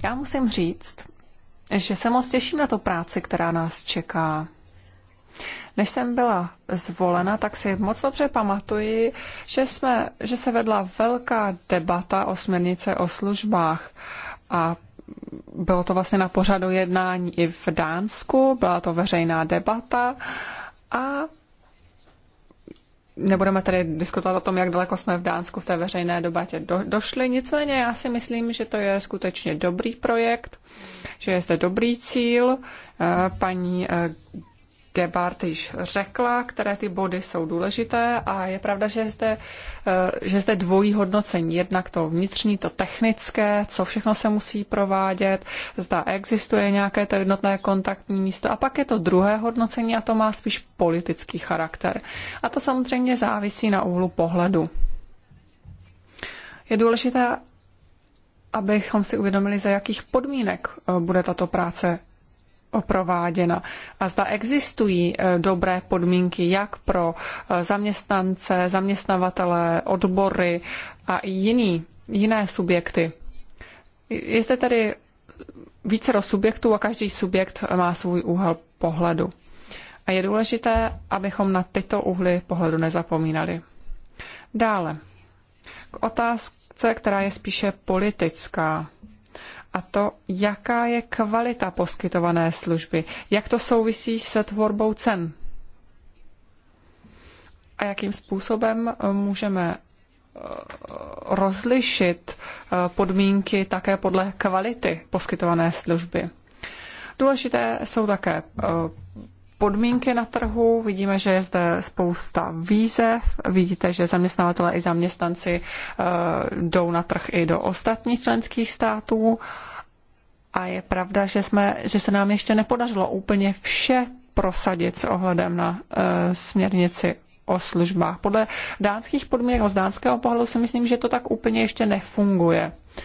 Speaker 2: Já musím říct, že se moc těším na tu práci, která nás čeká. Než jsem byla zvolena, tak si moc dobře pamatuji, že, jsme, že se vedla velká debata o směrnice o službách a bylo to vlastně na pořadu jednání i v Dánsku, byla to veřejná debata a Nebudeme tady diskutovat o tom, jak daleko jsme v Dánsku v té veřejné debatě do, došli. Nicméně já si myslím, že to je skutečně dobrý projekt, že je zde dobrý cíl. Eh, paní eh, Gebhardt již řekla, které ty body jsou důležité a je pravda, že zde, eh, že zde dvojí hodnocení. Jednak to vnitřní, to technické, co všechno se musí provádět, zda existuje nějaké to jednotné kontaktní místo a pak je to druhé hodnocení a to má spíš politický charakter. A to samozřejmě závisí na úhlu pohledu. Je důležité, abychom si uvědomili, za jakých podmínek eh, bude tato práce prováděna a zda existují eh, dobré podmínky jak pro eh, zaměstnance, zaměstnavatele, odbory a jiný, jiné subjekty. Je zde tedy vícero subjektů a každý subjekt má svůj úhel pohledu. A je důležité, abychom na tyto úhly pohledu nezapomínali. Dále, k otázce, která je spíše politická a to, jaká je kvalita poskytované služby, jak to souvisí se tvorbou cen a jakým způsobem eh, můžeme eh, rozlišit eh, podmínky také podle kvality poskytované služby. Důležité jsou také podmínky na trhu, vidíme, že je zde spousta výzev, vidíte, že zaměstnavatele i zaměstnanci eh, jdou na trh i do ostatních členských států a je pravda, že, jsme, že se nám ještě nepodařilo úplně vše prosadit s ohledem na eh, směrnici o službách. Podle dánských podmínek, z dánského pohledu si myslím, že to tak úplně ještě nefunguje. Uh,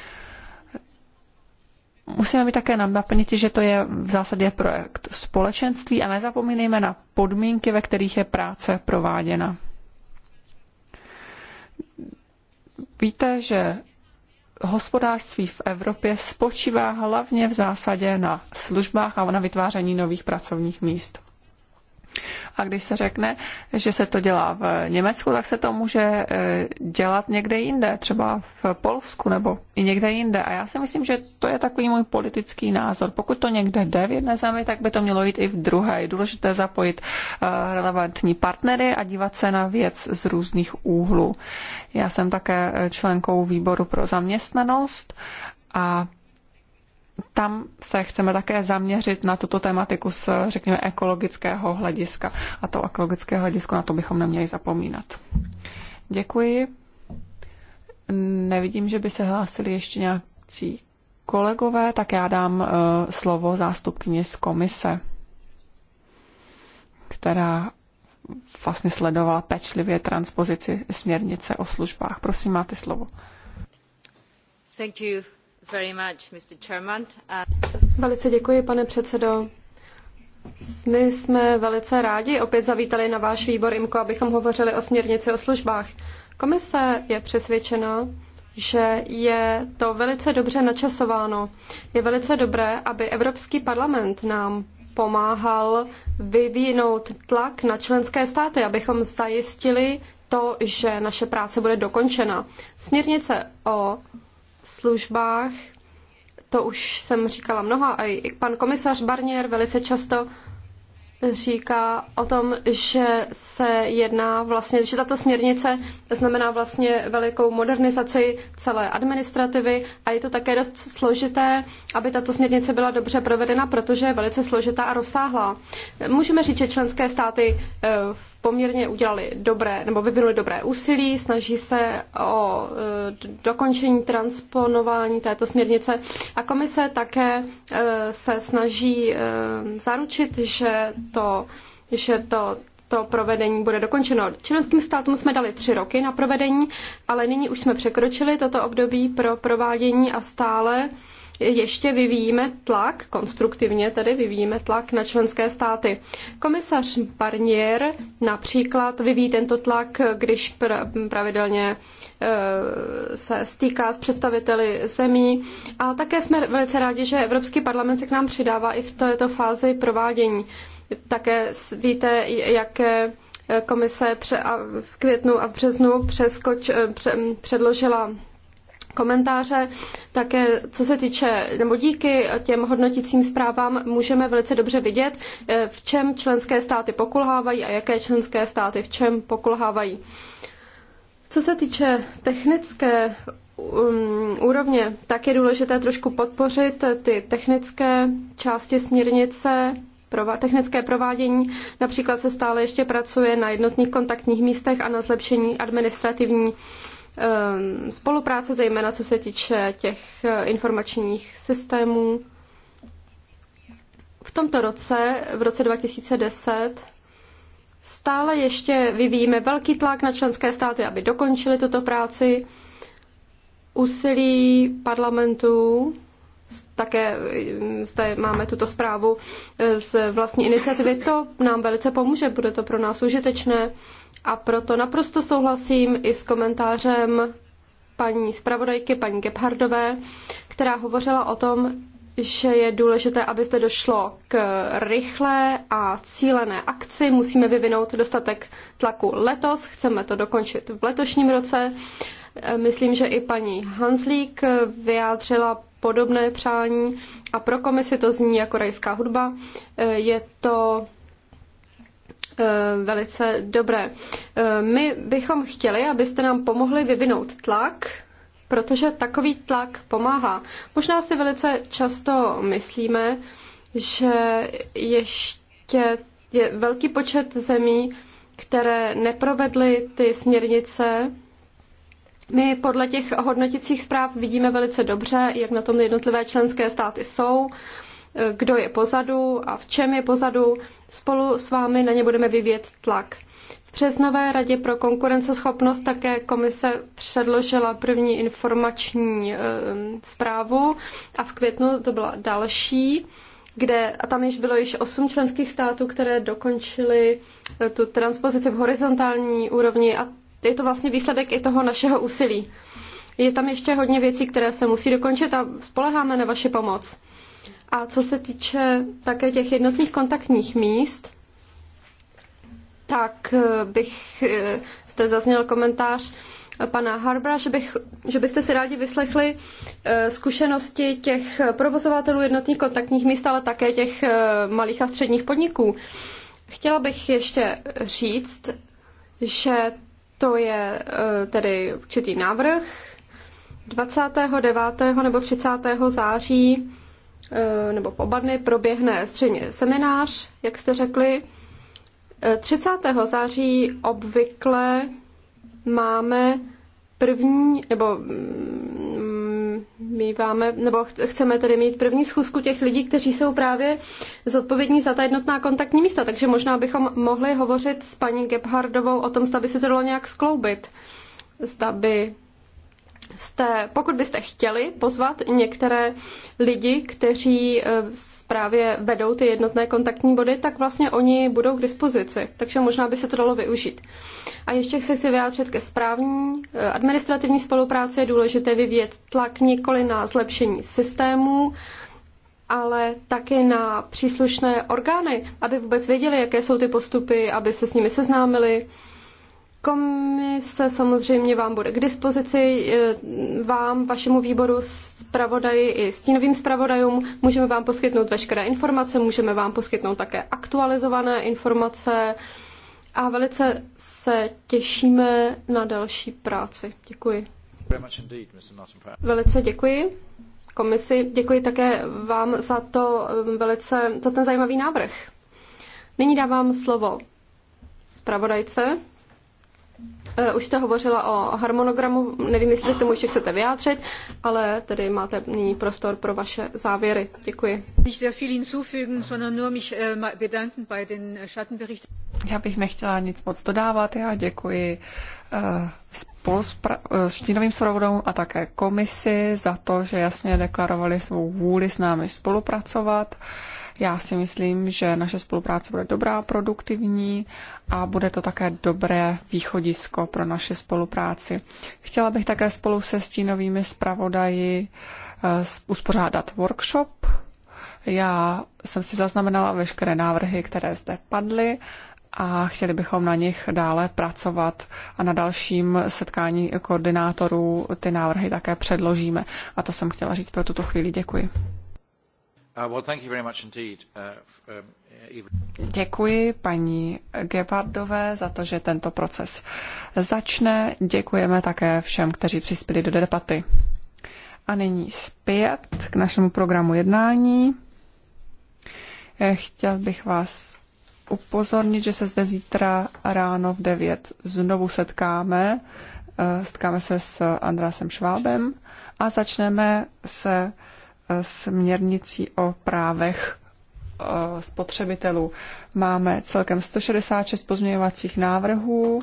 Speaker 2: Musíme mít také na paměti, že to je v zásadě projekt společenství a nezapomínejme na podmínky, ve kterých je práce prováděna. Víte, že hospodářství v Evropě spočívá hlavně v zásadě na službách a na vytváření nových pracovních míst. A když se řekne, že se to dělá v Německu, tak se to může e, dělat někde jinde, třeba v Polsku nebo i někde jinde. A já si myslím, že to je takový můj politický názor. Pokud to někde jde v jedné zemi, tak by to mělo jít i v druhé. Je důležité zapojit e, relevantní partnery a dívat se na věc z různých úhlů. Já jsem také e, členkou výboru pro zaměstnanost a tam se chceme také zaměřit na tuto tématiku z, řekněme, ekologického hlediska. A to ekologické hledisko, na to bychom neměli zapomínat. Děkuji. Nevidím, že by se hlásili ještě nějakí kolegové, tak já dám uh, slovo zástupkyni z komise, která vlastně sledovala pečlivě transpozici směrnice o službách. Prosím, máte slovo.
Speaker 3: Thank you.
Speaker 1: Velice děkuji, pane předsedo. My jsme velice rádi opět zavítali na váš výbor IMCO, abychom hovořili o směrnici o službách. Komise je přesvědčena, že je to velice dobře načasováno. Je velice dobré, aby Evropský parlament nám pomáhal vyvinout tlak na členské státy, abychom zajistili to, že naše práce bude dokončena. Směrnice o službách, to už jsem říkala mnoha, a i pan komisař Barnier velice často říká o tom, že se jedná vlastně, že tato směrnice znamená vlastně velikou modernizaci celé administrativy a je to také dost složité, aby tato směrnice byla dobře provedena, protože je velice složitá a rozsáhlá. Můžeme říct, že členské státy v eh, poměrně udělali dobré, nebo vyvinuli dobré úsilí, snaží se o e, dokončení transponování této směrnice a komise také e, se snaží e, zaručit, že to, že to to provedení bude dokončeno. Členským státům jsme dali tři roky na provedení, ale nyní už jsme překročili toto období pro provádění a stále uh, ještě vyvíjíme tlak, konstruktivně tedy vyvíjíme tlak na členské státy. Komisař Barnier například vyvíjí tento tlak, když pr- pravidelně e, se stýká s představiteli zemí. A také jsme velice rádi, že Evropský parlament se k nám přidává i v této fázi provádění. Také víte, jaké e, komise v květnu a v březnu přeskoč, e, předložila komentáře. Také co se týče, nebo díky těm hodnotícím zprávám můžeme velice dobře vidět, eh, v čem členské státy pokulhávají a jaké členské státy v čem pokulhávají. Co se týče technické um, úrovně, tak je důležité trošku podpořit ty technické části směrnice, technické provádění. Například se stále ještě pracuje na jednotných kontaktních místech a na zlepšení administrativní uh, Ehm, spolupráce, zejména co se týče těch eh, informačních systémů. V tomto roce, v roce 2010, stále ještě vyvíjíme velký tlak na členské státy, aby dokončili tuto práci. Úsilí parlamentu také mm, zde máme tuto zprávu eh, z vlastní iniciativy. To nám velice pomůže, bude to pro nás užitečné. A proto naprosto souhlasím i s komentářem paní zpravodajky, paní Gebhardové, která hovořila o tom, že je důležité, aby zde došlo k rychlé a cílené akci. Musíme vyvinout dostatek tlaku letos, chceme to dokončit v letošním roce. Myslím, že i paní Hanslík vyjádřila podobné přání a pro komisi to zní jako rajská hudba. Je to Eh, velice dobré. Eh, my bychom chtěli, abyste nám pomohli vyvinout tlak, protože takový tlak pomáhá. Možná si velice často myslíme, že ještě je velký počet zemí, které neprovedly ty směrnice. My podle těch hodnoticích zpráv vidíme velice dobře, jak na tom jednotlivé členské státy jsou, eh, kdo je pozadu a v čem je pozadu. Spolu s vámi na ně budeme vyvíjet tlak. V přesnové radě pro konkurenceschopnost také komise předložila první informační e, zprávu a v květnu to byla další kde, a tam již bylo již osm členských států, které dokončily eh, tu transpozici v horizontální úrovni a je to vlastně výsledek i toho našeho úsilí. Je tam ještě hodně věcí, které se musí dokončit a spoleháme na vaši pomoc. A co se týče také těch jednotných kontaktních míst, tak eh, bych, eh, zde zazněl komentář pana Harbra, že, bych, že byste si rádi vyslechli eh, zkušenosti těch provozovatelů jednotných kontaktních míst, ale také těch malých a středních podniků. Chtěla bych ještě říct, že to je tedy určitý návrh 29. nebo 30. září Eh, nebo v oba dny proběhne zřejmě seminář, jak jste řekli. 30. Eh, září obvykle máme první, nebo míváme, mm, nebo chceme tedy mít první schůzku těch lidí, kteří jsou právě zodpovědní za ta jednotná kontaktní místa. Takže možná bychom mohli hovořit s paní Gebhardovou o tom, zda by se to dalo nějak skloubit. Zda by jste, pokud byste chtěli pozvat některé lidi, kteří eh, právě vedou ty jednotné kontaktní body, tak vlastně oni budou k dispozici, takže možná by se to dalo využít. A ještě se chci vyjádřit ke správní eh, administrativní spolupráci. Je důležité vyvíjet tlak nikoli na zlepšení systému, ale také na příslušné orgány, aby vůbec věděli, jaké jsou ty postupy, aby se s nimi seznámili Komise samozřejmě vám bude k dispozici, eh, vám, vašemu výboru, zpravodaji i stínovým zpravodajům. Můžeme vám poskytnout veškeré informace, můžeme vám poskytnout také aktualizované informace a velice se těšíme na další práci. Děkuji. Velice děkuji komisi. Děkuji také vám za, to eh, velice, za ten zajímavý návrh. Nyní dávám slovo zpravodajce. Eh, už jste hovořila o harmonogramu, nevím, jestli k tomu ještě chcete vyjádřit, ale tedy máte nyní prostor pro vaše závěry. Děkuji.
Speaker 2: Já bych nechtěla nic moc dodávat. Já děkuji eh, spolu eh, s, s štínovým zpravodajům a také komisi za to, že jasně deklarovali svou vůli s námi spolupracovat. Já si myslím, že naše spolupráce bude dobrá, produktivní a bude to také dobré východisko pro naše spolupráci. Chtěla bych také spolu se stínovými zpravodaji eh, uspořádat workshop. Já jsem si zaznamenala veškeré návrhy, které zde padly a chtěli bychom na nich dále pracovat a na dalším setkání koordinátorů ty návrhy také předložíme. A to jsem chtěla říct pro tuto chvíli. Děkuji.
Speaker 3: Uh, well, uh, um,
Speaker 2: Děkuji paní Gebardové za to, že tento proces začne. Děkujeme také všem, kteří přispěli do debaty. A nyní zpět k našemu programu jednání. Chtěl bych vás upozornit, že se zde zítra ráno v 9 znovu setkáme. Setkáme se s Andrásem Švábem a začneme se směrnicí o právech Eh, spotřebitelů. Máme celkem 166 pozměňovacích návrhů.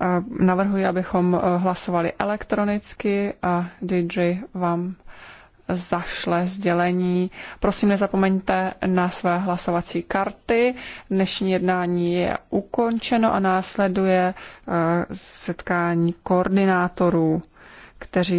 Speaker 2: Eh, navrhuji, abychom eh, hlasovali elektronicky a DJ vám zašle sdělení. Prosím, nezapomeňte na své hlasovací karty. Dnešní jednání je ukončeno a následuje setkání koordinátorů, kteří